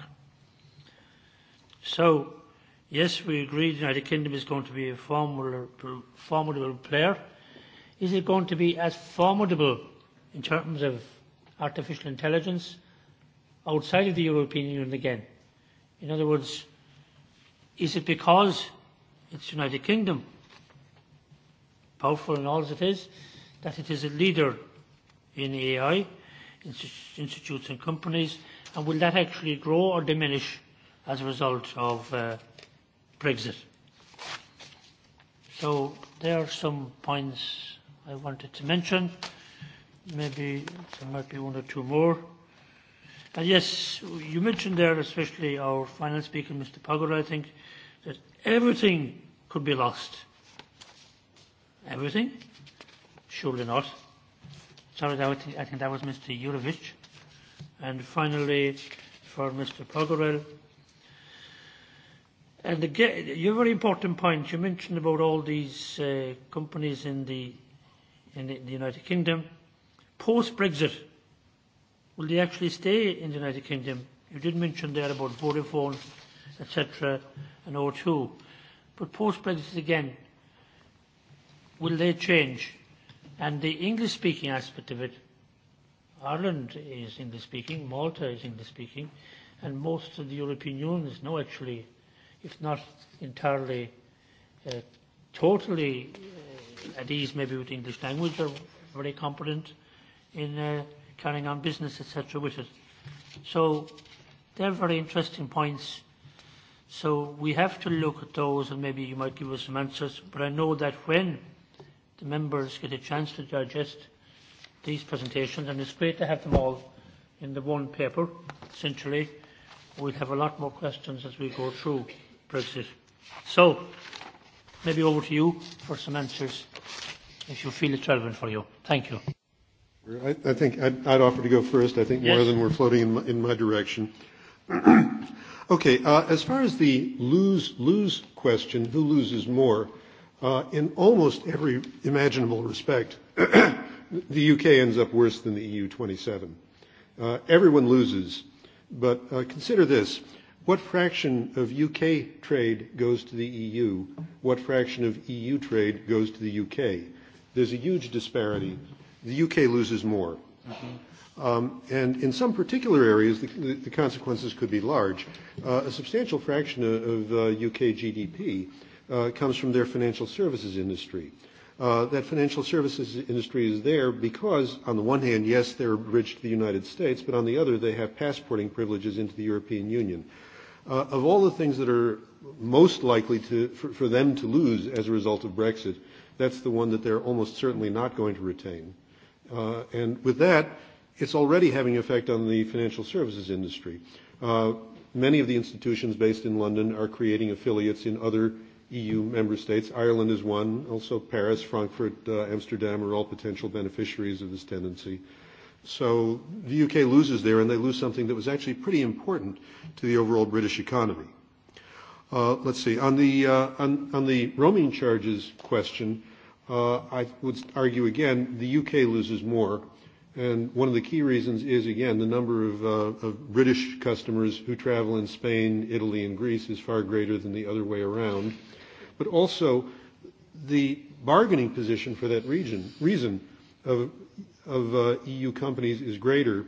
So, yes, we agree the United Kingdom is going to be a formidable, formidable player. Is it going to be as formidable in terms of artificial intelligence outside of the European Union again? In other words, Is it because it's the United Kingdom, powerful and all as it is, that it is a leader in AI, institutes and companies, and will that actually grow or diminish as a result of uh, Brexit? So there are some points I wanted to mention. Maybe there might be one or two more. And yes, you mentioned there especially our final speaker, Mr. Pagura, I think, Everything could be lost. Everything? Surely not. Sorry, that was, I think that was Mr. Jurevich. And finally, for Mr. Pogorel. And again, your very important point you mentioned about all these uh, companies in the, in the, the United Kingdom. Post Brexit, will they actually stay in the United Kingdom? You did mention there about Vodafone etc., and O2. But post-Brexit again, will they change? And the English-speaking aspect of it, Ireland is English-speaking, Malta is English-speaking, and most of the European Union is now actually, if not entirely, uh, totally uh, at ease maybe with English language are very competent in uh, carrying on business, etc., with it. So they're very interesting points so we have to look at those, and maybe you might give us some answers. But I know that when the members get a chance to digest these presentations, and it's great to have them all in the one paper, essentially, we'll have a lot more questions as we go through Brexit. So maybe over to you for some answers, if you feel it's relevant for you. Thank you. I, think I'd, I'd offer to go first. I think yes. more than we're floating in my, in my direction. Okay, uh, as far as the lose-lose question, who loses more? Uh, in almost every imaginable respect, the UK ends up worse than the EU 27. Uh, everyone loses. But uh, consider this. What fraction of UK trade goes to the EU? What fraction of EU trade goes to the UK? There's a huge disparity. The UK loses more. Mm-hmm. Um, and in some particular areas, the, the consequences could be large. Uh, a substantial fraction of, of uh, UK GDP uh, comes from their financial services industry. Uh, that financial services industry is there because, on the one hand, yes, they're rich to the United States, but on the other, they have passporting privileges into the European Union. Uh, of all the things that are most likely to, for, for them to lose as a result of Brexit, that's the one that they're almost certainly not going to retain. Uh, and with that, It's already having an effect on the financial services industry. Uh, many of the institutions based in London are creating affiliates in other EU member states. Ireland is one. Also, Paris, Frankfurt, uh, Amsterdam are all potential beneficiaries of this tendency. So the UK loses there, and they lose something that was actually pretty important to the overall British economy. Uh, let's see. On the, uh, on, on the roaming charges question, uh, I would argue again the UK loses more And one of the key reasons is, again, the number of, uh, of British customers who travel in Spain, Italy, and Greece is far greater than the other way around. But also, the bargaining position for that region, reason of, of uh, EU companies is greater.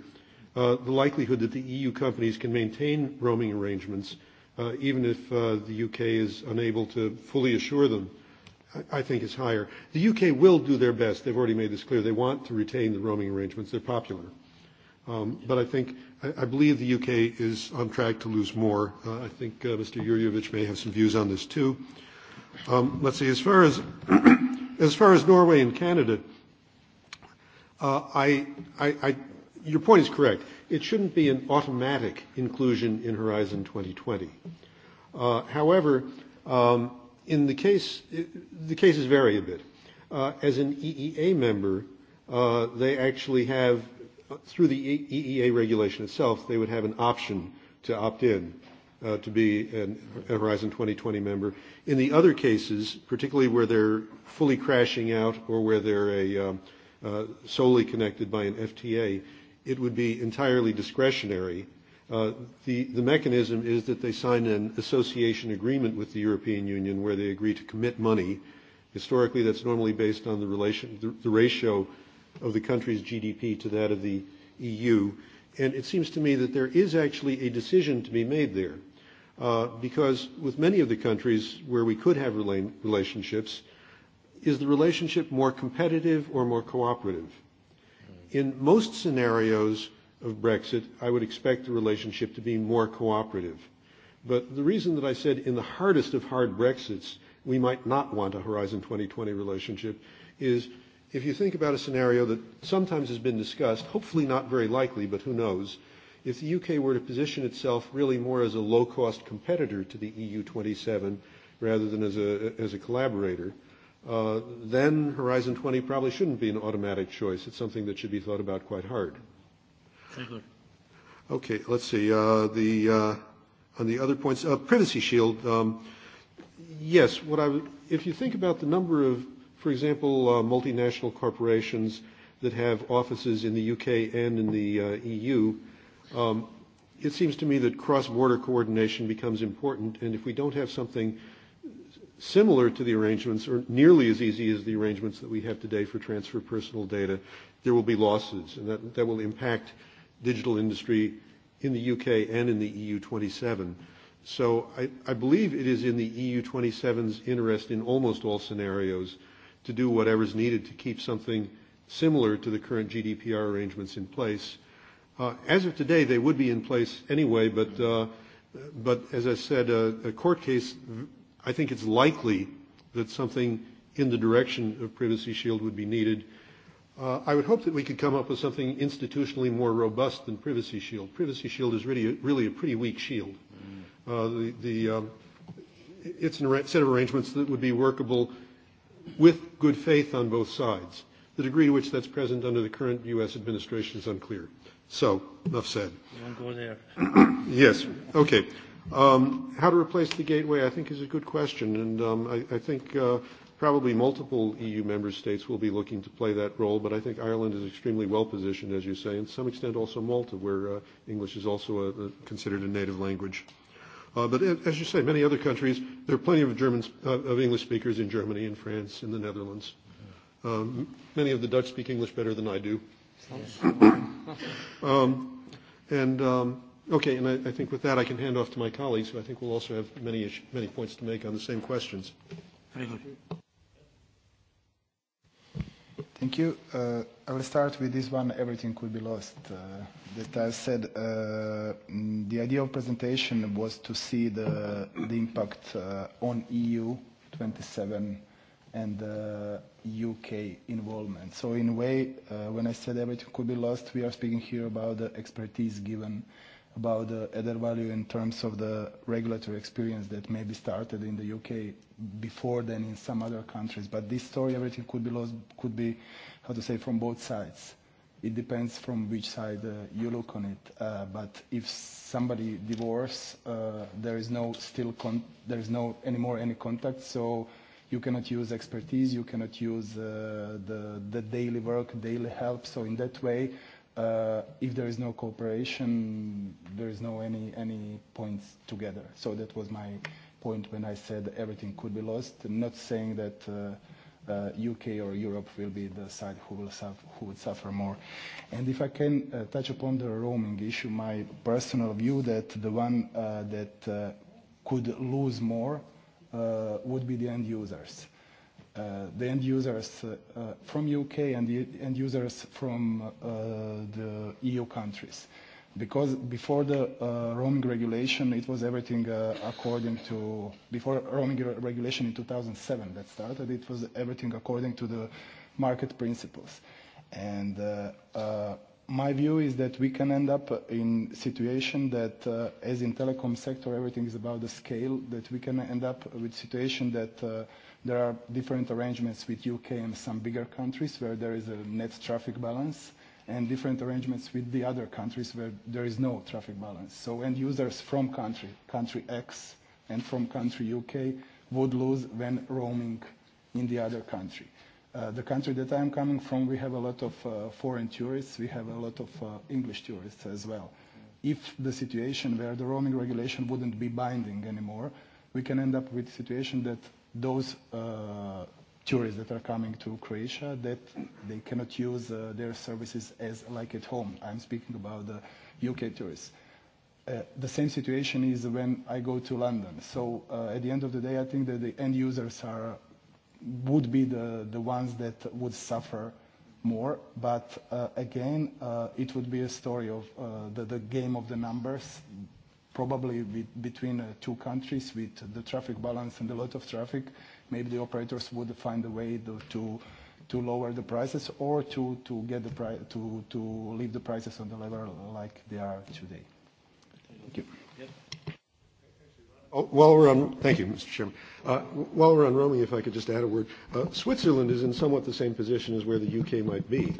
Uh, the likelihood that the EU companies can maintain roaming arrangements, uh, even if uh, the UK is unable to fully assure them i think is higher. The UK will do their best. They've already made this clear. They want to retain the roaming arrangements. They're popular. Um, but I think, I, I believe the UK is on track to lose more. Uh, I think uh, Mr. Yurjevich may have some views on this too. Um, let's see, as far as, as far as Norway and Canada, uh, I, I, I, your point is correct. It shouldn't be an automatic inclusion in Horizon 2020. Uh, however, um, in the case, the cases vary a bit. Uh, as an EEA member, uh, they actually have, through the EEA regulation itself, they would have an option to opt in uh, to be an, a Horizon 2020 member. In the other cases, particularly where they're fully crashing out or where they're a, um, uh, solely connected by an FTA, it would be entirely discretionary Uh, the, the mechanism is that they sign an association agreement with the European Union where they agree to commit money. Historically, that's normally based on the, relation, the, the ratio of the country's GDP to that of the EU. And it seems to me that there is actually a decision to be made there. Uh, because with many of the countries where we could have rela- relationships, is the relationship more competitive or more cooperative? In most scenarios, of Brexit, I would expect the relationship to be more cooperative. But the reason that I said in the hardest of hard Brexits, we might not want a Horizon 2020 relationship is if you think about a scenario that sometimes has been discussed, hopefully not very likely, but who knows, if the UK were to position itself really more as a low-cost competitor to the EU27 rather than as a, as a collaborator, uh, then Horizon 20 probably shouldn't be an automatic choice. It's something that should be thought about quite hard. Okay, let's see. Uh, the, uh, on the other points, uh, Privacy Shield, um, yes, what I w- if you think about the number of, for example, uh, multinational corporations that have offices in the UK and in the uh, EU, um, it seems to me that cross-border coordination becomes important, and if we don't have something similar to the arrangements, or nearly as easy as the arrangements that we have today for transfer personal data, there will be losses, and that, that will impact – digital industry in the UK and in the EU 27. So I, I believe it is in the EU 27's interest in almost all scenarios to do whatever is needed to keep something similar to the current GDPR arrangements in place. Uh, as of today, they would be in place anyway, but, uh, but as I said, uh, a court case, I think it's likely that something in the direction of Privacy Shield would be needed Uh, I would hope that we could come up with something institutionally more robust than Privacy Shield. Privacy Shield is really, really a pretty weak shield. Mm. Uh, the, the, um, it's a set of arrangements that would be workable with good faith on both sides. The degree to which that's present under the current U.S. administration is unclear. So, enough said. You won't go there. yes. Okay. Um, how to replace the gateway, I think, is a good question. And um, I, I think. Uh, probably multiple EU member states will be looking to play that role, but I think Ireland is extremely well positioned, as you say, and to some extent also Malta, where uh, English is also a, uh, a, uh, considered a native language. Uh, but as you say, many other countries, there are plenty of, Germans, uh, of English speakers in Germany, in France, in the Netherlands. Um, many of the Dutch speak English better than I do. um, and um, okay, and I, I think with that I can hand off to my colleagues, who I think will also have many, many points to make on the same questions. Very good. Thank you. Uh, I will start with this one, everything could be lost. Uh, that I said, uh, mm, the idea of presentation was to see the, the impact uh, on EU 27 and uh, UK involvement. So in a way, uh, when I said everything could be lost, we are speaking here about the expertise given uh, about the added value in terms of the regulatory experience that maybe started in the UK before then in some other countries. But this story, everything could be lost, could be, how to say, from both sides. It depends from which side uh, you look on it. Uh, but if somebody divorce, uh, there is no still con- there is no anymore any contact. So you cannot use expertise, you cannot use uh, the the daily work, daily help. So in that way, uh, if there is no cooperation, there is no any any points together. So that was my point when I said everything could be lost. I'm not saying that. Uh, uh, UK or Europe will be the side who will suffer, who would suffer more. And if I can uh, touch upon the roaming issue, my personal view that the one uh, that uh, could lose more uh, would be the end users uh, the end users uh, uh, from UK and the end users from uh, the EU countries. Because before the uh, roaming regulation, it was everything uh, according to, before roaming re regulation in 2007 that started, it was everything according to the market principles. And uh, uh, my view is that we can end up in situation that, uh, as in telecom sector, everything is about the scale, that we can end up with situation that uh, There are different arrangements with UK and some bigger countries where there is a net traffic balance and different arrangements with the other countries where there is no traffic balance. So end users from country, country X and from country UK would lose when roaming in the other country. Uh, the country that I'm coming from, we have a lot of uh, foreign tourists. We have a lot of uh, English tourists as well. If the situation where the roaming regulation wouldn't be binding anymore, we can end up with a situation that those uh, tourists that are coming to Croatia that they cannot use uh, their services as like at home. I'm speaking about the UK tourists. Uh, the same situation is when I go to London. So uh, at the end of the day, I think that the end users are would be the, the ones that would suffer more. But uh, again, uh, it would be a story of uh, the, the game of the numbers probably between uh, two countries with the traffic balance and a lot of traffic, maybe the operators would find a way to, to, to lower the prices or to, to get the pri- to, to leave the prices on the level like they are today. Thank you. Oh, while we're on, thank you, Mr. Chairman. Uh, while we're on roaming, if I could just add a word, uh, Switzerland is in somewhat the same position as where the UK might be.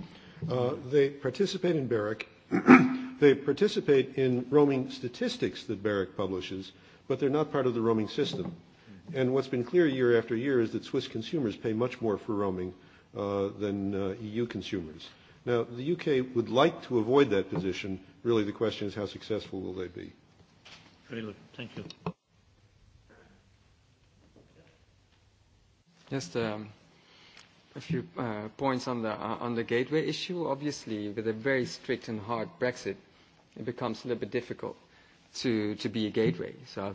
Uh, they participate in BEREC. They participate in roaming statistics that Barrick publishes, but they're not part of the roaming system. And what's been clear year after year is that Swiss consumers pay much more for roaming uh, than uh, EU consumers. Now, the UK would like to avoid that position. Really, the question is how successful will they be? good. thank you. Just um, a few uh, points on the, uh, on the gateway issue. Obviously, with a very strict and hard Brexit, it becomes a little bit difficult to, to be a gateway. So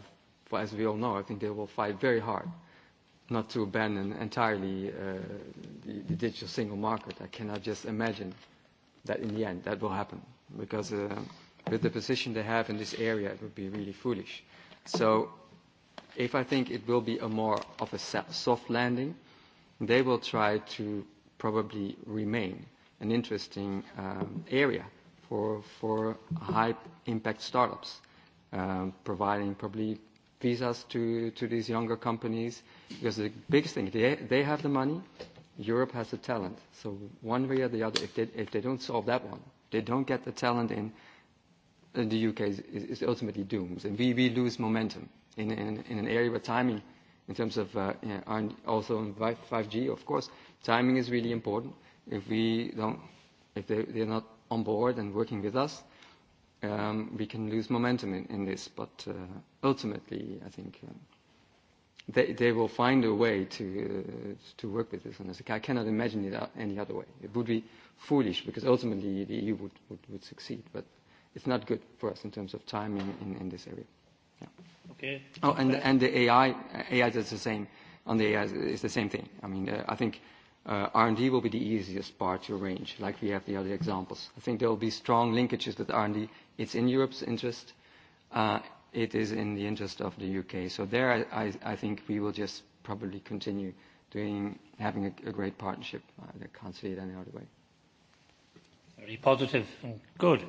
I've, as we all know, I think they will fight very hard not to abandon entirely uh, the, the digital single market. I cannot just imagine that in the end that will happen because uh, with the position they have in this area, it would be really foolish. So if I think it will be a more of a soft landing, they will try to probably remain an interesting um, area for, for high-impact startups, um, providing probably visas to, to these younger companies. Because the biggest thing, they, they have the money, Europe has the talent. So one way or the other, if they, if they don't solve that one, they don't get the talent in, in the UK is, is, is ultimately doomed. And we, we lose momentum in, in, in an area where timing, in terms of uh, you know, also in 5G, of course, timing is really important. If we don't, if they, they're not on board and working with us, um, we can lose momentum in, in this. But uh, ultimately, I think uh, they, they will find a way to, uh, to work with this. And I cannot imagine it any other way. It would be foolish because ultimately the EU would, would, would succeed. But it's not good for us in terms of timing in, in this area. Yeah. Okay. Oh, and, and the AI, AI is the same. On the AI is the same thing. I mean, uh, I think uh, R&D will be the easiest part to arrange, like we have the other examples. I think there will be strong linkages with R&D. It's in Europe's interest. Uh, it is in the interest of the UK. So there, I, I, I think we will just probably continue doing, having a, great partnership. I can't see it any other way. Very positive and good.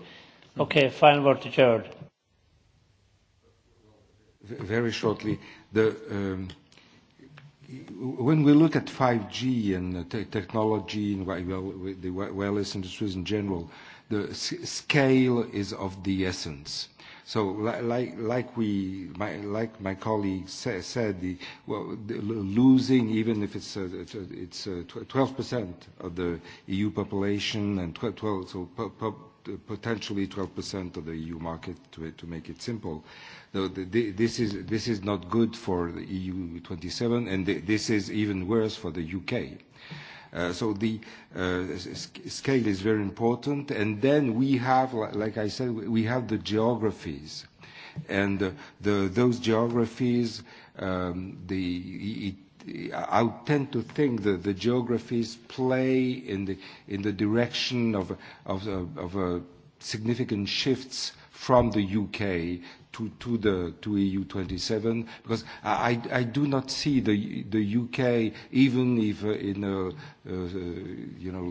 Okay, final word to Gerard. Very shortly, the. Um, When we look at 5G and te technology and well, the wireless industries in general, the scale is of the essence. So like, like, we, my, like my colleague sa said, the, well, the losing, even if it's, uh, it's uh, 12% uh, of the EU population and 12, so potentially 12% of the EU market, to, to make it simple, so no, the, this, is, this is not good for the EU27, and the, this is even worse for the UK. Uh, so the uh, scale is very important. And then we have, like I said, we have the geographies. And uh, the, those geographies, um, the, it, I tend to think that the geographies play in the, in the direction of, of, of, of uh, significant shifts from the UK to, to the to EU 27 because I, I do not see the the UK even if uh, in a uh, uh you know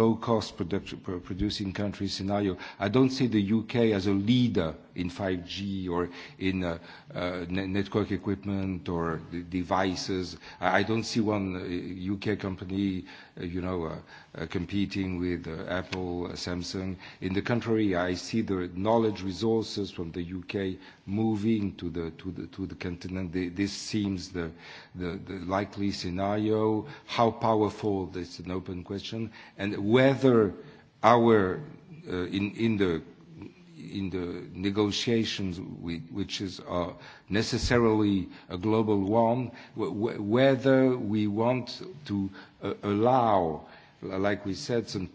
low cost producing country scenario I don't see the UK as a leader in 5G or in uh, uh, network equipment or devices. I don't see one U.K. Uh, company, uh, you know, uh uh competing with uh Apple, uh Samsung. In the contrary, I see the knowledge resources from the U.K. moving to the to the to the continent. This seems the the the likely scenario. How powerful, that's an open question, and whether our uh in in the in the negotiations, with, which is uh, necessarily a global one, whether we want to uh, allow, like we said, some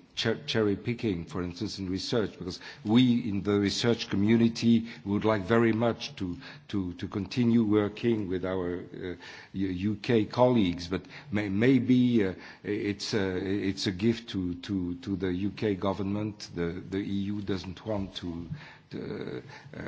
cherry picking, for instance, in research, because we in the research community would like very much to, to, to continue working with our uh, UK colleagues, but may, maybe uh, it's, a, it's a gift to, to, to the UK government. The, the EU doesn't want to, to uh,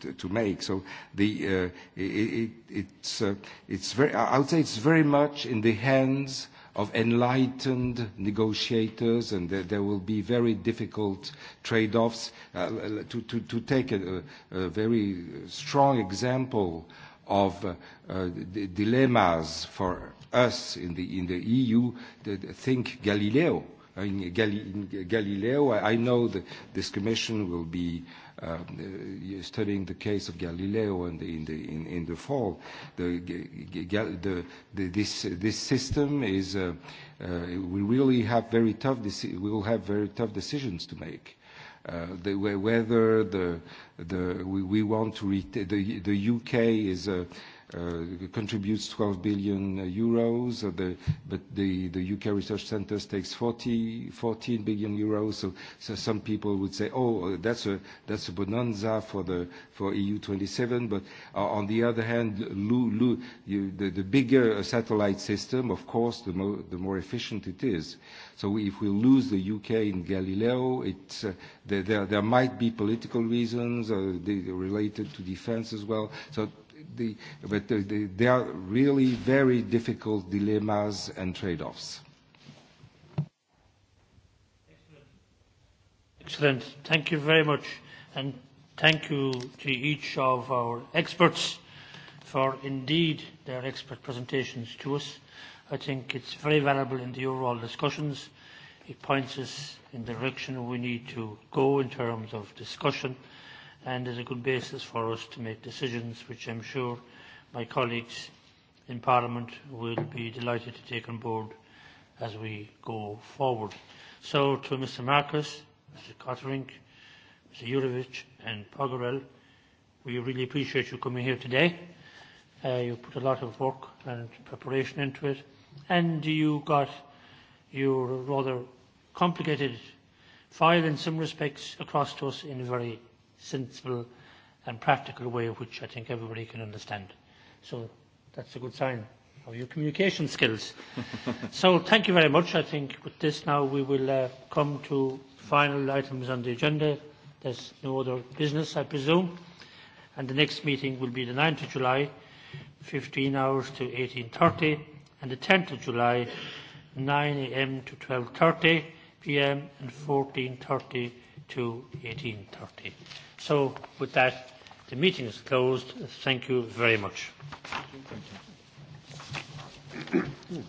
to, to make. So the, uh, it, it, it's, uh, it's very, I would say it's very much in the hands of enlightened negotiators, and there, there will be very difficult trade-offs. Uh, to, to, to take a, a very strong example of uh, uh, dilemmas for us in the, in the EU, the, the, think Galileo. In, in Galileo, I, I know that this commission will be uh, Uh, uh, studying the case of Galileo in the, in the, in, in the fall. The, the, the, this, this system is, uh, uh, we really have very tough, we will have very tough decisions to make. Uh, the, whether the, the, we, we want to, ret- the, the UK is uh, uh, contributes 12 billion uh, euros, uh, the, but the, the UK Research Centres takes 40, 14 billion euros. So, so some people would say, oh, uh, that's a, that's a bonanza for, the, for EU27. But uh, on the other hand, lu lu you, the, the bigger a uh, satellite system, of course, the, mo, the more efficient it is. So if we lose the UK in Galileo, it, uh, there, there, there might be political reasons uh, related to defense as well. So the, but the, the, there are really very difficult dilemmas and trade-offs. Excellent. Thank you very much. And thank you to each of our experts for indeed their expert presentations to us. I think it's very valuable in the overall discussions. It points us in the direction we need to go in terms of discussion and is a good basis for us to make decisions which I'm sure my colleagues in Parliament will be delighted to take on board as we go forward. So to Mr Marcus, Mr Cotterink, Mr Jurevich and Pogarel, we really appreciate you coming here today. Uh, you put a lot of work and preparation into it and you got your rather complicated file in some respects across to us in a very sensible and practical way which I think everybody can understand. So that's a good sign of your communication skills. so thank you very much. I think with this now we will uh, come to final items on the agenda. There's no other business, I presume. And the next meeting will be the 9th of July, 15 hours to 18.30, and the 10th of July, 9 a.m. to 12.30 p.m. and 14.30 to 18.30. So with that, the meeting is closed. Thank you very much. Thank you.